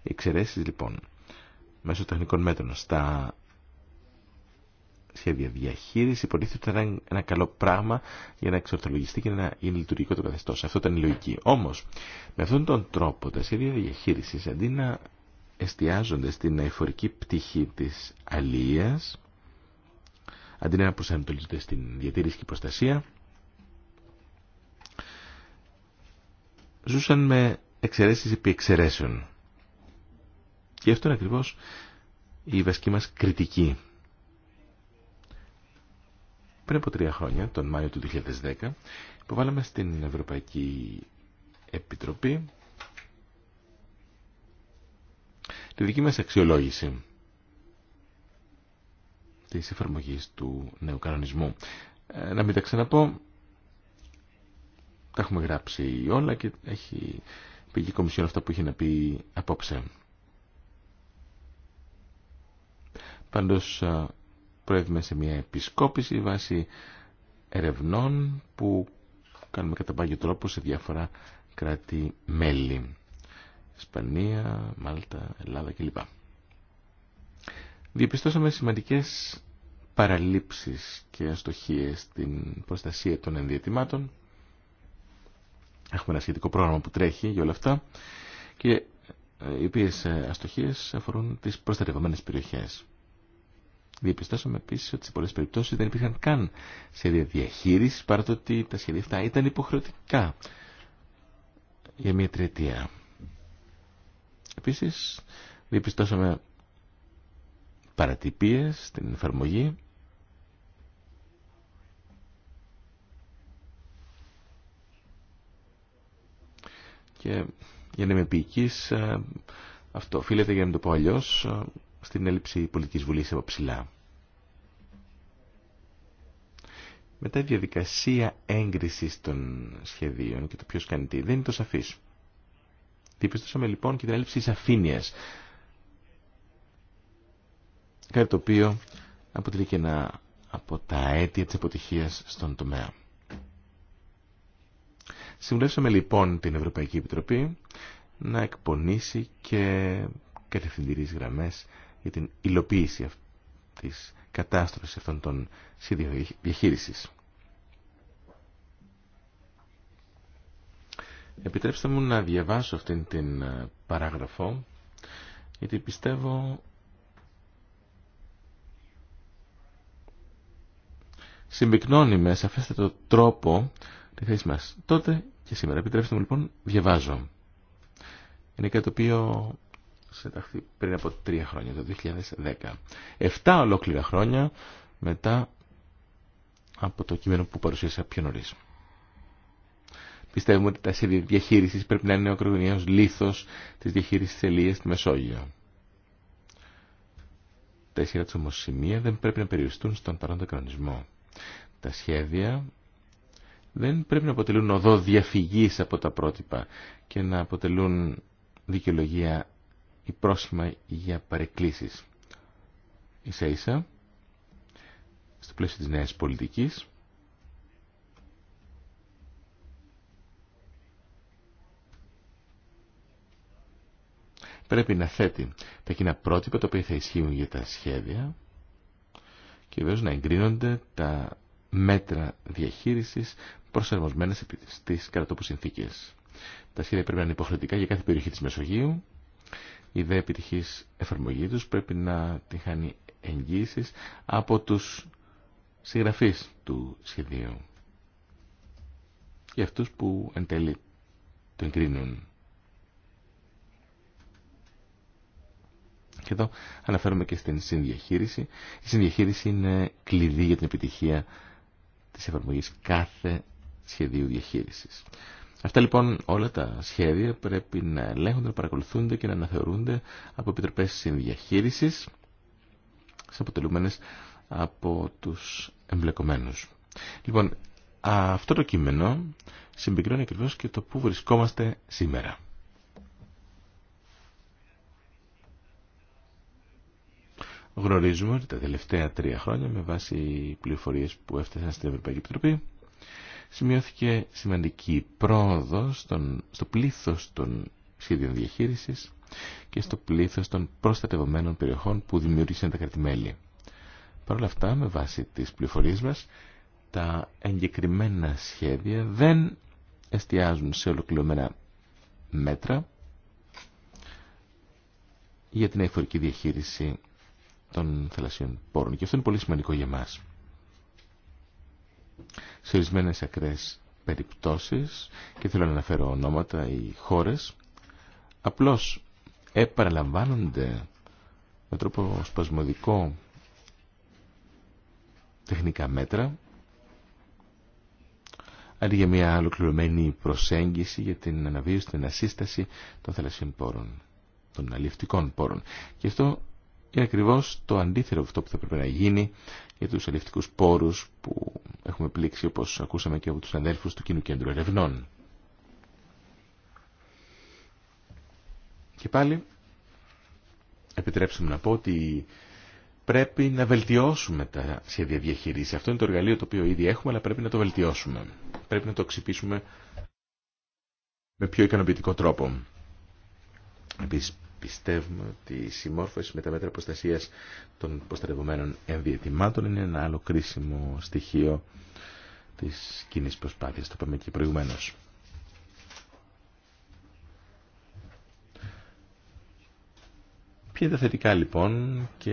B: Οι εξαιρέσεις λοιπόν μέσω τεχνικών μέτρων στα σχέδια διαχείριση υποτίθεται ότι ένα καλό πράγμα για να εξορθολογιστεί και να είναι λειτουργικό το καθεστώ. Αυτό ήταν η λογική. Όμω, με αυτόν τον τρόπο τα σχέδια διαχείριση αντί να εστιάζονται στην αηφορική πτυχή τη αλίας αντί να προσανατολίζεται στην διατήρηση και προστασία, ζούσαν με εξαιρέσεις επί εξαιρέσεων. Και αυτό είναι ακριβώς η βασική μας κριτική. Πριν από τρία χρόνια, τον Μάιο του 2010, υποβάλαμε στην Ευρωπαϊκή Επιτροπή τη δική μας αξιολόγηση της εφαρμογής του νέου κανονισμού. Ε, να μην τα ξαναπώ, τα έχουμε γράψει όλα και έχει πει η Κομισιόν αυτά που είχε να πει απόψε. Πάντως ε, προέβημε σε μια επισκόπηση βάσει ερευνών που κάνουμε κατά πάγιο τρόπο σε διάφορα κράτη-μέλη. Ισπανία, Μάλτα, Ελλάδα κλπ διαπιστώσαμε σημαντικές παραλήψεις και αστοχίες στην προστασία των ενδιατημάτων. Έχουμε ένα σχετικό πρόγραμμα που τρέχει για όλα αυτά και ε, οι οποίε ε, αστοχίες αφορούν τις προστατευμένε περιοχές. Διαπιστώσαμε επίσης ότι σε πολλές περιπτώσεις δεν υπήρχαν καν σχέδια διαχείριση, παρά το ότι τα σχέδια αυτά ήταν υποχρεωτικά για μία τριετία. Επίσης, διαπιστώσαμε παρατυπίες στην εφαρμογή. Και για να είμαι ποιηκής ε, αυτό οφείλεται, για να το πω αλλιώ ε, στην έλλειψη πολιτικής βουλής από ψηλά. Μετά η διαδικασία έγκρισης των σχεδίων και το ποιος κάνει τι δεν είναι το σαφής. διπιστώσαμε λοιπόν και την έλλειψη σαφήνειας κάτι το οποίο αποτελεί και ένα από τα αίτια της αποτυχίας στον τομέα. Συμβουλεύσαμε λοιπόν την Ευρωπαϊκή Επιτροπή να εκπονήσει και κατευθυντηρείς γραμμές για την υλοποίηση της κατάστροφης αυτών των σχεδίων διαχείρισης. Επιτρέψτε μου να διαβάσω αυτήν την ε, παράγραφο, γιατί πιστεύω συμπυκνώνει με σαφέστατο τρόπο τη θέση μας. Τότε και σήμερα. Επιτρέψτε μου λοιπόν, διαβάζω. Είναι κάτι το οποίο συνταχθεί πριν από τρία χρόνια, το 2010. Εφτά ολόκληρα χρόνια μετά από το κείμενο που παρουσίασα πιο νωρίς. Πιστεύουμε ότι τα σχέδια διαχείριση πρέπει να είναι ο ακρογωνιαίο λίθο τη διαχείριση τη Ελία στη Μεσόγειο. Τα ισχυρά του όμω δεν πρέπει να περιοριστούν στον παρόντο κανονισμό. Τα σχέδια δεν πρέπει να αποτελούν οδό διαφυγής από τα πρότυπα και να αποτελούν δικαιολογία ή πρόσχημα για παρεκκλήσεις. Ίσα ίσα, στο πλαίσιο της νέας πολιτικής, πρέπει να θέτει τα κοινά πρότυπα τα οποία θα ισχύουν για τα σχέδια και βεβαίως να εγκρίνονται τα μέτρα διαχείρισης προσαρμοσμένες στις κρατόπους συνθήκες. Τα σχέδια πρέπει να είναι υποχρεωτικά για κάθε περιοχή της Μεσογείου. Η δε επιτυχής εφαρμογή τους πρέπει να την χάνει εγγύησης από τους συγγραφείς του σχεδίου. Για αυτούς που εν τέλει το εγκρίνουν. Και εδώ αναφέρομαι και στην συνδιαχείριση. Η συνδιαχείριση είναι κλειδί για την επιτυχία της εφαρμογής κάθε σχεδίου διαχείρισης. Αυτά λοιπόν όλα τα σχέδια πρέπει να ελέγχονται, να παρακολουθούνται και να αναθεωρούνται από επιτροπές συνδιαχείρισης σε αποτελούμενες από τους εμπλεκομένους. Λοιπόν, αυτό το κείμενο συμπυκνώνει ακριβώ και το που βρισκόμαστε σήμερα. Γνωρίζουμε ότι τα τελευταία τρία χρόνια, με βάση πληροφορίες που έφτασαν στην Ευρωπαϊκή Επιτροπή, σημειώθηκε σημαντική πρόοδο στον, στο πλήθος των σχεδίων διαχείρισης και στο πλήθος των προστατευμένων περιοχών που δημιούργησαν τα κρατημέλη. Παρ' όλα αυτά, με βάση τις πληροφορίες μας, τα εγκεκριμένα σχέδια δεν εστιάζουν σε ολοκληρωμένα μέτρα για την εφορική διαχείριση των θαλασσίων πόρων. Και αυτό είναι πολύ σημαντικό για μας. Σε ορισμένε ακραίες περιπτώσεις, και θέλω να αναφέρω ονόματα ή χώρες, απλώς επαναλαμβάνονται με τρόπο σπασμωδικό τεχνικά μέτρα, αντί για μια ολοκληρωμένη προσέγγιση για την αναβίωση, την ασύσταση των θαλασσίων πόρων, των αληφτικών πόρων. Και αυτό είναι ακριβώς το αντίθετο αυτό που θα πρέπει να γίνει για τους ελευτικούς πόρους που έχουμε πλήξει όπως ακούσαμε και από τους αδέλφους του Κοινού Κέντρου Ερευνών. Και πάλι επιτρέψτε μου να πω ότι πρέπει να βελτιώσουμε τα σχέδια διαχείριση. Αυτό είναι το εργαλείο το οποίο ήδη έχουμε, αλλά πρέπει να το βελτιώσουμε. Πρέπει να το ξυπήσουμε με πιο ικανοποιητικό τρόπο. Επίσης, πιστεύουμε ότι η συμμόρφωση με τα μέτρα προστασία των προστατευμένων ενδιατημάτων είναι ένα άλλο κρίσιμο στοιχείο της κοινή προσπάθεια το είπαμε και προηγουμένως. Ποια είναι τα θετικά λοιπόν και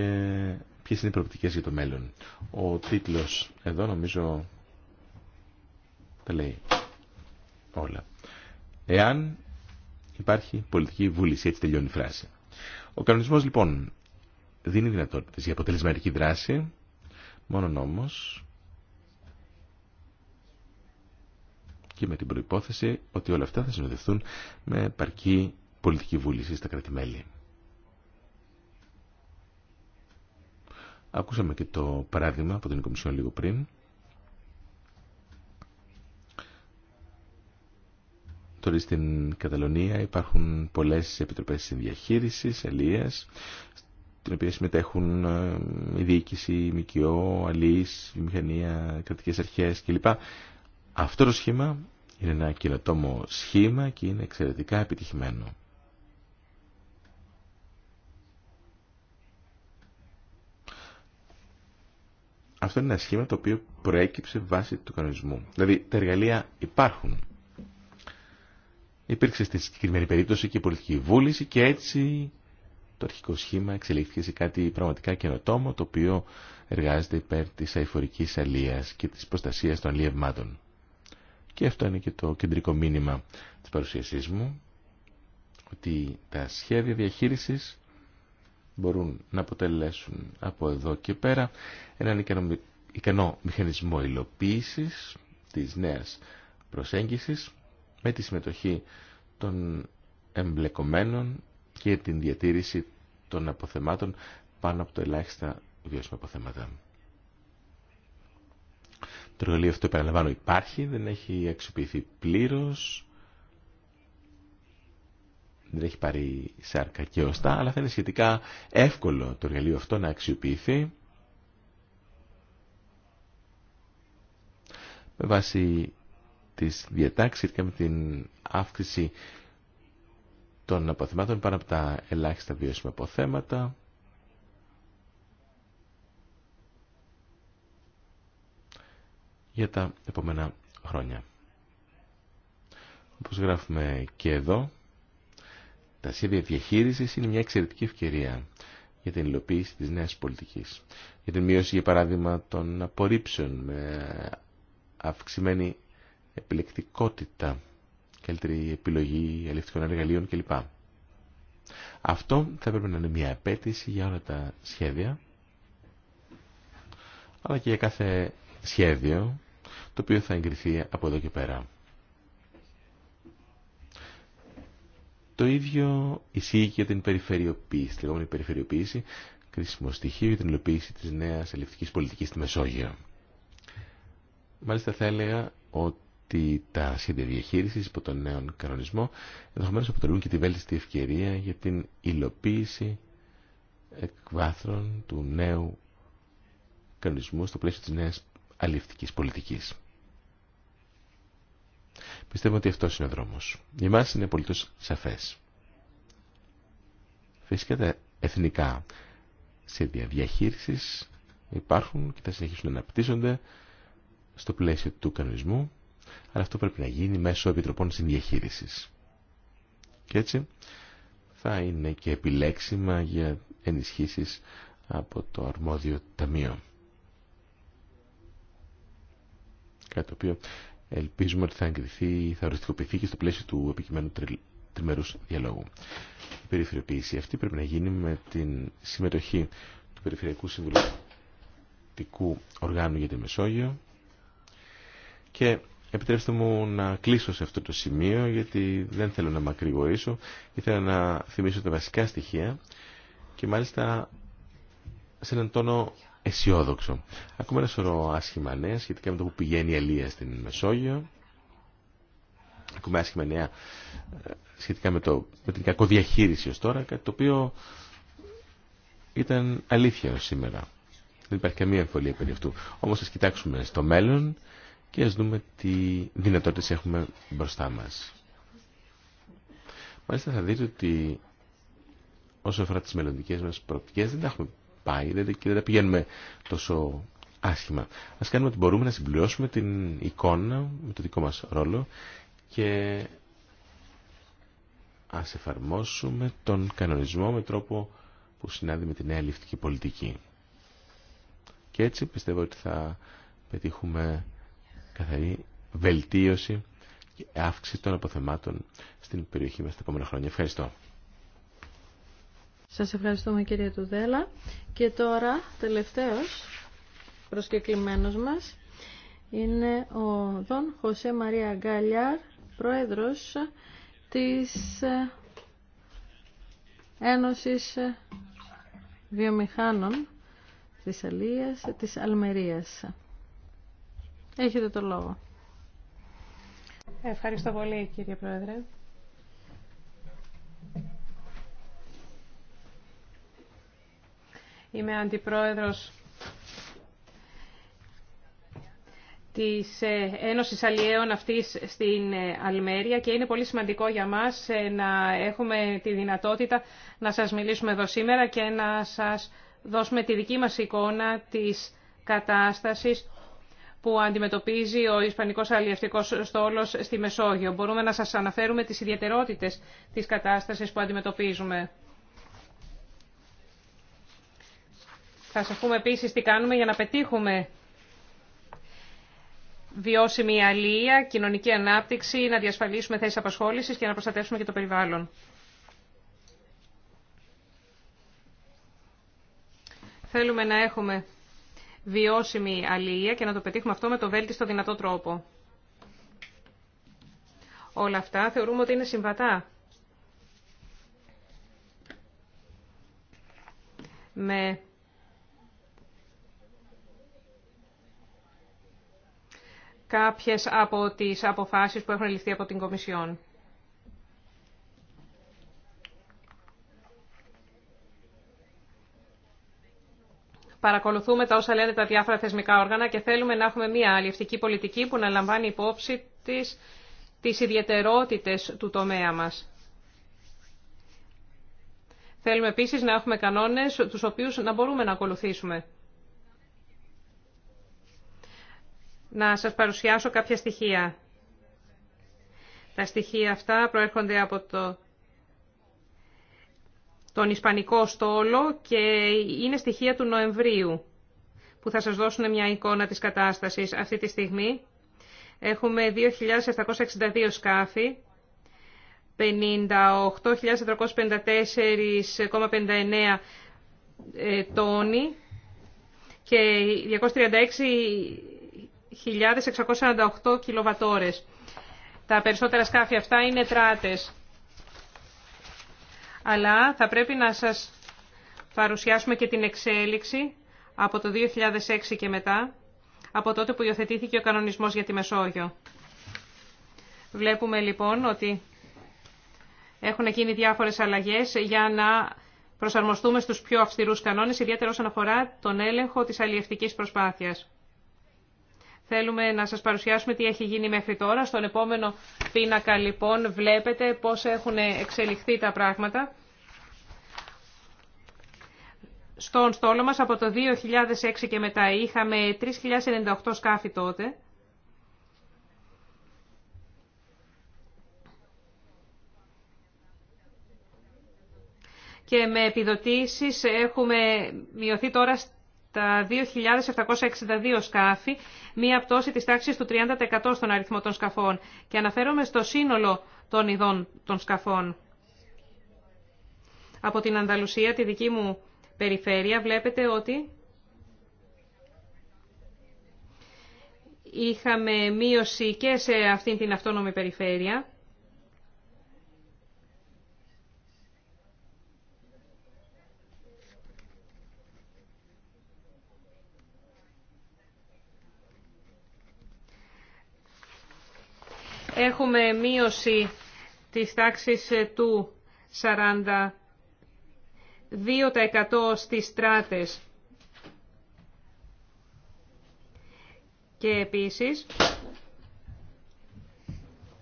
B: ποιε είναι οι προοπτικέ για το μέλλον. Ο τίτλος εδώ νομίζω τα λέει όλα. Εάν υπάρχει πολιτική βούληση. Έτσι τελειώνει η φράση. Ο κανονισμός λοιπόν δίνει δυνατότητες για αποτελεσματική δράση, μόνον όμω και με την προϋπόθεση ότι όλα αυτά θα συνοδευτούν με παρκή πολιτική βούληση στα κρατημέλη. Ακούσαμε και το παράδειγμα από την Κομισιόν λίγο πριν. Τώρα στην Καταλωνία υπάρχουν πολλές επιτροπές συνδιαχείρισης, ελίας, στην οποία συμμετέχουν ε, η διοίκηση, η ΜΚΟ, αλής, η μηχανία, κρατικές αρχές κλπ. Αυτό το σχήμα είναι ένα κοινοτόμο σχήμα και είναι εξαιρετικά επιτυχημένο. Αυτό είναι ένα σχήμα το οποίο προέκυψε βάσει του κανονισμού. Δηλαδή τα εργαλεία υπάρχουν. Υπήρξε στη συγκεκριμένη περίπτωση και η πολιτική βούληση και έτσι το αρχικό σχήμα εξελίχθηκε σε κάτι πραγματικά καινοτόμο το οποίο εργάζεται υπέρ της αηφορικής αλίας και της προστασίας των αλιευμάτων. Και αυτό είναι και το κεντρικό μήνυμα της παρουσίασής μου ότι τα σχέδια διαχείρισης μπορούν να αποτελέσουν από εδώ και πέρα έναν ικανό μηχανισμό υλοποίησης της νέας προσέγγισης με τη συμμετοχή των εμπλεκομένων και την διατήρηση των αποθεμάτων πάνω από το ελάχιστα βιώσιμα αποθέματα. Το εργαλείο αυτό, επαναλαμβάνω, υπάρχει, δεν έχει αξιοποιηθεί πλήρως, δεν έχει πάρει σάρκα και ωστά, αλλά θα είναι σχετικά εύκολο το εργαλείο αυτό να αξιοποιηθεί με βάση της διατάξεις και με την αύξηση των αποθεμάτων πάνω από τα ελάχιστα βιώσιμα αποθέματα. για τα επόμενα χρόνια. Όπως γράφουμε και εδώ, τα σχέδια διαχείρισης είναι μια εξαιρετική ευκαιρία για την υλοποίηση της νέας πολιτικής. Για την μείωση, για παράδειγμα, των απορρίψεων με αυξημένη επιλεκτικότητα, καλύτερη επιλογή ελευτικών εργαλείων κλπ. Αυτό θα έπρεπε να είναι μια απέτηση για όλα τα σχέδια, αλλά και για κάθε σχέδιο το οποίο θα εγκριθεί από εδώ και πέρα. Το ίδιο ισχύει και για την περιφερειοποίηση, τη λεγόμενη περιφερειοποίηση, κρίσιμο στοιχείο για την υλοποίηση της νέας ελευθερικής πολιτικής στη Μεσόγειο. Μάλιστα θα έλεγα ότι ότι τα σχέδια διαχείρισης υπό τον νέο κανονισμό ενδεχομένως αποτελούν και τη βέλτιστη ευκαιρία για την υλοποίηση εκβάθρων του νέου κανονισμού στο πλαίσιο της νέας αλληλευτικής πολιτικής. Πιστεύω ότι αυτός είναι ο δρόμος. Για εμάς είναι απολύτως σαφές. Φυσικά τα εθνικά σχέδια διαχείρισης υπάρχουν και θα συνεχίσουν να αναπτύσσονται στο πλαίσιο του κανονισμού αλλά αυτό πρέπει να γίνει μέσω επιτροπών συνδιαχείρισης. Και έτσι θα είναι και επιλέξιμα για ενισχύσεις από το αρμόδιο ταμείο. Κάτι το οποίο ελπίζουμε ότι θα εγκριθεί, θα οριστικοποιηθεί και στο πλαίσιο του επικειμένου τριμέρου τριμερούς διαλόγου. Η περιφερειοποίηση αυτή πρέπει να γίνει με την συμμετοχή του Περιφερειακού Συμβουλευτικού Οργάνου για τη Μεσόγειο και Επιτρέψτε μου να κλείσω σε αυτό το σημείο γιατί δεν θέλω να μακρηγορήσω. Ήθελα να θυμίσω τα βασικά στοιχεία και μάλιστα σε έναν τόνο αισιόδοξο. Ακόμα ένα σωρό άσχημα νέα σχετικά με το που πηγαίνει η Ελία στην Μεσόγειο. Ακούμε άσχημα νέα ε, σχετικά με, το, με την κακοδιαχείριση ως τώρα, κάτι το οποίο ήταν αλήθεια σήμερα. Δεν υπάρχει καμία εμφολία περί αυτού. Όμως ας κοιτάξουμε στο μέλλον και ας δούμε τι δυνατότητες έχουμε μπροστά μας. Μάλιστα θα δείτε ότι όσο αφορά τις μελλοντικέ μας προοπτικές δεν τα έχουμε πάει και δεν τα πηγαίνουμε τόσο άσχημα. Ας κάνουμε ότι μπορούμε να συμπληρώσουμε την εικόνα με το δικό μας ρόλο και ας εφαρμόσουμε τον κανονισμό με τρόπο που συνάδει με τη νέα ληφτική πολιτική. Και έτσι πιστεύω ότι θα πετύχουμε καθαρή βελτίωση και αύξηση των αποθεμάτων στην περιοχή μας τα επόμενα χρόνια. Ευχαριστώ.
A: Σας ευχαριστούμε κύριε Τουδέλα. Και τώρα τελευταίος προσκεκλημένος μας είναι ο Δον Χωσέ Μαρία Γκαλιάρ, πρόεδρος της Ένωσης Βιομηχάνων της Αλίας, της Αλμερίας.
D: Έχετε το λόγο. Ευχαριστώ πολύ κύριε Πρόεδρε. Είμαι αντιπρόεδρος της ε, Ένωσης Αλλιέων αυτής στην ε, Αλμέρια και είναι πολύ σημαντικό για μας ε, να έχουμε τη δυνατότητα να σας μιλήσουμε εδώ σήμερα και να σας δώσουμε τη δική μας εικόνα της κατάστασης που αντιμετωπίζει ο Ισπανικός αλλιευτικός στόλος στη Μεσόγειο. Μπορούμε να σας αναφέρουμε τις ιδιαιτερότητες της κατάστασης που αντιμετωπίζουμε. Θα σας πούμε επίσης τι κάνουμε για να πετύχουμε βιώσιμη αλληλεία, κοινωνική ανάπτυξη, να διασφαλίσουμε θέσεις απασχόλησης και να προστατεύσουμε και το περιβάλλον. Θέλουμε να έχουμε βιώσιμη αλληλεία και να το πετύχουμε αυτό με το βέλτιστο δυνατό τρόπο. Όλα αυτά θεωρούμε ότι είναι συμβατά. Με κάποιες από τις αποφάσεις που έχουν ληφθεί από την Κομισιόν. Παρακολουθούμε τα όσα λένε τα διάφορα θεσμικά όργανα και θέλουμε να έχουμε μια αλληλευτική πολιτική που να λαμβάνει υπόψη της τις ιδιαιτερότητες του τομέα μας. Θέλουμε επίσης να έχουμε κανόνες τους οποίους να μπορούμε να ακολουθήσουμε. Να σας παρουσιάσω κάποια στοιχεία. Τα στοιχεία αυτά προέρχονται από το τον Ισπανικό στόλο και είναι στοιχεία του Νοεμβρίου που θα σας δώσουν μια εικόνα της κατάστασης. Αυτή τη στιγμή έχουμε 2.762 σκάφη, 58.454,59 ε, τόνοι και 236.648 κιλοβατόρες. Τα περισσότερα σκάφη αυτά είναι τράτες αλλά θα πρέπει να σας παρουσιάσουμε και την εξέλιξη από το 2006 και μετά, από τότε που υιοθετήθηκε ο κανονισμός για τη Μεσόγειο. Βλέπουμε λοιπόν ότι έχουν γίνει διάφορες αλλαγές για να προσαρμοστούμε στους πιο αυστηρούς κανόνες, ιδιαίτερα όσον αφορά τον έλεγχο της αλλιευτικής προσπάθειας. Θέλουμε να σας παρουσιάσουμε τι έχει γίνει μέχρι τώρα. Στον επόμενο πίνακα λοιπόν βλέπετε πώς έχουν εξελιχθεί τα πράγματα στον στόλο μας. Από το 2006 και μετά είχαμε 3.098 σκάφη τότε. Και με επιδοτήσεις έχουμε μειωθεί τώρα στα 2.762 σκάφη, μία πτώση της τάξης του 30% στον αριθμό των σκαφών. Και αναφέρομαι στο σύνολο των ειδών των σκαφών. Από την Ανταλουσία, τη δική μου περιφέρεια βλέπετε ότι είχαμε μείωση και σε αυτήν την αυτόνομη περιφέρεια. Έχουμε μείωση της τάξης του 40%. 2% στις στράτες. Και επίσης,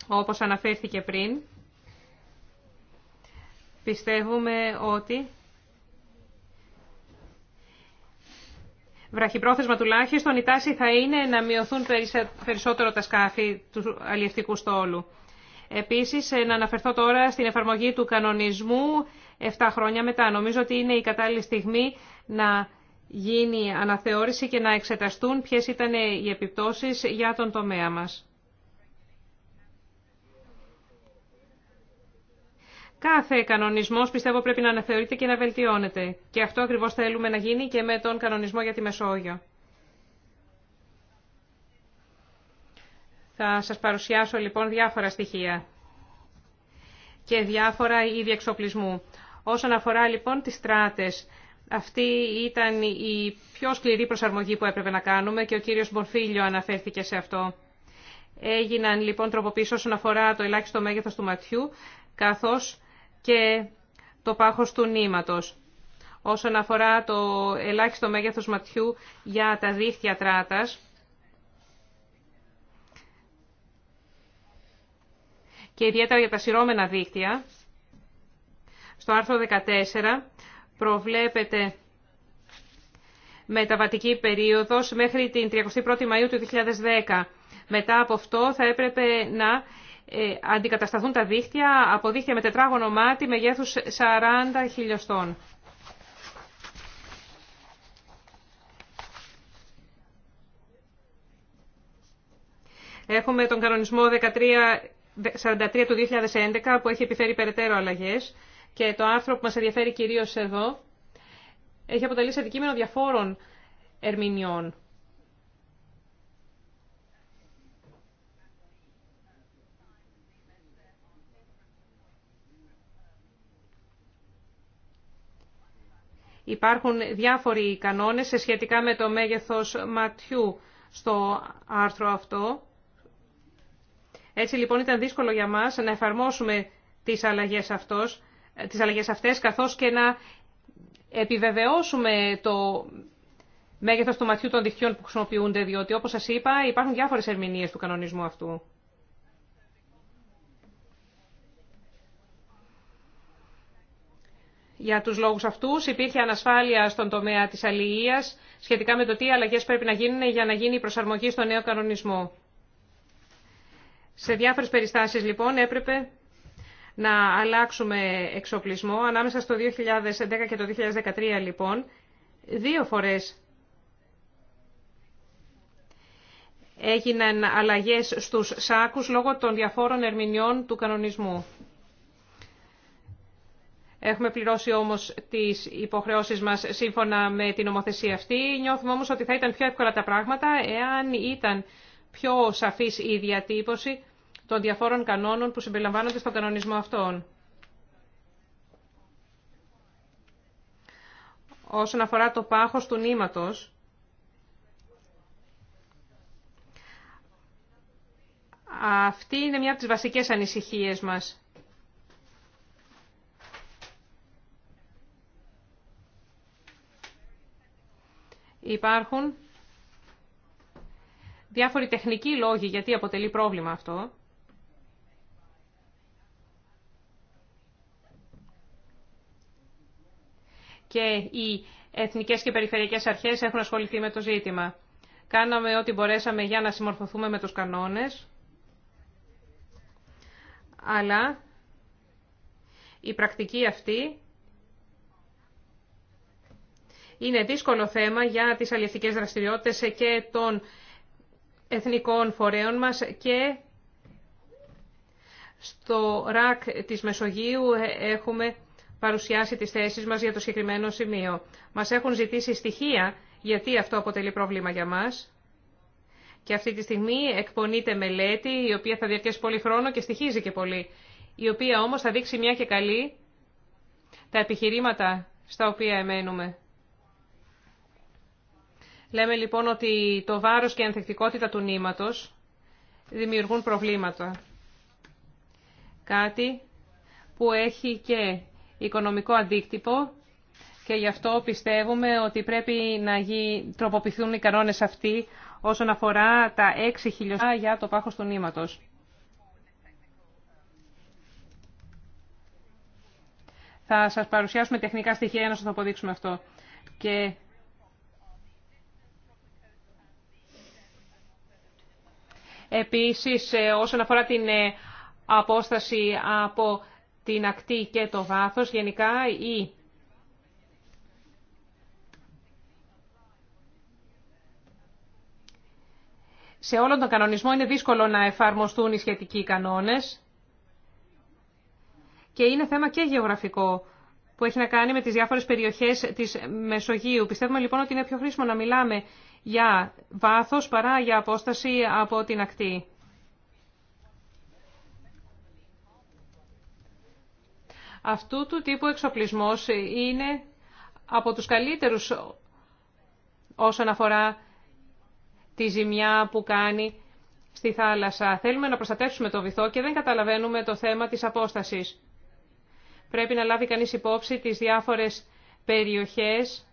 D: όπως αναφέρθηκε πριν, πιστεύουμε ότι βραχυπρόθεσμα τουλάχιστον η τάση θα είναι να μειωθούν περισσότερο τα σκάφη του αλλιευτικού στόλου. Επίσης, να αναφερθώ τώρα στην εφαρμογή του κανονισμού 7 χρόνια μετά. Νομίζω ότι είναι η κατάλληλη στιγμή να γίνει αναθεώρηση και να εξεταστούν ποιες ήταν οι επιπτώσεις για τον τομέα μας. Κάθε κανονισμός πιστεύω πρέπει να αναθεωρείται και να βελτιώνεται. Και αυτό ακριβώς θέλουμε να γίνει και με τον κανονισμό για τη Μεσόγειο. Θα σας παρουσιάσω λοιπόν διάφορα στοιχεία και διάφορα είδη εξοπλισμού. Όσον αφορά λοιπόν τις στράτες, αυτή ήταν η πιο σκληρή προσαρμογή που έπρεπε να κάνουμε και ο κύριος Μπορφίλιο αναφέρθηκε σε αυτό. Έγιναν λοιπόν τροποποίησεις όσον αφορά το ελάχιστο μέγεθος του ματιού, καθώς και το πάχος του νήματος. Όσον αφορά το ελάχιστο μέγεθος ματιού για τα δίχτυα τράτας, και ιδιαίτερα για τα σειρώμενα δίκτυα, στο άρθρο 14 προβλέπεται μεταβατική περίοδος μέχρι την 31η Μαΐου του 2010. Μετά από αυτό θα έπρεπε να ε, αντικατασταθούν τα δίχτυα από δίχτυα με τετράγωνο μάτι μεγέθους 40 χιλιοστών. Έχουμε τον κανονισμό 1343 του 2011 που έχει επιφέρει περαιτέρω αλλαγές και το άρθρο που μας ενδιαφέρει κυρίως εδώ έχει αποτελήσει αντικείμενο διαφόρων ερμηνεών. Υπάρχουν διάφοροι κανόνες σε σχετικά με το μέγεθος ματιού στο άρθρο αυτό. Έτσι λοιπόν ήταν δύσκολο για μας να εφαρμόσουμε τις αλλαγές αυτός, ε, τις αλλαγές αυτές, καθώς και να επιβεβαιώσουμε το μέγεθος του ματιού των δικτύων που χρησιμοποιούνται, διότι όπως σας είπα υπάρχουν διάφορες ερμηνείες του κανονισμού αυτού. Για τους λόγους αυτούς υπήρχε ανασφάλεια στον τομέα της αλληλείας σχετικά με το τι αλλαγές πρέπει να γίνουν για να γίνει η προσαρμογή στο νέο κανονισμό. Σε διάφορες περιστάσεις λοιπόν έπρεπε να αλλάξουμε εξοπλισμό. Ανάμεσα στο 2010 και το 2013 λοιπόν, δύο φορές έγιναν αλλαγές στους σάκους λόγω των διαφόρων ερμηνεών του κανονισμού. Έχουμε πληρώσει όμως τις υποχρεώσεις μας σύμφωνα με την νομοθεσία αυτή. Νιώθουμε όμως ότι θα ήταν πιο εύκολα τα πράγματα εάν ήταν πιο σαφής η διατύπωση των διαφόρων κανόνων που συμπεριλαμβάνονται στον κανονισμό αυτών. Όσον αφορά το πάχος του νήματος, αυτή είναι μια από τις βασικές ανησυχίες μας. Υπάρχουν διάφοροι τεχνικοί λόγοι γιατί αποτελεί πρόβλημα αυτό. και οι εθνικές και περιφερειακές αρχές έχουν ασχοληθεί με το ζήτημα. Κάναμε ό,τι μπορέσαμε για να συμμορφωθούμε με τους κανόνες, αλλά η πρακτική αυτή είναι δύσκολο θέμα για τις αλληλευτικές δραστηριότητες και των εθνικών φορέων μας και στο ΡΑΚ της Μεσογείου έχουμε παρουσιάσει τις θέσεις μας για το συγκεκριμένο σημείο. Μας έχουν ζητήσει στοιχεία γιατί αυτό αποτελεί πρόβλημα για μας. Και αυτή τη στιγμή εκπονείται μελέτη η οποία θα διαρκέσει πολύ χρόνο και στοιχίζει και πολύ. Η οποία όμως θα δείξει μια και καλή τα επιχειρήματα στα οποία εμένουμε. Λέμε λοιπόν ότι το βάρος και η ανθεκτικότητα του νήματος δημιουργούν προβλήματα. Κάτι που έχει και οικονομικό αντίκτυπο και γι' αυτό πιστεύουμε ότι πρέπει να τροποποιηθούν οι κανόνες αυτοί όσον αφορά τα 6 χιλιοστά για το πάχος του νήματος. Θα σας παρουσιάσουμε τεχνικά στοιχεία να σας το αποδείξουμε αυτό. Και Επίσης, ε, όσον αφορά την ε, απόσταση από την ακτή και το βάθος. Γενικά η σε όλο τον κανονισμό είναι δύσκολο να εφαρμοστούν οι σχετικοί κανόνες και είναι θέμα και γεωγραφικό που έχει να κάνει με τις διάφορες περιοχές της Μεσογείου. Πιστεύουμε λοιπόν ότι είναι πιο χρήσιμο να μιλάμε για βάθος παρά για απόσταση από την ακτή. Αυτού του τύπου εξοπλισμός είναι από τους καλύτερους όσον αφορά τη ζημιά που κάνει στη θάλασσα. Θέλουμε να προστατεύσουμε το βυθό και δεν καταλαβαίνουμε το θέμα της απόστασης. Πρέπει να λάβει κανείς υπόψη τις διάφορες περιοχές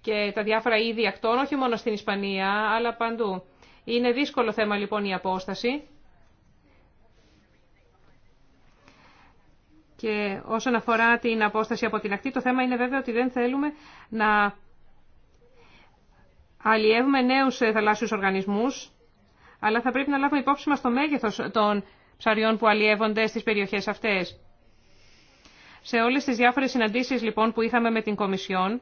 D: και τα διάφορα είδη ακτών, όχι μόνο στην Ισπανία, αλλά παντού. Είναι δύσκολο θέμα λοιπόν η απόσταση Και όσον αφορά την απόσταση από την ακτή, το θέμα είναι βέβαια ότι δεν θέλουμε να αλλιεύουμε νέους θαλάσσιους οργανισμούς, αλλά θα πρέπει να λάβουμε υπόψη μας το μέγεθος των ψαριών που αλλιεύονται στις περιοχές αυτές. Σε όλες τις διάφορες συναντήσεις λοιπόν που είχαμε με την Κομισιόν,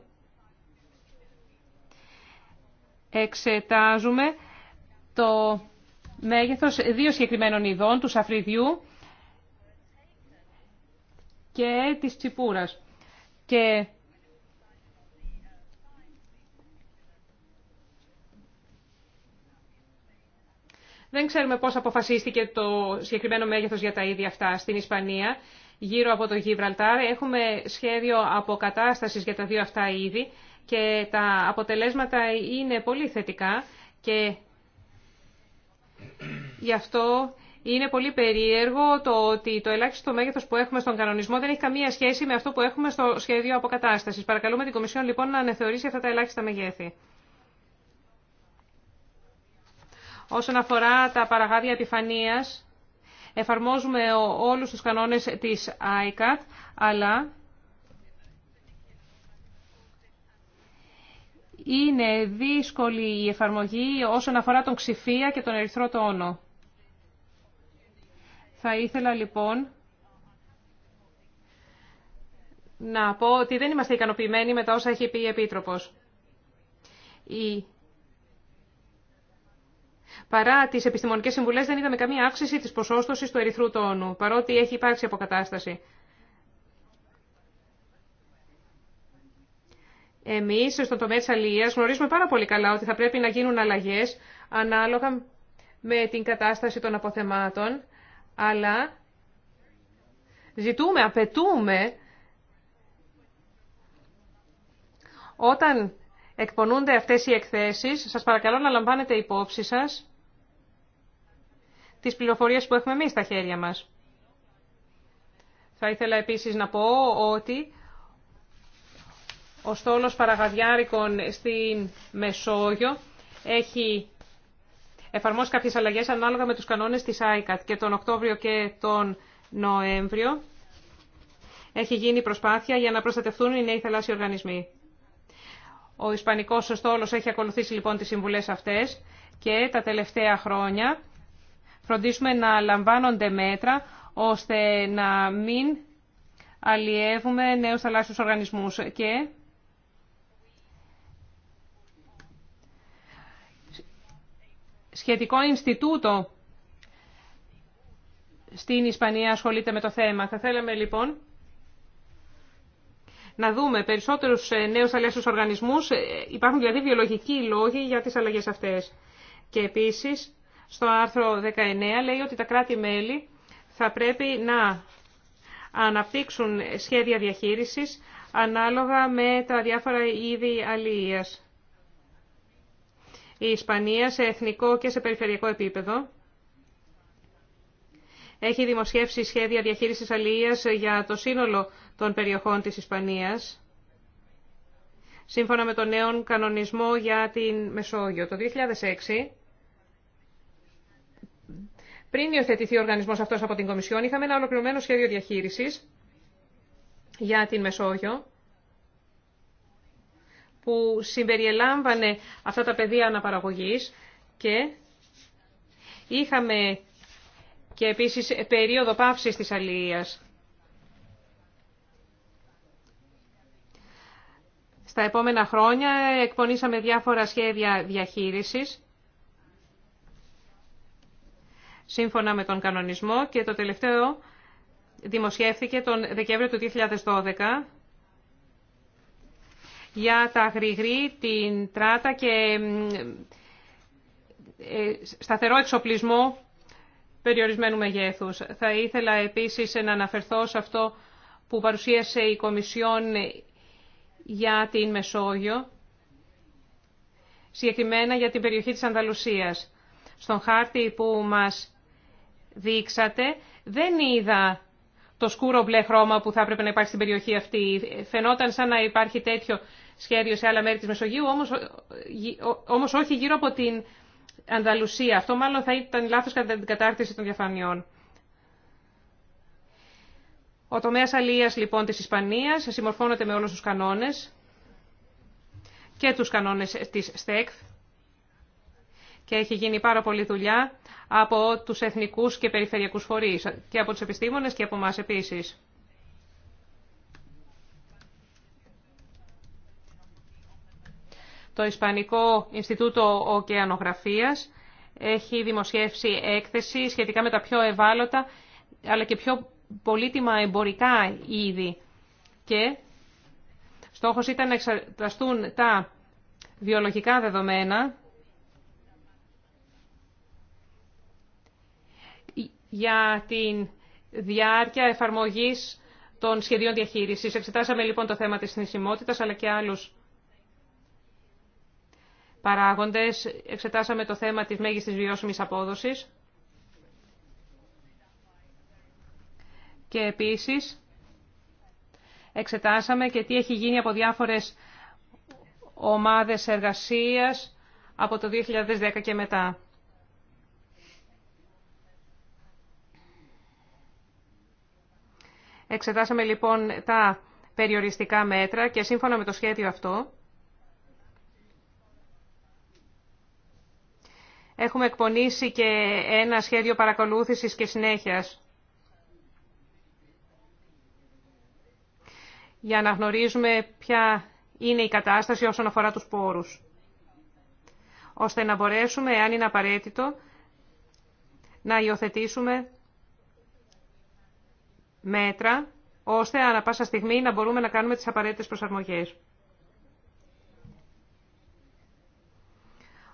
D: εξετάζουμε το μέγεθος δύο συγκεκριμένων ειδών του σαφριδιού και της Τσιπούρας. Και δεν ξέρουμε πώς αποφασίστηκε το συγκεκριμένο μέγεθος για τα ίδια αυτά στην Ισπανία. Γύρω από το Γιβραλτάρ έχουμε σχέδιο αποκατάστασης για τα δύο αυτά είδη και τα αποτελέσματα είναι πολύ θετικά και γι' αυτό είναι πολύ περίεργο το ότι το ελάχιστο μέγεθος που έχουμε στον κανονισμό δεν έχει καμία σχέση με αυτό που έχουμε στο σχέδιο αποκατάσταση. Παρακαλούμε την Κομισιόν λοιπόν να ανεθεωρήσει αυτά τα ελάχιστα μεγέθη. Όσον αφορά τα παραγάδια επιφανεια, εφαρμόζουμε όλους τους κανόνες της ICAT, αλλά είναι δύσκολη η εφαρμογή όσον αφορά τον ξηφία και τον ερυθρό τόνο. Θα ήθελα λοιπόν να πω ότι δεν είμαστε ικανοποιημένοι με τα όσα έχει πει η Επίτροπος. Παρά τις επιστημονικές συμβουλές δεν είδαμε καμία αύξηση της ποσόστοσης του ερυθρού τόνου, παρότι έχει υπάρξει αποκατάσταση. Εμείς στον τομέα της αλληλείας γνωρίζουμε πάρα πολύ καλά ότι θα πρέπει να γίνουν αλλαγές ανάλογα με την κατάσταση των αποθεμάτων αλλά ζητούμε, απαιτούμε όταν εκπονούνται αυτές οι εκθέσεις, σας παρακαλώ να λαμβάνετε υπόψη σας τις πληροφορίες που έχουμε εμείς στα χέρια μας. Θα ήθελα επίσης να πω ότι ο στόλος παραγαδιάρικων στην Μεσόγειο έχει εφαρμόσει κάποιες αλλαγές ανάλογα με τους κανόνες της ICAT και τον Οκτώβριο και τον Νοέμβριο έχει γίνει προσπάθεια για να προστατευτούν οι νέοι θαλάσσιοι οργανισμοί. Ο Ισπανικός στόλος έχει ακολουθήσει λοιπόν τις συμβουλές αυτές και τα τελευταία χρόνια φροντίσουμε να λαμβάνονται μέτρα ώστε να μην αλλιεύουμε νέους θαλάσσιους οργανισμούς και σχετικό Ινστιτούτο στην Ισπανία ασχολείται με το θέμα. Θα θέλαμε λοιπόν να δούμε περισσότερους ε, νέους αλλιώς οργανισμούς. Ε, υπάρχουν δηλαδή βιολογικοί λόγοι για τις αλλαγές αυτές. Και επίσης στο άρθρο 19 λέει ότι τα κράτη-μέλη θα πρέπει να αναπτύξουν σχέδια διαχείρισης ανάλογα με τα διάφορα είδη αλληλείας η Ισπανία σε εθνικό και σε περιφερειακό επίπεδο. Έχει δημοσιεύσει σχέδια διαχείρισης αλληλείας για το σύνολο των περιοχών της Ισπανίας, σύμφωνα με τον νέο κανονισμό για την Μεσόγειο. Το 2006, πριν υιοθετηθεί ο οργανισμός αυτός από την Κομισιόν, είχαμε ένα ολοκληρωμένο σχέδιο διαχείρισης για την Μεσόγειο, που συμπεριελάμβανε αυτά τα πεδία αναπαραγωγής και είχαμε και επίσης περίοδο πάυσης της αλληλείας. Στα επόμενα χρόνια εκπονήσαμε διάφορα σχέδια διαχείρισης σύμφωνα με τον κανονισμό και το τελευταίο δημοσιεύθηκε τον Δεκέμβριο του 2012 για τα γρηγρή, την τράτα και ε, σταθερό εξοπλισμό περιορισμένου μεγέθους. Θα ήθελα επίσης να αναφερθώ σε αυτό που παρουσίασε η Κομισιόν για την Μεσόγειο, συγκεκριμένα για την περιοχή της Ανταλουσίας. Στον χάρτη που μας δείξατε, δεν είδα το σκούρο μπλε χρώμα που θα έπρεπε να υπάρχει στην περιοχή αυτή. Φαινόταν σαν να υπάρχει τέτοιο σχέδιο σε άλλα μέρη της Μεσογείου, όμως, όμως όχι γύρω από την Ανταλουσία. Αυτό μάλλον θα ήταν λάθος κατά την κατάρτιση των διαφανειών. Ο τομέας αλίας λοιπόν της Ισπανίας συμμορφώνεται με όλους τους κανόνες και τους κανόνες της ΣΤΕΚΦ και έχει γίνει πάρα πολλή δουλειά από τους εθνικούς και περιφερειακούς φορείς και από τους επιστήμονες και από εμά επίσης. Το Ισπανικό Ινστιτούτο Οκεανογραφίας έχει δημοσιεύσει έκθεση σχετικά με τα πιο ευάλωτα αλλά και πιο πολύτιμα εμπορικά είδη. Και στόχος ήταν να εξεταστούν τα βιολογικά δεδομένα για τη διάρκεια εφαρμογής των σχεδίων διαχείρισης. Εξετάσαμε λοιπόν το θέμα της νησιμότητας αλλά και άλλους παράγοντες. Εξετάσαμε το θέμα της μέγιστης βιώσιμης απόδοσης. Και επίσης εξετάσαμε και τι έχει γίνει από διάφορες ομάδες εργασίας από το 2010 και μετά. Εξετάσαμε λοιπόν τα περιοριστικά μέτρα και σύμφωνα με το σχέδιο αυτό Έχουμε εκπονήσει και ένα σχέδιο παρακολούθησης και συνέχειας. για να γνωρίζουμε ποια είναι η κατάσταση όσον αφορά τους πόρους, ώστε να μπορέσουμε, εάν είναι απαραίτητο, να υιοθετήσουμε μέτρα, ώστε ανα πάσα στιγμή να μπορούμε να κάνουμε τις απαραίτητες προσαρμογές.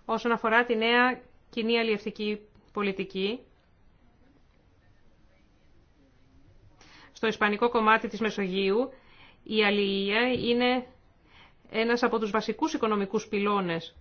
D: Όσον αφορά τη νέα κοινή αλλιευτική πολιτική στο ισπανικό κομμάτι της Μεσογείου η αλληλεία είναι ένας από τους βασικούς οικονομικούς πυλώνες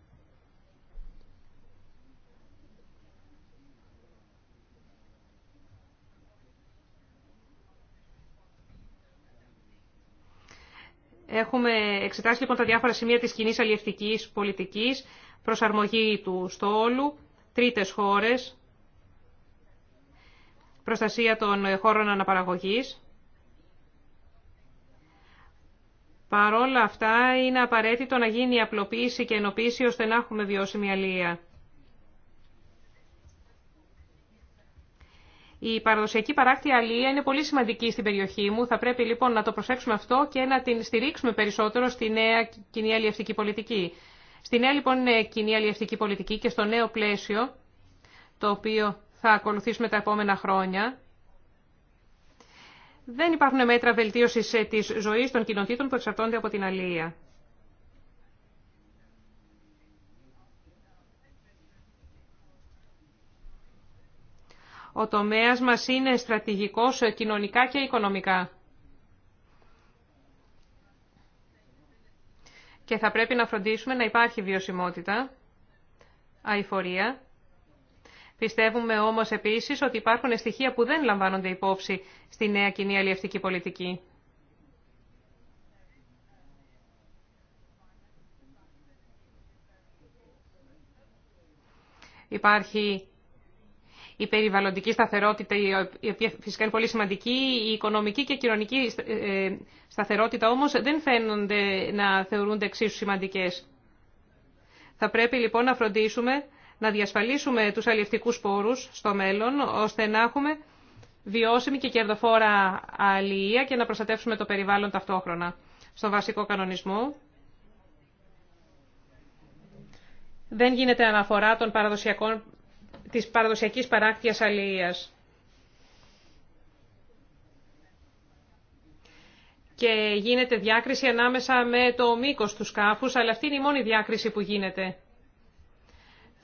D: Έχουμε εξετάσει λοιπόν τα διάφορα σημεία της κοινή αλλιευτικής πολιτικής, προσαρμογή του στόλου τρίτες χώρες, προστασία των χώρων αναπαραγωγής. Παρόλα αυτά, είναι απαραίτητο να γίνει η απλοποίηση και ενοποίηση ώστε να έχουμε βιώσιμη αλληλεία. Η παραδοσιακή παράκτη αλληλεία είναι πολύ σημαντική στην περιοχή μου. Θα πρέπει λοιπόν να το προσέξουμε αυτό και να την στηρίξουμε περισσότερο στη νέα κοινή αλληλευτική πολιτική. Στη νέα λοιπόν ε, κοινή αλληλευτική πολιτική και στο νέο πλαίσιο, το οποίο θα ακολουθήσουμε τα επόμενα χρόνια, δεν υπάρχουν μέτρα βελτίωσης ε, της ζωής των κοινοτήτων που εξαρτώνται από την αλληλεία. Ο τομέας μας είναι στρατηγικός ε, κοινωνικά και οικονομικά. και θα πρέπει να φροντίσουμε να υπάρχει βιωσιμότητα, αηφορία. Πιστεύουμε όμως επίσης ότι υπάρχουν στοιχεία που δεν λαμβάνονται υπόψη στη νέα κοινή αλλιευτική πολιτική. Υπάρχει η περιβαλλοντική σταθερότητα, η οποία φυσικά είναι πολύ σημαντική, η οικονομική και κοινωνική ε, σταθερότητα όμως δεν φαίνονται να θεωρούνται εξίσου σημαντικές. Θα πρέπει λοιπόν να φροντίσουμε να διασφαλίσουμε τους αλληλευτικούς πόρους στο μέλλον, ώστε να έχουμε βιώσιμη και κερδοφόρα αλληλεία και να προστατεύσουμε το περιβάλλον ταυτόχρονα. Στον βασικό κανονισμό δεν γίνεται αναφορά των παραδοσιακών της παραδοσιακής παράκτειας αλληλείας. Και γίνεται διάκριση ανάμεσα με το μήκος του σκάφους, αλλά αυτή είναι η μόνη διάκριση που γίνεται.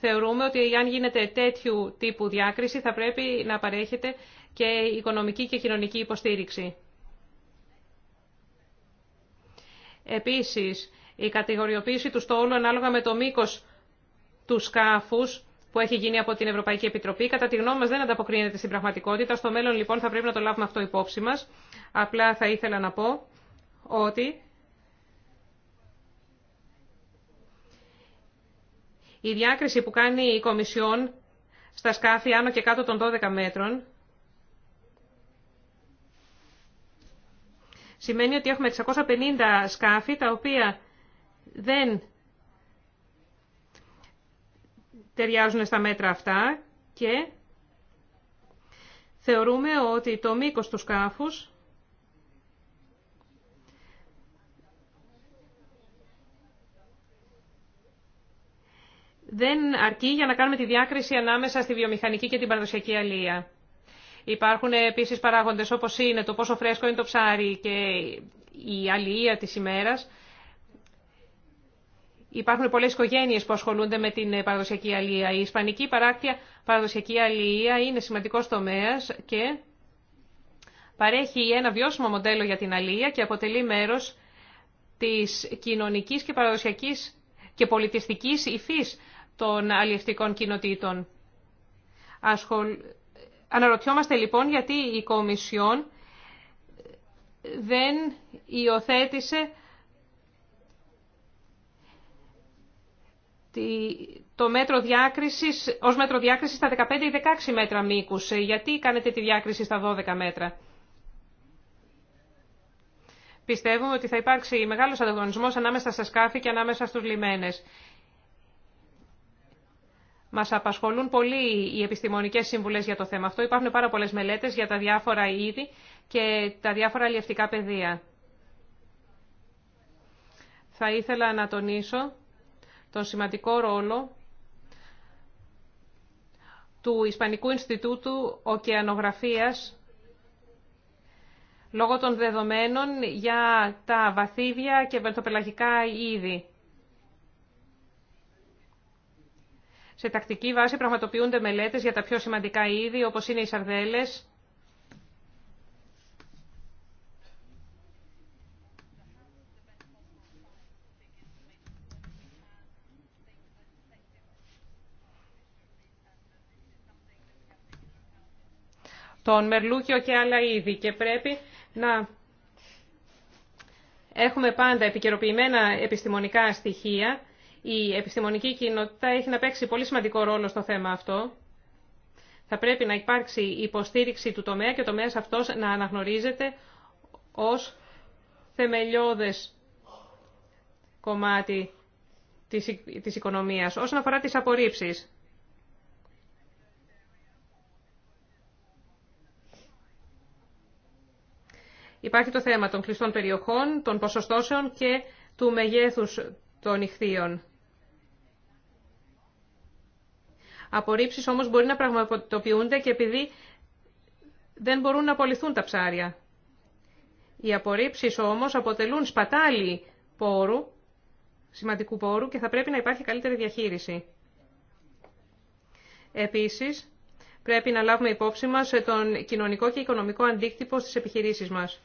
D: Θεωρούμε ότι αν γίνεται τέτοιου τύπου διάκριση θα πρέπει να παρέχεται και οικονομική και κοινωνική υποστήριξη. Επίσης, η κατηγοριοποίηση του στόλου ανάλογα με το μήκος του σκάφους που έχει γίνει από την Ευρωπαϊκή Επιτροπή, κατά τη γνώμη μα δεν ανταποκρίνεται στην πραγματικότητα. Στο μέλλον λοιπόν θα πρέπει να το λάβουμε αυτό υπόψη μα. Απλά θα ήθελα να πω ότι η διάκριση που κάνει η Κομισιόν στα σκάφη άνω και κάτω των 12 μέτρων σημαίνει ότι έχουμε 650 σκάφη τα οποία δεν ταιριάζουν στα μέτρα αυτά και θεωρούμε ότι το μήκος του σκάφους δεν αρκεί για να κάνουμε τη διάκριση ανάμεσα στη βιομηχανική και την παραδοσιακή αλία. Υπάρχουν επίσης παράγοντες όπως είναι το πόσο φρέσκο είναι το ψάρι και η αλληλεία της ημέρας Υπάρχουν πολλέ οικογένειε που ασχολούνται με την ε, παραδοσιακή αλληλεία. Η ισπανική παράκτια παραδοσιακή αλληλεία είναι σημαντικό τομέα και παρέχει ένα βιώσιμο μοντέλο για την αλληλεία και αποτελεί μέρο τη κοινωνική και παραδοσιακή και πολιτιστική υφή των αλληλευτικών κοινοτήτων. Αναρωτιόμαστε λοιπόν γιατί η Κομισιόν δεν υιοθέτησε το μέτρο διάκρισης, ως μέτρο διάκρισης στα 15 ή 16 μέτρα μήκους. Ε, γιατί κάνετε τη διάκριση στα 12 μέτρα. Πιστεύουμε ότι θα υπάρξει μεγάλος ανταγωνισμός ανάμεσα στα σκάφη και ανάμεσα στους λιμένες. Μας απασχολούν πολύ οι επιστημονικές σύμβουλες για το θέμα αυτό. Υπάρχουν πάρα πολλές μελέτες για τα διάφορα είδη και τα διάφορα αλλιευτικά πεδία. Θα ήθελα να τονίσω τον σημαντικό ρόλο του Ισπανικού Ινστιτούτου Οκεανογραφίας λόγω των δεδομένων για τα βαθύβια και βελτοπελαγικά είδη. Σε τακτική βάση πραγματοποιούνται μελέτες για τα πιο σημαντικά είδη, όπως είναι οι σαρδέλες, τον μερλούκιο και άλλα είδη και πρέπει να έχουμε πάντα επικαιροποιημένα επιστημονικά στοιχεία. Η επιστημονική κοινότητα έχει να παίξει πολύ σημαντικό ρόλο στο θέμα αυτό. Θα πρέπει να υπάρξει υποστήριξη του τομέα και ο τομέας αυτός να αναγνωρίζεται ως θεμελιώδες κομμάτι της οικονομίας. Όσον αφορά τις απορρίψεις, Υπάρχει το θέμα των κλειστών περιοχών, των ποσοστώσεων και του μεγέθους των ηχθείων. Απορρίψεις όμως μπορεί να πραγματοποιούνται και επειδή δεν μπορούν να απολυθούν τα ψάρια. Οι απορρίψεις όμως αποτελούν σπατάλη πόρου, σημαντικού πόρου και θα πρέπει να υπάρχει καλύτερη διαχείριση. Επίσης, πρέπει να λάβουμε υπόψη μας τον κοινωνικό και οικονομικό αντίκτυπο στις επιχειρήσεις μας.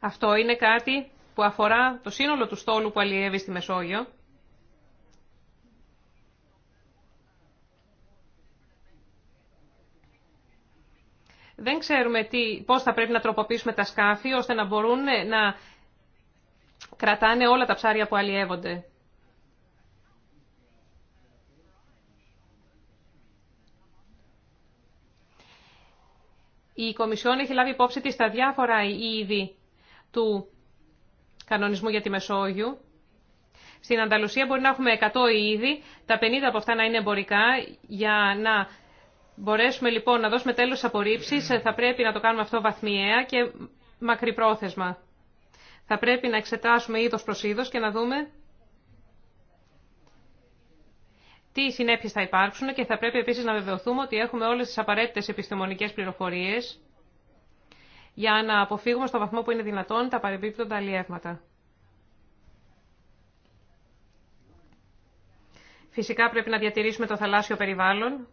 D: Αυτό είναι κάτι που αφορά το σύνολο του στόλου που αλλιεύει στη Μεσόγειο. Δεν ξέρουμε τι, πώς θα πρέπει να τροποποιήσουμε τα σκάφη ώστε να μπορούν ε, να κρατάνε όλα τα ψάρια που αλλιεύονται. Η Κομισιόν έχει λάβει υπόψη της στα διάφορα είδη του κανονισμού για τη Μεσόγειο. Στην Ανταλουσία μπορεί να έχουμε 100 είδη, τα 50 από αυτά να είναι εμπορικά. Για να μπορέσουμε λοιπόν να δώσουμε τέλος απορρίψεις, ε, θα πρέπει να το κάνουμε αυτό βαθμιαία και μακρυπρόθεσμα. Θα πρέπει να εξετάσουμε είδος προς είδος και να δούμε τι συνέπειες θα υπάρξουν και θα πρέπει επίσης να βεβαιωθούμε ότι έχουμε όλες τις απαραίτητες επιστημονικές πληροφορίες για να αποφύγουμε στο βαθμό που είναι δυνατόν τα παρεμπίπτοντα αλλιεύματα. Φυσικά πρέπει να διατηρήσουμε το θαλάσσιο περιβάλλον,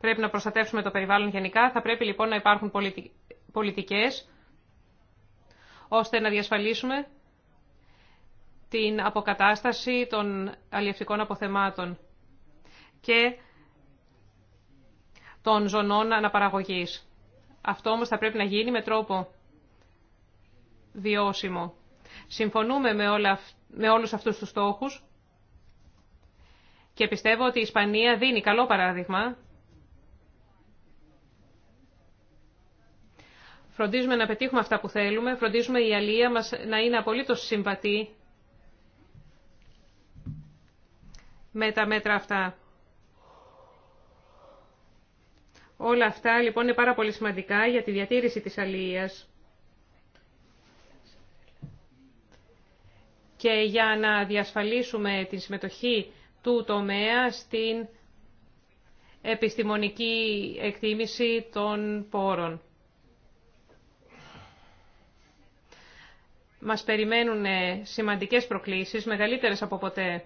D: πρέπει να προστατεύσουμε το περιβάλλον γενικά, θα πρέπει λοιπόν να υπάρχουν πολιτικές ώστε να διασφαλίσουμε την αποκατάσταση των αλλιευτικών αποθεμάτων και των ζωνών αναπαραγωγής. Αυτό όμως θα πρέπει να γίνει με τρόπο βιώσιμο. Συμφωνούμε με, όλα, με όλους αυτούς τους στόχους και πιστεύω ότι η Ισπανία δίνει καλό παράδειγμα. Φροντίζουμε να πετύχουμε αυτά που θέλουμε, φροντίζουμε η αλία μας να είναι απολύτως συμβατή με τα μέτρα αυτά. Όλα αυτά λοιπόν είναι πάρα πολύ σημαντικά για τη διατήρηση της αλληλείας. Και για να διασφαλίσουμε τη συμμετοχή του τομέα στην επιστημονική εκτίμηση των πόρων. Μας περιμένουν ε, σημαντικές προκλήσεις, μεγαλύτερες από ποτέ.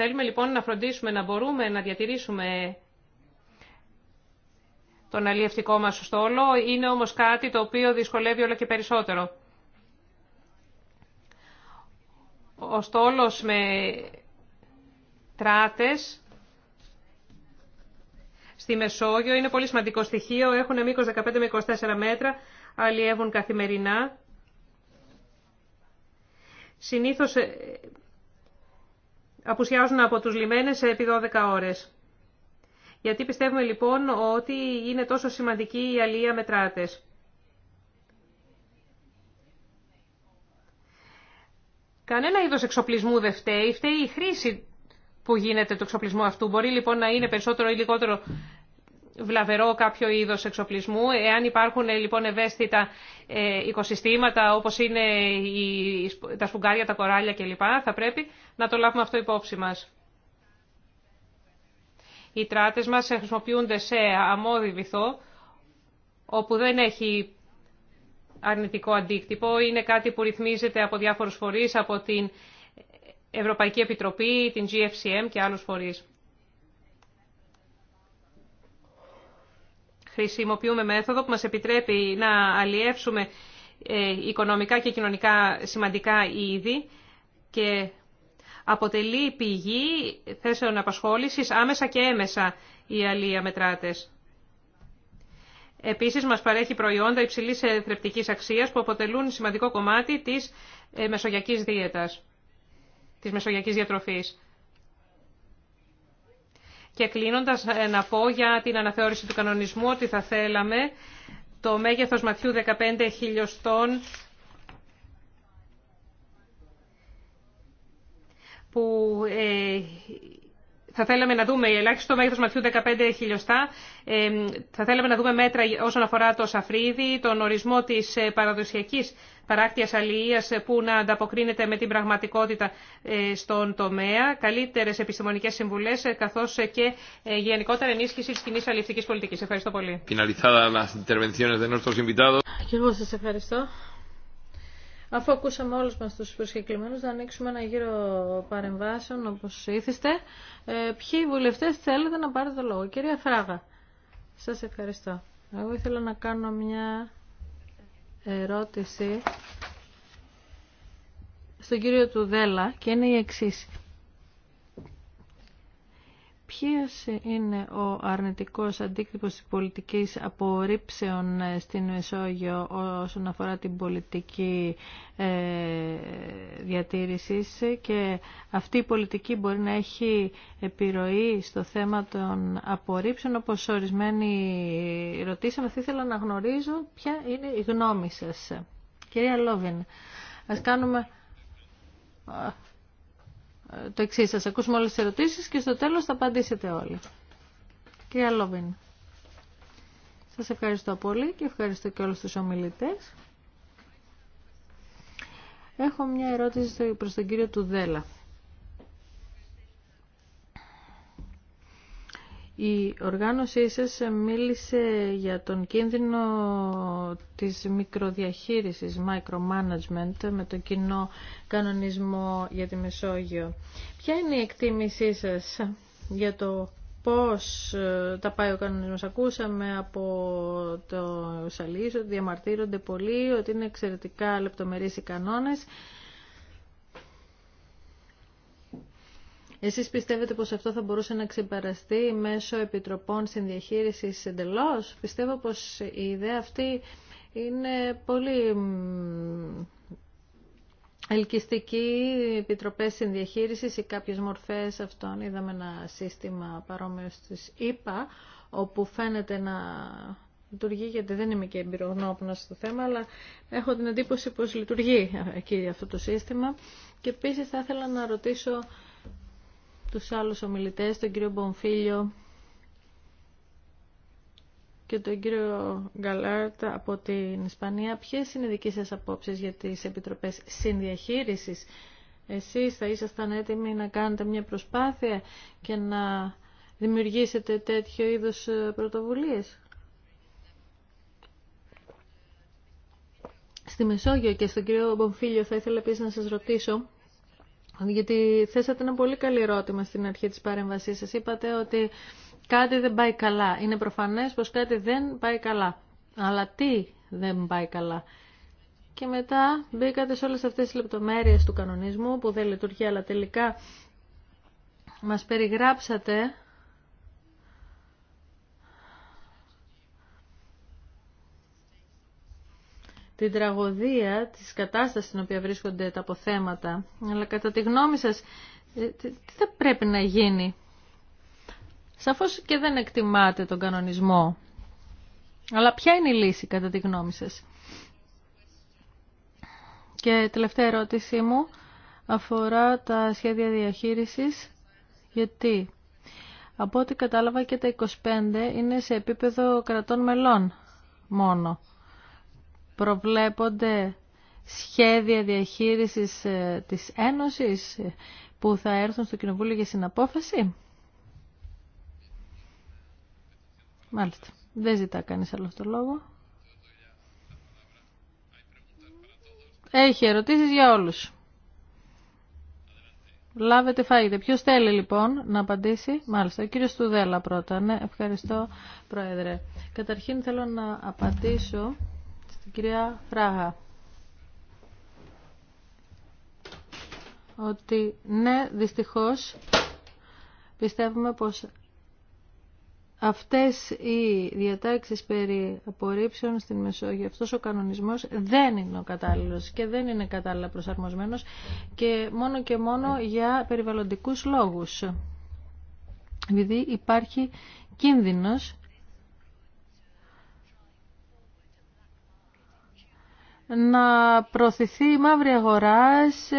D: Θέλουμε λοιπόν να φροντίσουμε να μπορούμε να διατηρήσουμε τον αλλιευτικό μας στόλο. Είναι όμως κάτι το οποίο δυσκολεύει όλο και περισσότερο. Ο στόλος με τράτες στη Μεσόγειο είναι πολύ σημαντικό στοιχείο. Έχουν μήκος 15 με 24 μέτρα, αλλιεύουν καθημερινά. Συνήθως ε, απουσιάζουν από τους λιμένες επί 12 ώρες. Γιατί πιστεύουμε λοιπόν ότι είναι τόσο σημαντική η αλία μετράτες; Κανένα είδος εξοπλισμού δεν φταίει, φταίει η χρήση που γίνεται του εξοπλισμό αυτού. Μπορεί λοιπόν να είναι περισσότερο ή λιγότερο βλαβερό κάποιο είδος εξοπλισμού. Εάν υπάρχουν ε, λοιπόν ευαίσθητα ε, οικοσυστήματα όπως είναι τα σφουγγάρια, τα κοράλια κλπ. θα πρέπει να το λάβουμε αυτό υπόψη μας. Οι τράτες μας χρησιμοποιούνται σε αμμόδι βυθό όπου δεν έχει αρνητικό αντίκτυπο. Είναι κάτι που ρυθμίζεται από διάφορους φορείς, από την Ευρωπαϊκή Επιτροπή, την GFCM και άλλους φορείς. χρησιμοποιούμε μέθοδο που μας επιτρέπει να αλλιεύσουμε ε, οικονομικά και κοινωνικά σημαντικά είδη και αποτελεί πηγή θέσεων απασχόλησης άμεσα και έμεσα οι αλία μετράτες. Επίσης μας παρέχει προϊόντα υψηλής θρεπτικής αξίας που αποτελούν σημαντικό κομμάτι της ε, μεσογειακής δίαιτας, της μεσογειακής διατροφής. Και κλείνοντας ε, να πω για την αναθεώρηση του κανονισμού ότι θα θέλαμε το μέγεθος ματιού 15 χιλιοστών που ε, θα θέλαμε να δούμε, ελάχιστο μέγεθος ματιού 15 χιλιοστά, ε, θα θέλαμε να δούμε μέτρα όσον αφορά το σαφρίδι, τον ορισμό της παραδοσιακής παράκτεια αλληλείας που να ανταποκρίνεται με την πραγματικότητα ε, στον τομέα, Καλύτερε επιστημονικέ συμβουλέ ε, καθώ ε, και γενικότερα ενίσχυση τη κοινή αλληλευτικής πολιτική. Ευχαριστώ πολύ.
C: Και εγώ σα ευχαριστώ.
A: Αφού ακούσαμε όλους μας τους προσκεκλημένους, να ανοίξουμε ένα γύρο παρεμβάσεων, όπως ήθιστε. Ε, ποιοι βουλευτές θέλετε να πάρετε το λόγο. Κυρία Φράγα, σας ευχαριστώ. Εγώ ήθελα να κάνω μια ερώτηση στον κύριο Τουδέλα και είναι η εξής. Ποιος είναι ο αρνητικός αντίκτυπος της πολιτικής απορρίψεων ε, στην Μεσόγειο όσον αφορά την πολιτική ε, διατήρησης και αυτή η πολιτική μπορεί να έχει επιρροή στο θέμα των απορρίψεων όπως ορισμένοι ρωτήσαμε. Θα ήθελα να γνωρίζω ποια είναι η γνώμη σας. Κυρία Λόβιν, ας κάνουμε το εξή. σα, ακούσουμε όλε τι ερωτήσει και στο τέλος θα απαντήσετε όλοι. Κυρία Λόβιν, σας ευχαριστώ πολύ και ευχαριστώ και όλους τους ομιλητές. Έχω μια ερώτηση προς τον κύριο Τουδέλα. Η οργάνωσή σας μίλησε για τον κίνδυνο της μικροδιαχείρισης, micromanagement, με τον κοινό κανονισμό για τη Μεσόγειο. Ποια είναι η εκτίμησή σας για το πώς ε, τα πάει ο κανονισμός. Ακούσαμε από το Σαλής ότι διαμαρτύρονται πολύ, ότι είναι εξαιρετικά λεπτομερείς οι κανόνες. Εσείς πιστεύετε πως αυτό θα μπορούσε να ξεπεραστεί μέσω επιτροπών συνδιαχείρισης εντελώς. Πιστεύω πως η ιδέα αυτή είναι πολύ ελκυστική, επιτροπές συνδιαχείρισης ή κάποιες μορφές αυτών. Είδαμε ένα σύστημα παρόμοιο στις ΕΠΑ, όπου φαίνεται να λειτουργεί, γιατί δεν είμαι και εμπειρογνώπνα στο θέμα, αλλά έχω την εντύπωση πως λειτουργεί ε, εκεί αυτό το σύστημα. Και επίσης θα ήθελα να ρωτήσω τους άλλους ομιλητές, τον κύριο Μπομφίλιο και τον κύριο Γκαλάρτ από την Ισπανία. Ποιες είναι οι δικές σας απόψεις για τις επιτροπές συνδιαχείρισης. Εσείς θα ήσασταν έτοιμοι να κάνετε μια προσπάθεια και να δημιουργήσετε τέτοιο είδος ε, πρωτοβουλίες. Στη Μεσόγειο και στον κύριο Μπομφίλιο θα ήθελα επίσης να σας ρωτήσω γιατί θέσατε ένα πολύ καλή ερώτημα στην αρχή της παρέμβασής σας. Είπατε ότι κάτι δεν πάει καλά. Είναι προφανές πως κάτι δεν πάει καλά. Αλλά τι δεν πάει καλά. Και μετά μπήκατε σε όλες αυτές τις λεπτομέρειες του κανονισμού που δεν λειτουργεί, αλλά τελικά μας περιγράψατε την τραγωδία της κατάστασης στην οποία βρίσκονται τα αποθέματα. Αλλά κατά τη γνώμη σας, ε, τι θα πρέπει να γίνει. Σαφώς και δεν εκτιμάτε τον κανονισμό. Αλλά ποια είναι η λύση κατά τη γνώμη σας. Και τελευταία ερώτησή μου αφορά τα σχέδια διαχείρισης. Γιατί από ό,τι κατάλαβα και τα 25 είναι σε επίπεδο κρατών μελών μόνο προβλέπονται σχέδια διαχείρισης ε, της Ένωσης ε, που θα έρθουν στο Κοινοβούλιο για συναπόφαση. Μάλιστα. Δεν ζητά κανείς άλλο το λόγο. Έχει ερωτήσεις για όλους. Λάβετε φάγετε. Ποιος θέλει λοιπόν να απαντήσει. Μάλιστα, ο κύριος Τουδέλα πρώτα. Ναι, ευχαριστώ Πρόεδρε. Καταρχήν θέλω να απαντήσω η κυρία Φράγα. Ότι ναι, δυστυχώς πιστεύουμε πως αυτές οι διατάξεις περί απορρίψεων στην Μεσόγειο, αυτός ο κανονισμός δεν είναι ο κατάλληλος και δεν είναι κατάλληλα προσαρμοσμένος και μόνο και μόνο για περιβαλλοντικούς λόγους. Επειδή υπάρχει κίνδυνος να προωθηθεί η μαύρη αγορά σε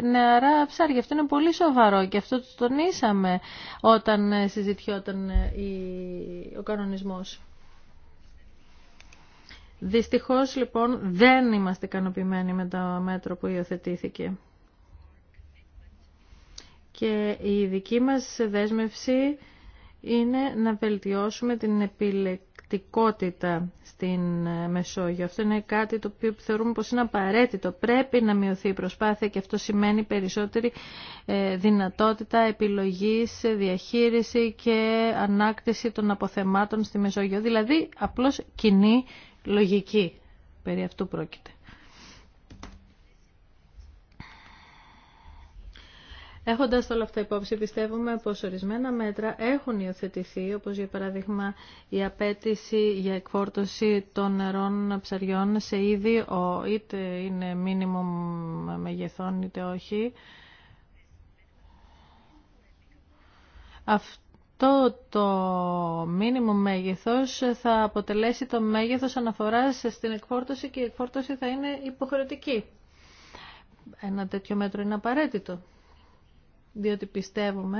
A: νεαρά ψάρια. Αυτό είναι πολύ σοβαρό και αυτό το τονίσαμε όταν συζητιόταν ε, ο κανονισμός. Δυστυχώς λοιπόν δεν είμαστε ικανοποιημένοι με το μέτρο που υιοθετήθηκε. Και η δική μας δέσμευση είναι να βελτιώσουμε την επιλεκτική ανθεκτικότητα στην ε, Μεσόγειο. Αυτό είναι κάτι το οποίο θεωρούμε πως είναι απαραίτητο. Πρέπει να μειωθεί η προσπάθεια και αυτό σημαίνει περισσότερη ε, δυνατότητα επιλογής, ε, διαχείριση και ανάκτηση των αποθεμάτων στη Μεσόγειο. Δηλαδή απλώς κοινή λογική. Περί αυτού πρόκειται. Έχοντα όλα αυτά υπόψη, πιστεύουμε πως ορισμένα μέτρα έχουν υιοθετηθεί, όπως για παράδειγμα η απέτηση για εκφόρτωση των νερών ψαριών σε είδη, είτε είναι μήνυμο μεγεθών είτε όχι. Αυτό το μήνυμο μέγεθος θα αποτελέσει το μέγεθος αναφοράς στην εκφόρτωση και η εκφόρτωση θα είναι υποχρεωτική. Ένα τέτοιο μέτρο είναι απαραίτητο διότι πιστεύουμε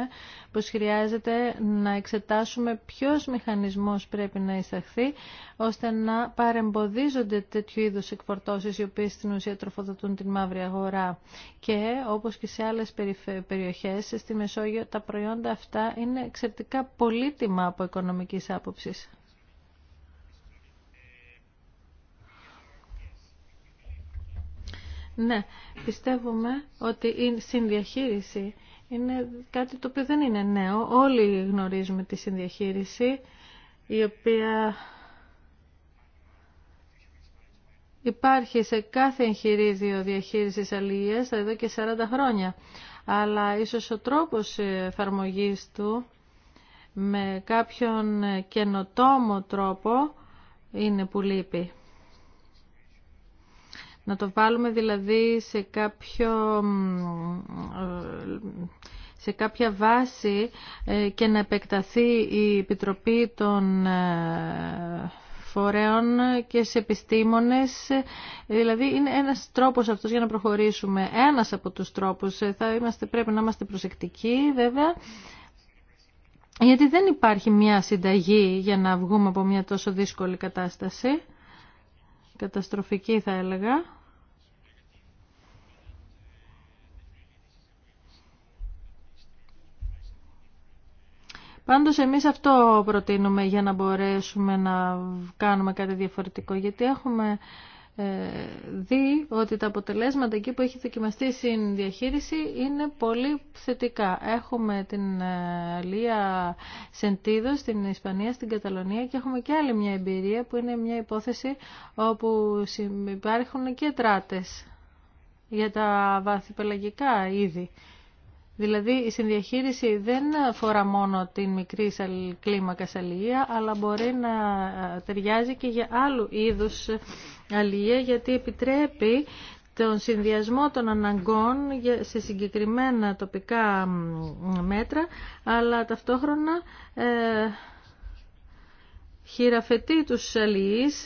A: πως χρειάζεται να εξετάσουμε ποιος μηχανισμός πρέπει να εισαχθεί ώστε να παρεμποδίζονται τέτοιου είδους εκφορτώσεις οι οποίες στην ουσία τροφοδοτούν την μαύρη αγορά και όπως και σε άλλες περιοχές στη Μεσόγειο τα προϊόντα αυτά είναι εξαιρετικά πολύτιμα από οικονομικής άποψης. Ναι, πιστεύουμε ότι η συνδιαχείριση είναι κάτι το οποίο δεν είναι νέο. Όλοι γνωρίζουμε τη συνδιαχείριση, η οποία υπάρχει σε κάθε εγχειρίδιο διαχείρισης αλληλείας εδώ και 40 χρόνια. Αλλά ίσως ο τρόπος εφαρμογής του με κάποιον καινοτόμο τρόπο είναι που λείπει. Να το βάλουμε δηλαδή σε, κάποιο, ε, σε κάποια βάση ε, και να επεκταθεί η Επιτροπή των ε, φορέων και σε επιστήμονες. Δηλαδή είναι ένας τρόπος αυτός για να προχωρήσουμε. Ένας από τους τρόπους. Θα είμαστε, πρέπει να είμαστε προσεκτικοί βέβαια. Γιατί δεν υπάρχει μια συνταγή για να βγούμε από μια τόσο δύσκολη κατάσταση. Καταστροφική θα έλεγα. Πάντως εμείς αυτό προτείνουμε για να μπορέσουμε να κάνουμε κάτι διαφορετικό, γιατί έχουμε ε, δει ότι τα αποτελέσματα εκεί που έχει δοκιμαστεί η διαχείριση είναι πολύ θετικά. Έχουμε την ε, Λία Σεντίδο στην Ισπανία, στην Καταλωνία και έχουμε και άλλη μια εμπειρία που είναι μια υπόθεση όπου υπάρχουν και τράτες για τα βαθυπελαγικά ήδη. Δηλαδή η συνδιαχείριση δεν αφορά μόνο την μικρή κλίμακα αλληλεία, αλλά μπορεί να ε, ταιριάζει και για άλλου είδους ε, αλληλεία, γιατί επιτρέπει τον συνδυασμό των αναγκών σε συγκεκριμένα τοπικά μέτρα, αλλά ταυτόχρονα ε, χειραφετεί τους αλληλείς,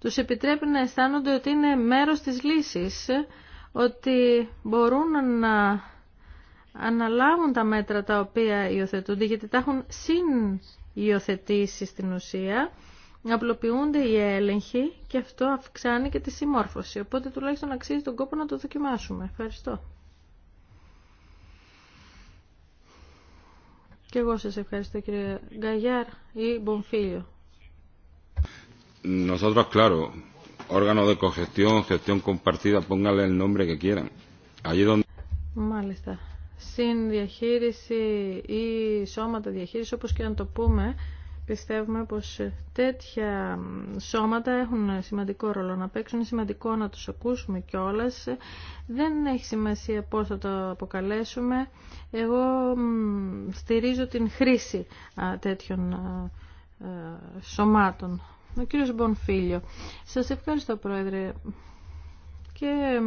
A: τους επιτρέπει να αισθάνονται ότι είναι μέρος της λύσης, ότι μπορούν να αναλάβουν τα μέτρα τα οποία υιοθετούνται, γιατί τα έχουν συν στην ουσία, απλοποιούνται οι έλεγχοι και αυτό αυξάνει και τη συμμόρφωση. Οπότε τουλάχιστον αξίζει τον κόπο να το δοκιμάσουμε. Ευχαριστώ. Και εγώ σας ευχαριστώ κύριε Γκαγιάρ ή Μπομφίλιο.
C: Nosotros, claro, órgano de cogestión,
A: Μάλιστα διαχείριση ή σώματα διαχείριση, όπως και αν το πούμε, πιστεύουμε πως τέτοια σώματα έχουν σημαντικό ρόλο να παίξουν, είναι σημαντικό να τους ακούσουμε κιόλα. Δεν έχει σημασία πώς θα το αποκαλέσουμε. Εγώ στηρίζω την χρήση τέτοιων σωμάτων. Ο κύριος Μπονφίλιο. Σας ευχαριστώ, Πρόεδρε. Και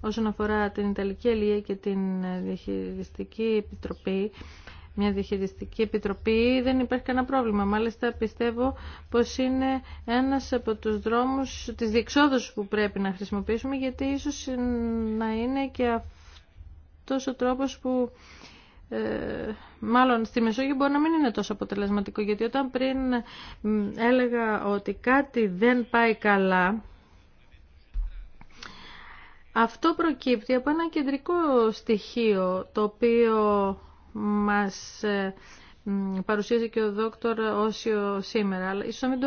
A: Όσον αφορά την Ιταλική ελία και την ε, Διαχειριστική Επιτροπή, μια διαχειριστική επιτροπή δεν υπάρχει κανένα πρόβλημα. Μάλιστα πιστεύω πως είναι ένας από τους δρόμους της διεξόδου που πρέπει να χρησιμοποιήσουμε γιατί ίσως να είναι και αυτός ο τρόπος που ε, μάλλον στη Μεσόγειο μπορεί να μην είναι τόσο αποτελεσματικό γιατί όταν πριν έλεγα ότι κάτι δεν πάει καλά αυτό προκύπτει από ένα κεντρικό στοιχείο το οποίο μας ε, παρουσίασε και ο δόκτωρ Όσιο σήμερα, αλλά ίσως μην το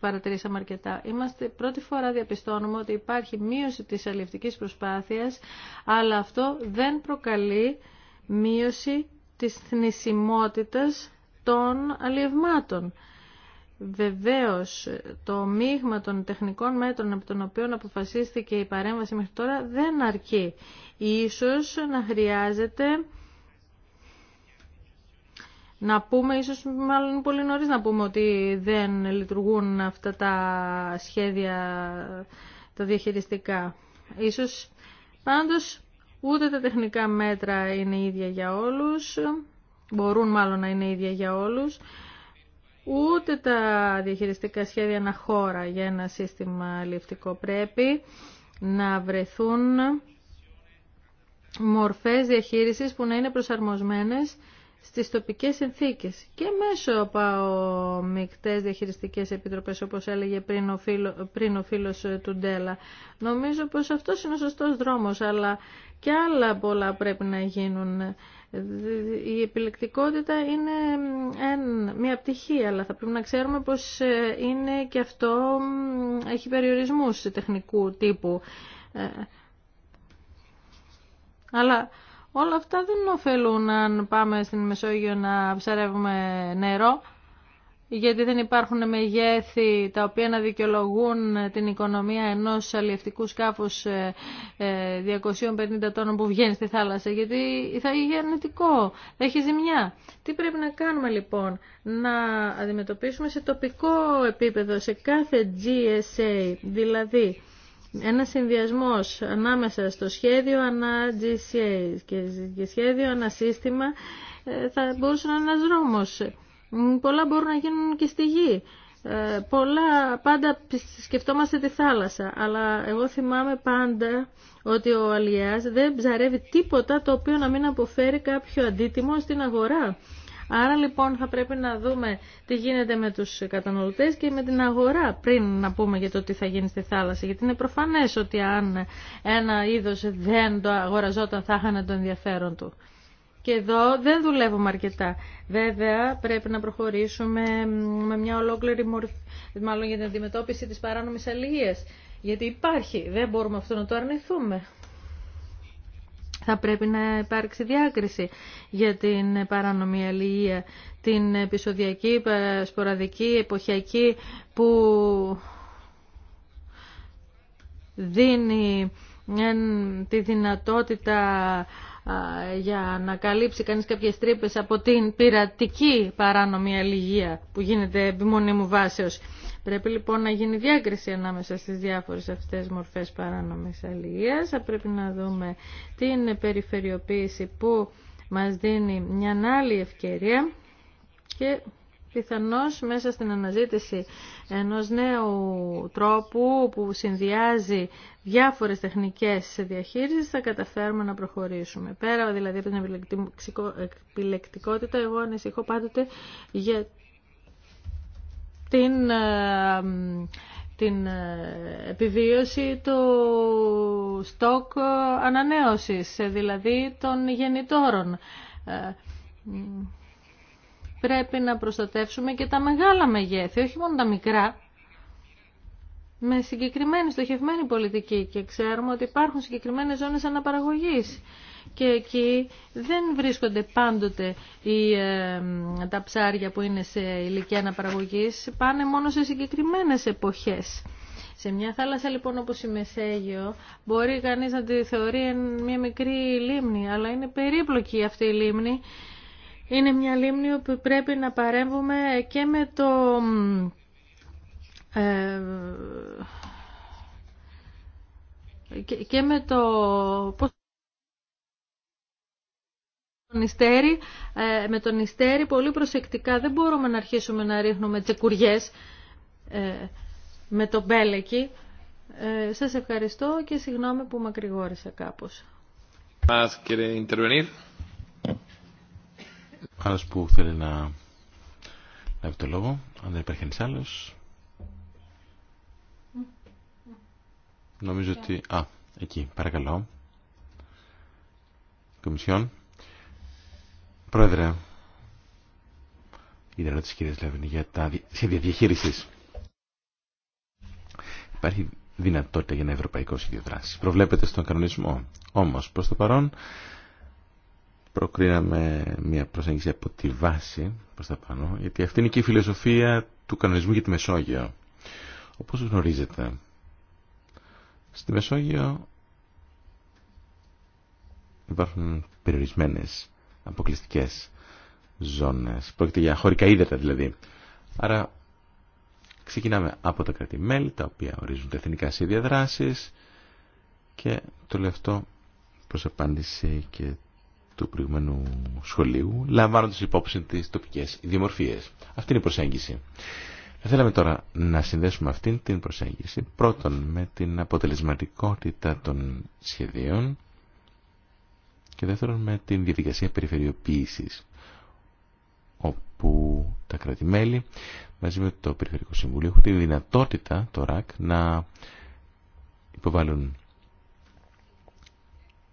A: παρατηρήσαμε αρκετά. Είμαστε πρώτη φορά διαπιστώνουμε ότι υπάρχει μείωση της αλληλευτικής προσπάθειας, αλλά αυτό δεν προκαλεί μείωση της θνησιμότητας των αλλιευμάτων. Βεβαίως, το μείγμα των τεχνικών μέτρων από τον οποίο αποφασίστηκε η παρέμβαση μέχρι τώρα δεν αρκεί. Ίσως να χρειάζεται να πούμε, ίσως μάλλον πολύ νωρίς να πούμε ότι δεν λειτουργούν αυτά τα σχέδια τα διαχειριστικά. Ίσως πάντως ούτε τα τεχνικά μέτρα είναι ίδια για όλους, μπορούν μάλλον να είναι ίδια για όλους ούτε τα διαχειριστικά σχέδια να χώρα για ένα σύστημα ληφτικό πρέπει να βρεθούν μορφές διαχείρισης που να είναι προσαρμοσμένες στις τοπικές συνθήκες και μέσω από μικτές διαχειριστικές επιτροπές όπως έλεγε πριν ο, φίλο, φίλος ε, του Ντέλα. Νομίζω πως αυτό είναι ο σωστός δρόμος αλλά και άλλα πολλά πρέπει να γίνουν η επιλεκτικότητα είναι μια πτυχή, αλλά θα πρέπει να ξέρουμε πως ε, είναι και αυτό έχει περιορισμούς τεχνικού τύπου. Ε, αλλά όλα αυτά δεν ωφελούν αν πάμε στην Μεσόγειο να ψαρεύουμε νερό γιατί δεν υπάρχουν μεγέθη τα οποία να δικαιολογούν την οικονομία ενός αλλιευτικού σκάφους 250 ε, ε, τόνων που βγαίνει στη θάλασσα, γιατί θα είχε αρνητικό, θα έχει ζημιά. Τι πρέπει να κάνουμε λοιπόν, να αντιμετωπίσουμε σε τοπικό επίπεδο, σε κάθε GSA, δηλαδή ένα συνδυασμός ανάμεσα στο σχέδιο ανά ανα-GSA και σχέδιο ανά σύστημα ε, θα μπορούσε να είναι ένας δρόμος. Πολλά μπορούν να γίνουν και στη γη. Ε, πολλά, πάντα σκεφτόμαστε τη θάλασσα, αλλά εγώ θυμάμαι πάντα ότι ο Αλιάς δεν ψαρεύει τίποτα το οποίο να μην αποφέρει κάποιο αντίτιμο στην αγορά. Άρα λοιπόν θα πρέπει να δούμε τι γίνεται με τους καταναλωτές και με την αγορά πριν να πούμε για το τι θα γίνει στη θάλασσα. Γιατί είναι προφανές ότι αν ένα είδος δεν το αγοραζόταν θα είχαν το ενδιαφέρον του. Και εδώ δεν δουλεύουμε αρκετά. Βέβαια, πρέπει να προχωρήσουμε με μια ολόκληρη μορφή, μάλλον για την αντιμετώπιση της παράνομης αλληλείας. Γιατί υπάρχει, δεν μπορούμε αυτό να το αρνηθούμε. Θα πρέπει να υπάρξει διάκριση για την παράνομη αλληλεία, την επεισοδιακή, σποραδική, εποχιακή που δίνει τη δυνατότητα για να καλύψει κανείς κάποιες τρύπες από την πειρατική παράνομη αλληλεία που γίνεται επιμονή μου βάσεως. Πρέπει λοιπόν να γίνει διάκριση ανάμεσα στις διάφορες αυτές μορφές παράνομης αλληλείας. Θα πρέπει να δούμε την περιφερειοποίηση που μας δίνει μια άλλη ευκαιρία και Πιθανώς μέσα στην αναζήτηση ενός νέου τρόπου που συνδυάζει διάφορες τεχνικές διαχείριση θα καταφέρουμε να προχωρήσουμε. Πέρα δηλαδή από την επιλεκτικότητα, εγώ ανησυχώ πάντοτε για την, ε, την ε, επιβίωση του στόκ ανανέωσης, δηλαδή των γεννητόρων ε, πρέπει να προστατεύσουμε και τα μεγάλα μεγέθη, όχι μόνο τα μικρά, με συγκεκριμένη στοχευμένη πολιτική και ξέρουμε ότι υπάρχουν συγκεκριμένες ζώνες αναπαραγωγής και εκεί δεν βρίσκονται πάντοτε οι, ε, τα ψάρια που είναι σε ηλικία αναπαραγωγής, πάνε μόνο σε συγκεκριμένες εποχές. Σε μια θάλασσα λοιπόν όπως η Μεσαίγειο μπορεί κανείς να τη θεωρεί μια μικρή λίμνη, αλλά είναι περίπλοκη αυτή η λίμνη είναι μια λίμνη που πρέπει να παρέμβουμε και με το... Ε, και με το τον ε, με τον ιστέρι πολύ προσεκτικά δεν μπορούμε να αρχίσουμε να ρίχνουμε τσεκουριές ε, με το μπέλεκι. Ε, σας ευχαριστώ και συγγνώμη που μακρηγόρησα κάπως.
C: Άλλος που θέλει να
B: λάβει το λόγο, αν δεν υπάρχει ένας άλλος. Νομίζω ότι... Α, εκεί, παρακαλώ. Κομισιόν. Πρόεδρε, η ερώτηση κυρία Λέβιν για τα σχέδια διαχείριση. Υπάρχει δυνατότητα για ένα ευρωπαϊκό σχέδιο δράση. Προβλέπεται στον κανονισμό. Όμω, προ το παρόν, προκρίναμε μια προσέγγιση από τη βάση προς τα πάνω, γιατί αυτή είναι και η φιλοσοφία του κανονισμού για τη Μεσόγειο. Όπως γνωρίζετε, στη Μεσόγειο υπάρχουν περιορισμένες αποκλειστικές ζώνες. Πρόκειται για χωρικά ύδατα δηλαδή. Άρα ξεκινάμε από τα κρατημέλη, τα οποία ορίζουν τα εθνικά σχέδια δράσης και το λεφτό προς απάντηση και του προηγούμενου σχολείου, λαμβάνοντας υπόψη τις τοπικές δημορφίες. Αυτή είναι η προσέγγιση. θέλαμε τώρα να συνδέσουμε αυτήν την προσέγγιση πρώτον με την αποτελεσματικότητα των σχεδίων και δεύτερον με την διαδικασία περιφερειοποίησης όπου τα κρατημέλη μαζί με το Περιφερειακό Συμβούλιο έχουν τη δυνατότητα το ΡΑΚ να υποβάλουν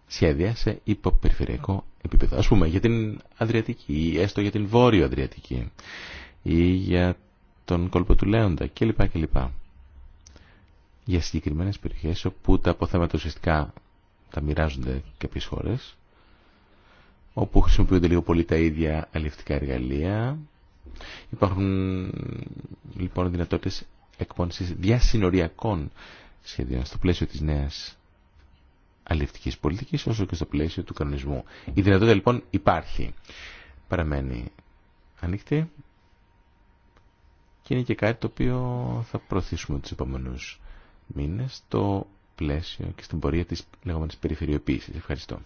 B: σχέδια σε υποπεριφερειακό επίπεδο. Ας πούμε για την Αδριατική ή έστω για την Βόρειο Αδριατική ή για τον κόλπο του Λέοντα κλπ. κλπ. Για συγκεκριμένες περιοχές όπου τα αποθέματα ουσιαστικά τα μοιράζονται κάποιες χώρες όπου χρησιμοποιούνται λίγο πολύ τα ίδια αλληλευτικά εργαλεία. Υπάρχουν λοιπόν δυνατότητες εκπόνησης διασυνοριακών σχεδίων στο πλαίσιο της νέας αλληλευτική πολιτική όσο και στο πλαίσιο του κανονισμού. Η δυνατότητα λοιπόν υπάρχει. Παραμένει ανοιχτή και είναι και κάτι το οποίο θα προωθήσουμε τους επόμενου μήνε στο πλαίσιο και στην πορεία της λεγόμενης περιφερειοποίησης. Ευχαριστώ.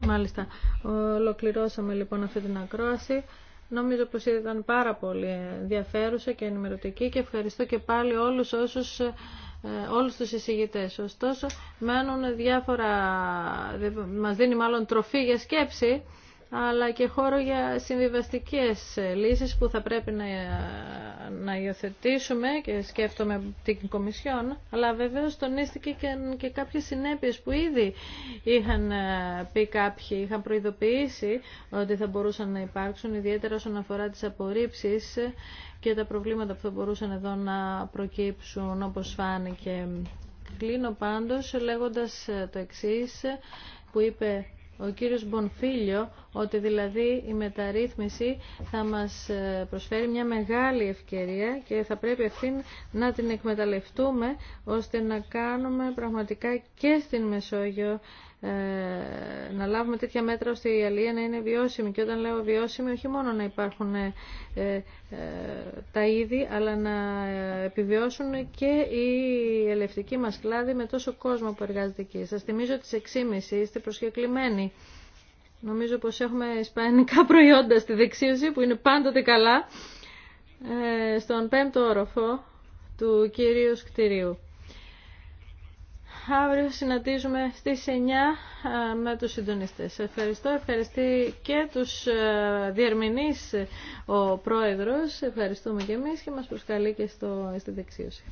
A: Μάλιστα. Ολοκληρώσαμε λοιπόν αυτή την ακρόαση. Νομίζω πως ήταν πάρα πολύ ενδιαφέρουσα και ενημερωτική και ευχαριστώ και πάλι όλους όσους ε, όλους τους εισηγητές. Ωστόσο, μένουν διάφορα, μας δίνει μάλλον τροφή για σκέψη αλλά και χώρο για συμβιβαστικές λύσεις που θα πρέπει να, να υιοθετήσουμε και σκέφτομαι την Κομισιόν, αλλά βεβαίως τονίστηκε και, και κάποιες συνέπειες που ήδη είχαν ε, πει κάποιοι, είχαν προειδοποιήσει ότι θα μπορούσαν να υπάρξουν, ιδιαίτερα όσον αφορά τις απορρίψεις και τα προβλήματα που θα μπορούσαν εδώ να προκύψουν, όπως φάνηκε. Κλείνω πάντως λέγοντας ε, το εξής που είπε ο κύριος Μπονφίλιο ότι δηλαδή η μεταρρύθμιση θα μας ε, προσφέρει μια μεγάλη ευκαιρία και θα πρέπει αυτήν να την εκμεταλλευτούμε ώστε να κάνουμε πραγματικά και στην Μεσόγειο ε, να λάβουμε τέτοια μέτρα ώστε η αλληλεία να είναι βιώσιμη. Και όταν λέω βιώσιμη, όχι μόνο να υπάρχουν ε, ε, τα είδη, αλλά να επιβιώσουν και οι ελευτικοί μας κλάδοι με τόσο κόσμο που εργάζεται εκεί. Σας θυμίζω τις 6.30 είστε προσκεκλημένοι. Νομίζω πως έχουμε ισπανικά προϊόντα στη δεξίωση που είναι πάντοτε καλά στον πέμπτο όροφο του κυρίου Σκτηρίου. Αύριο συναντήσουμε στις 9 με τους συντονιστές. Ευχαριστώ. Ευχαριστεί και τους διερμηνείς ο πρόεδρος. Ευχαριστούμε και εμείς και μας προσκαλεί και στο, στη δεξίωση.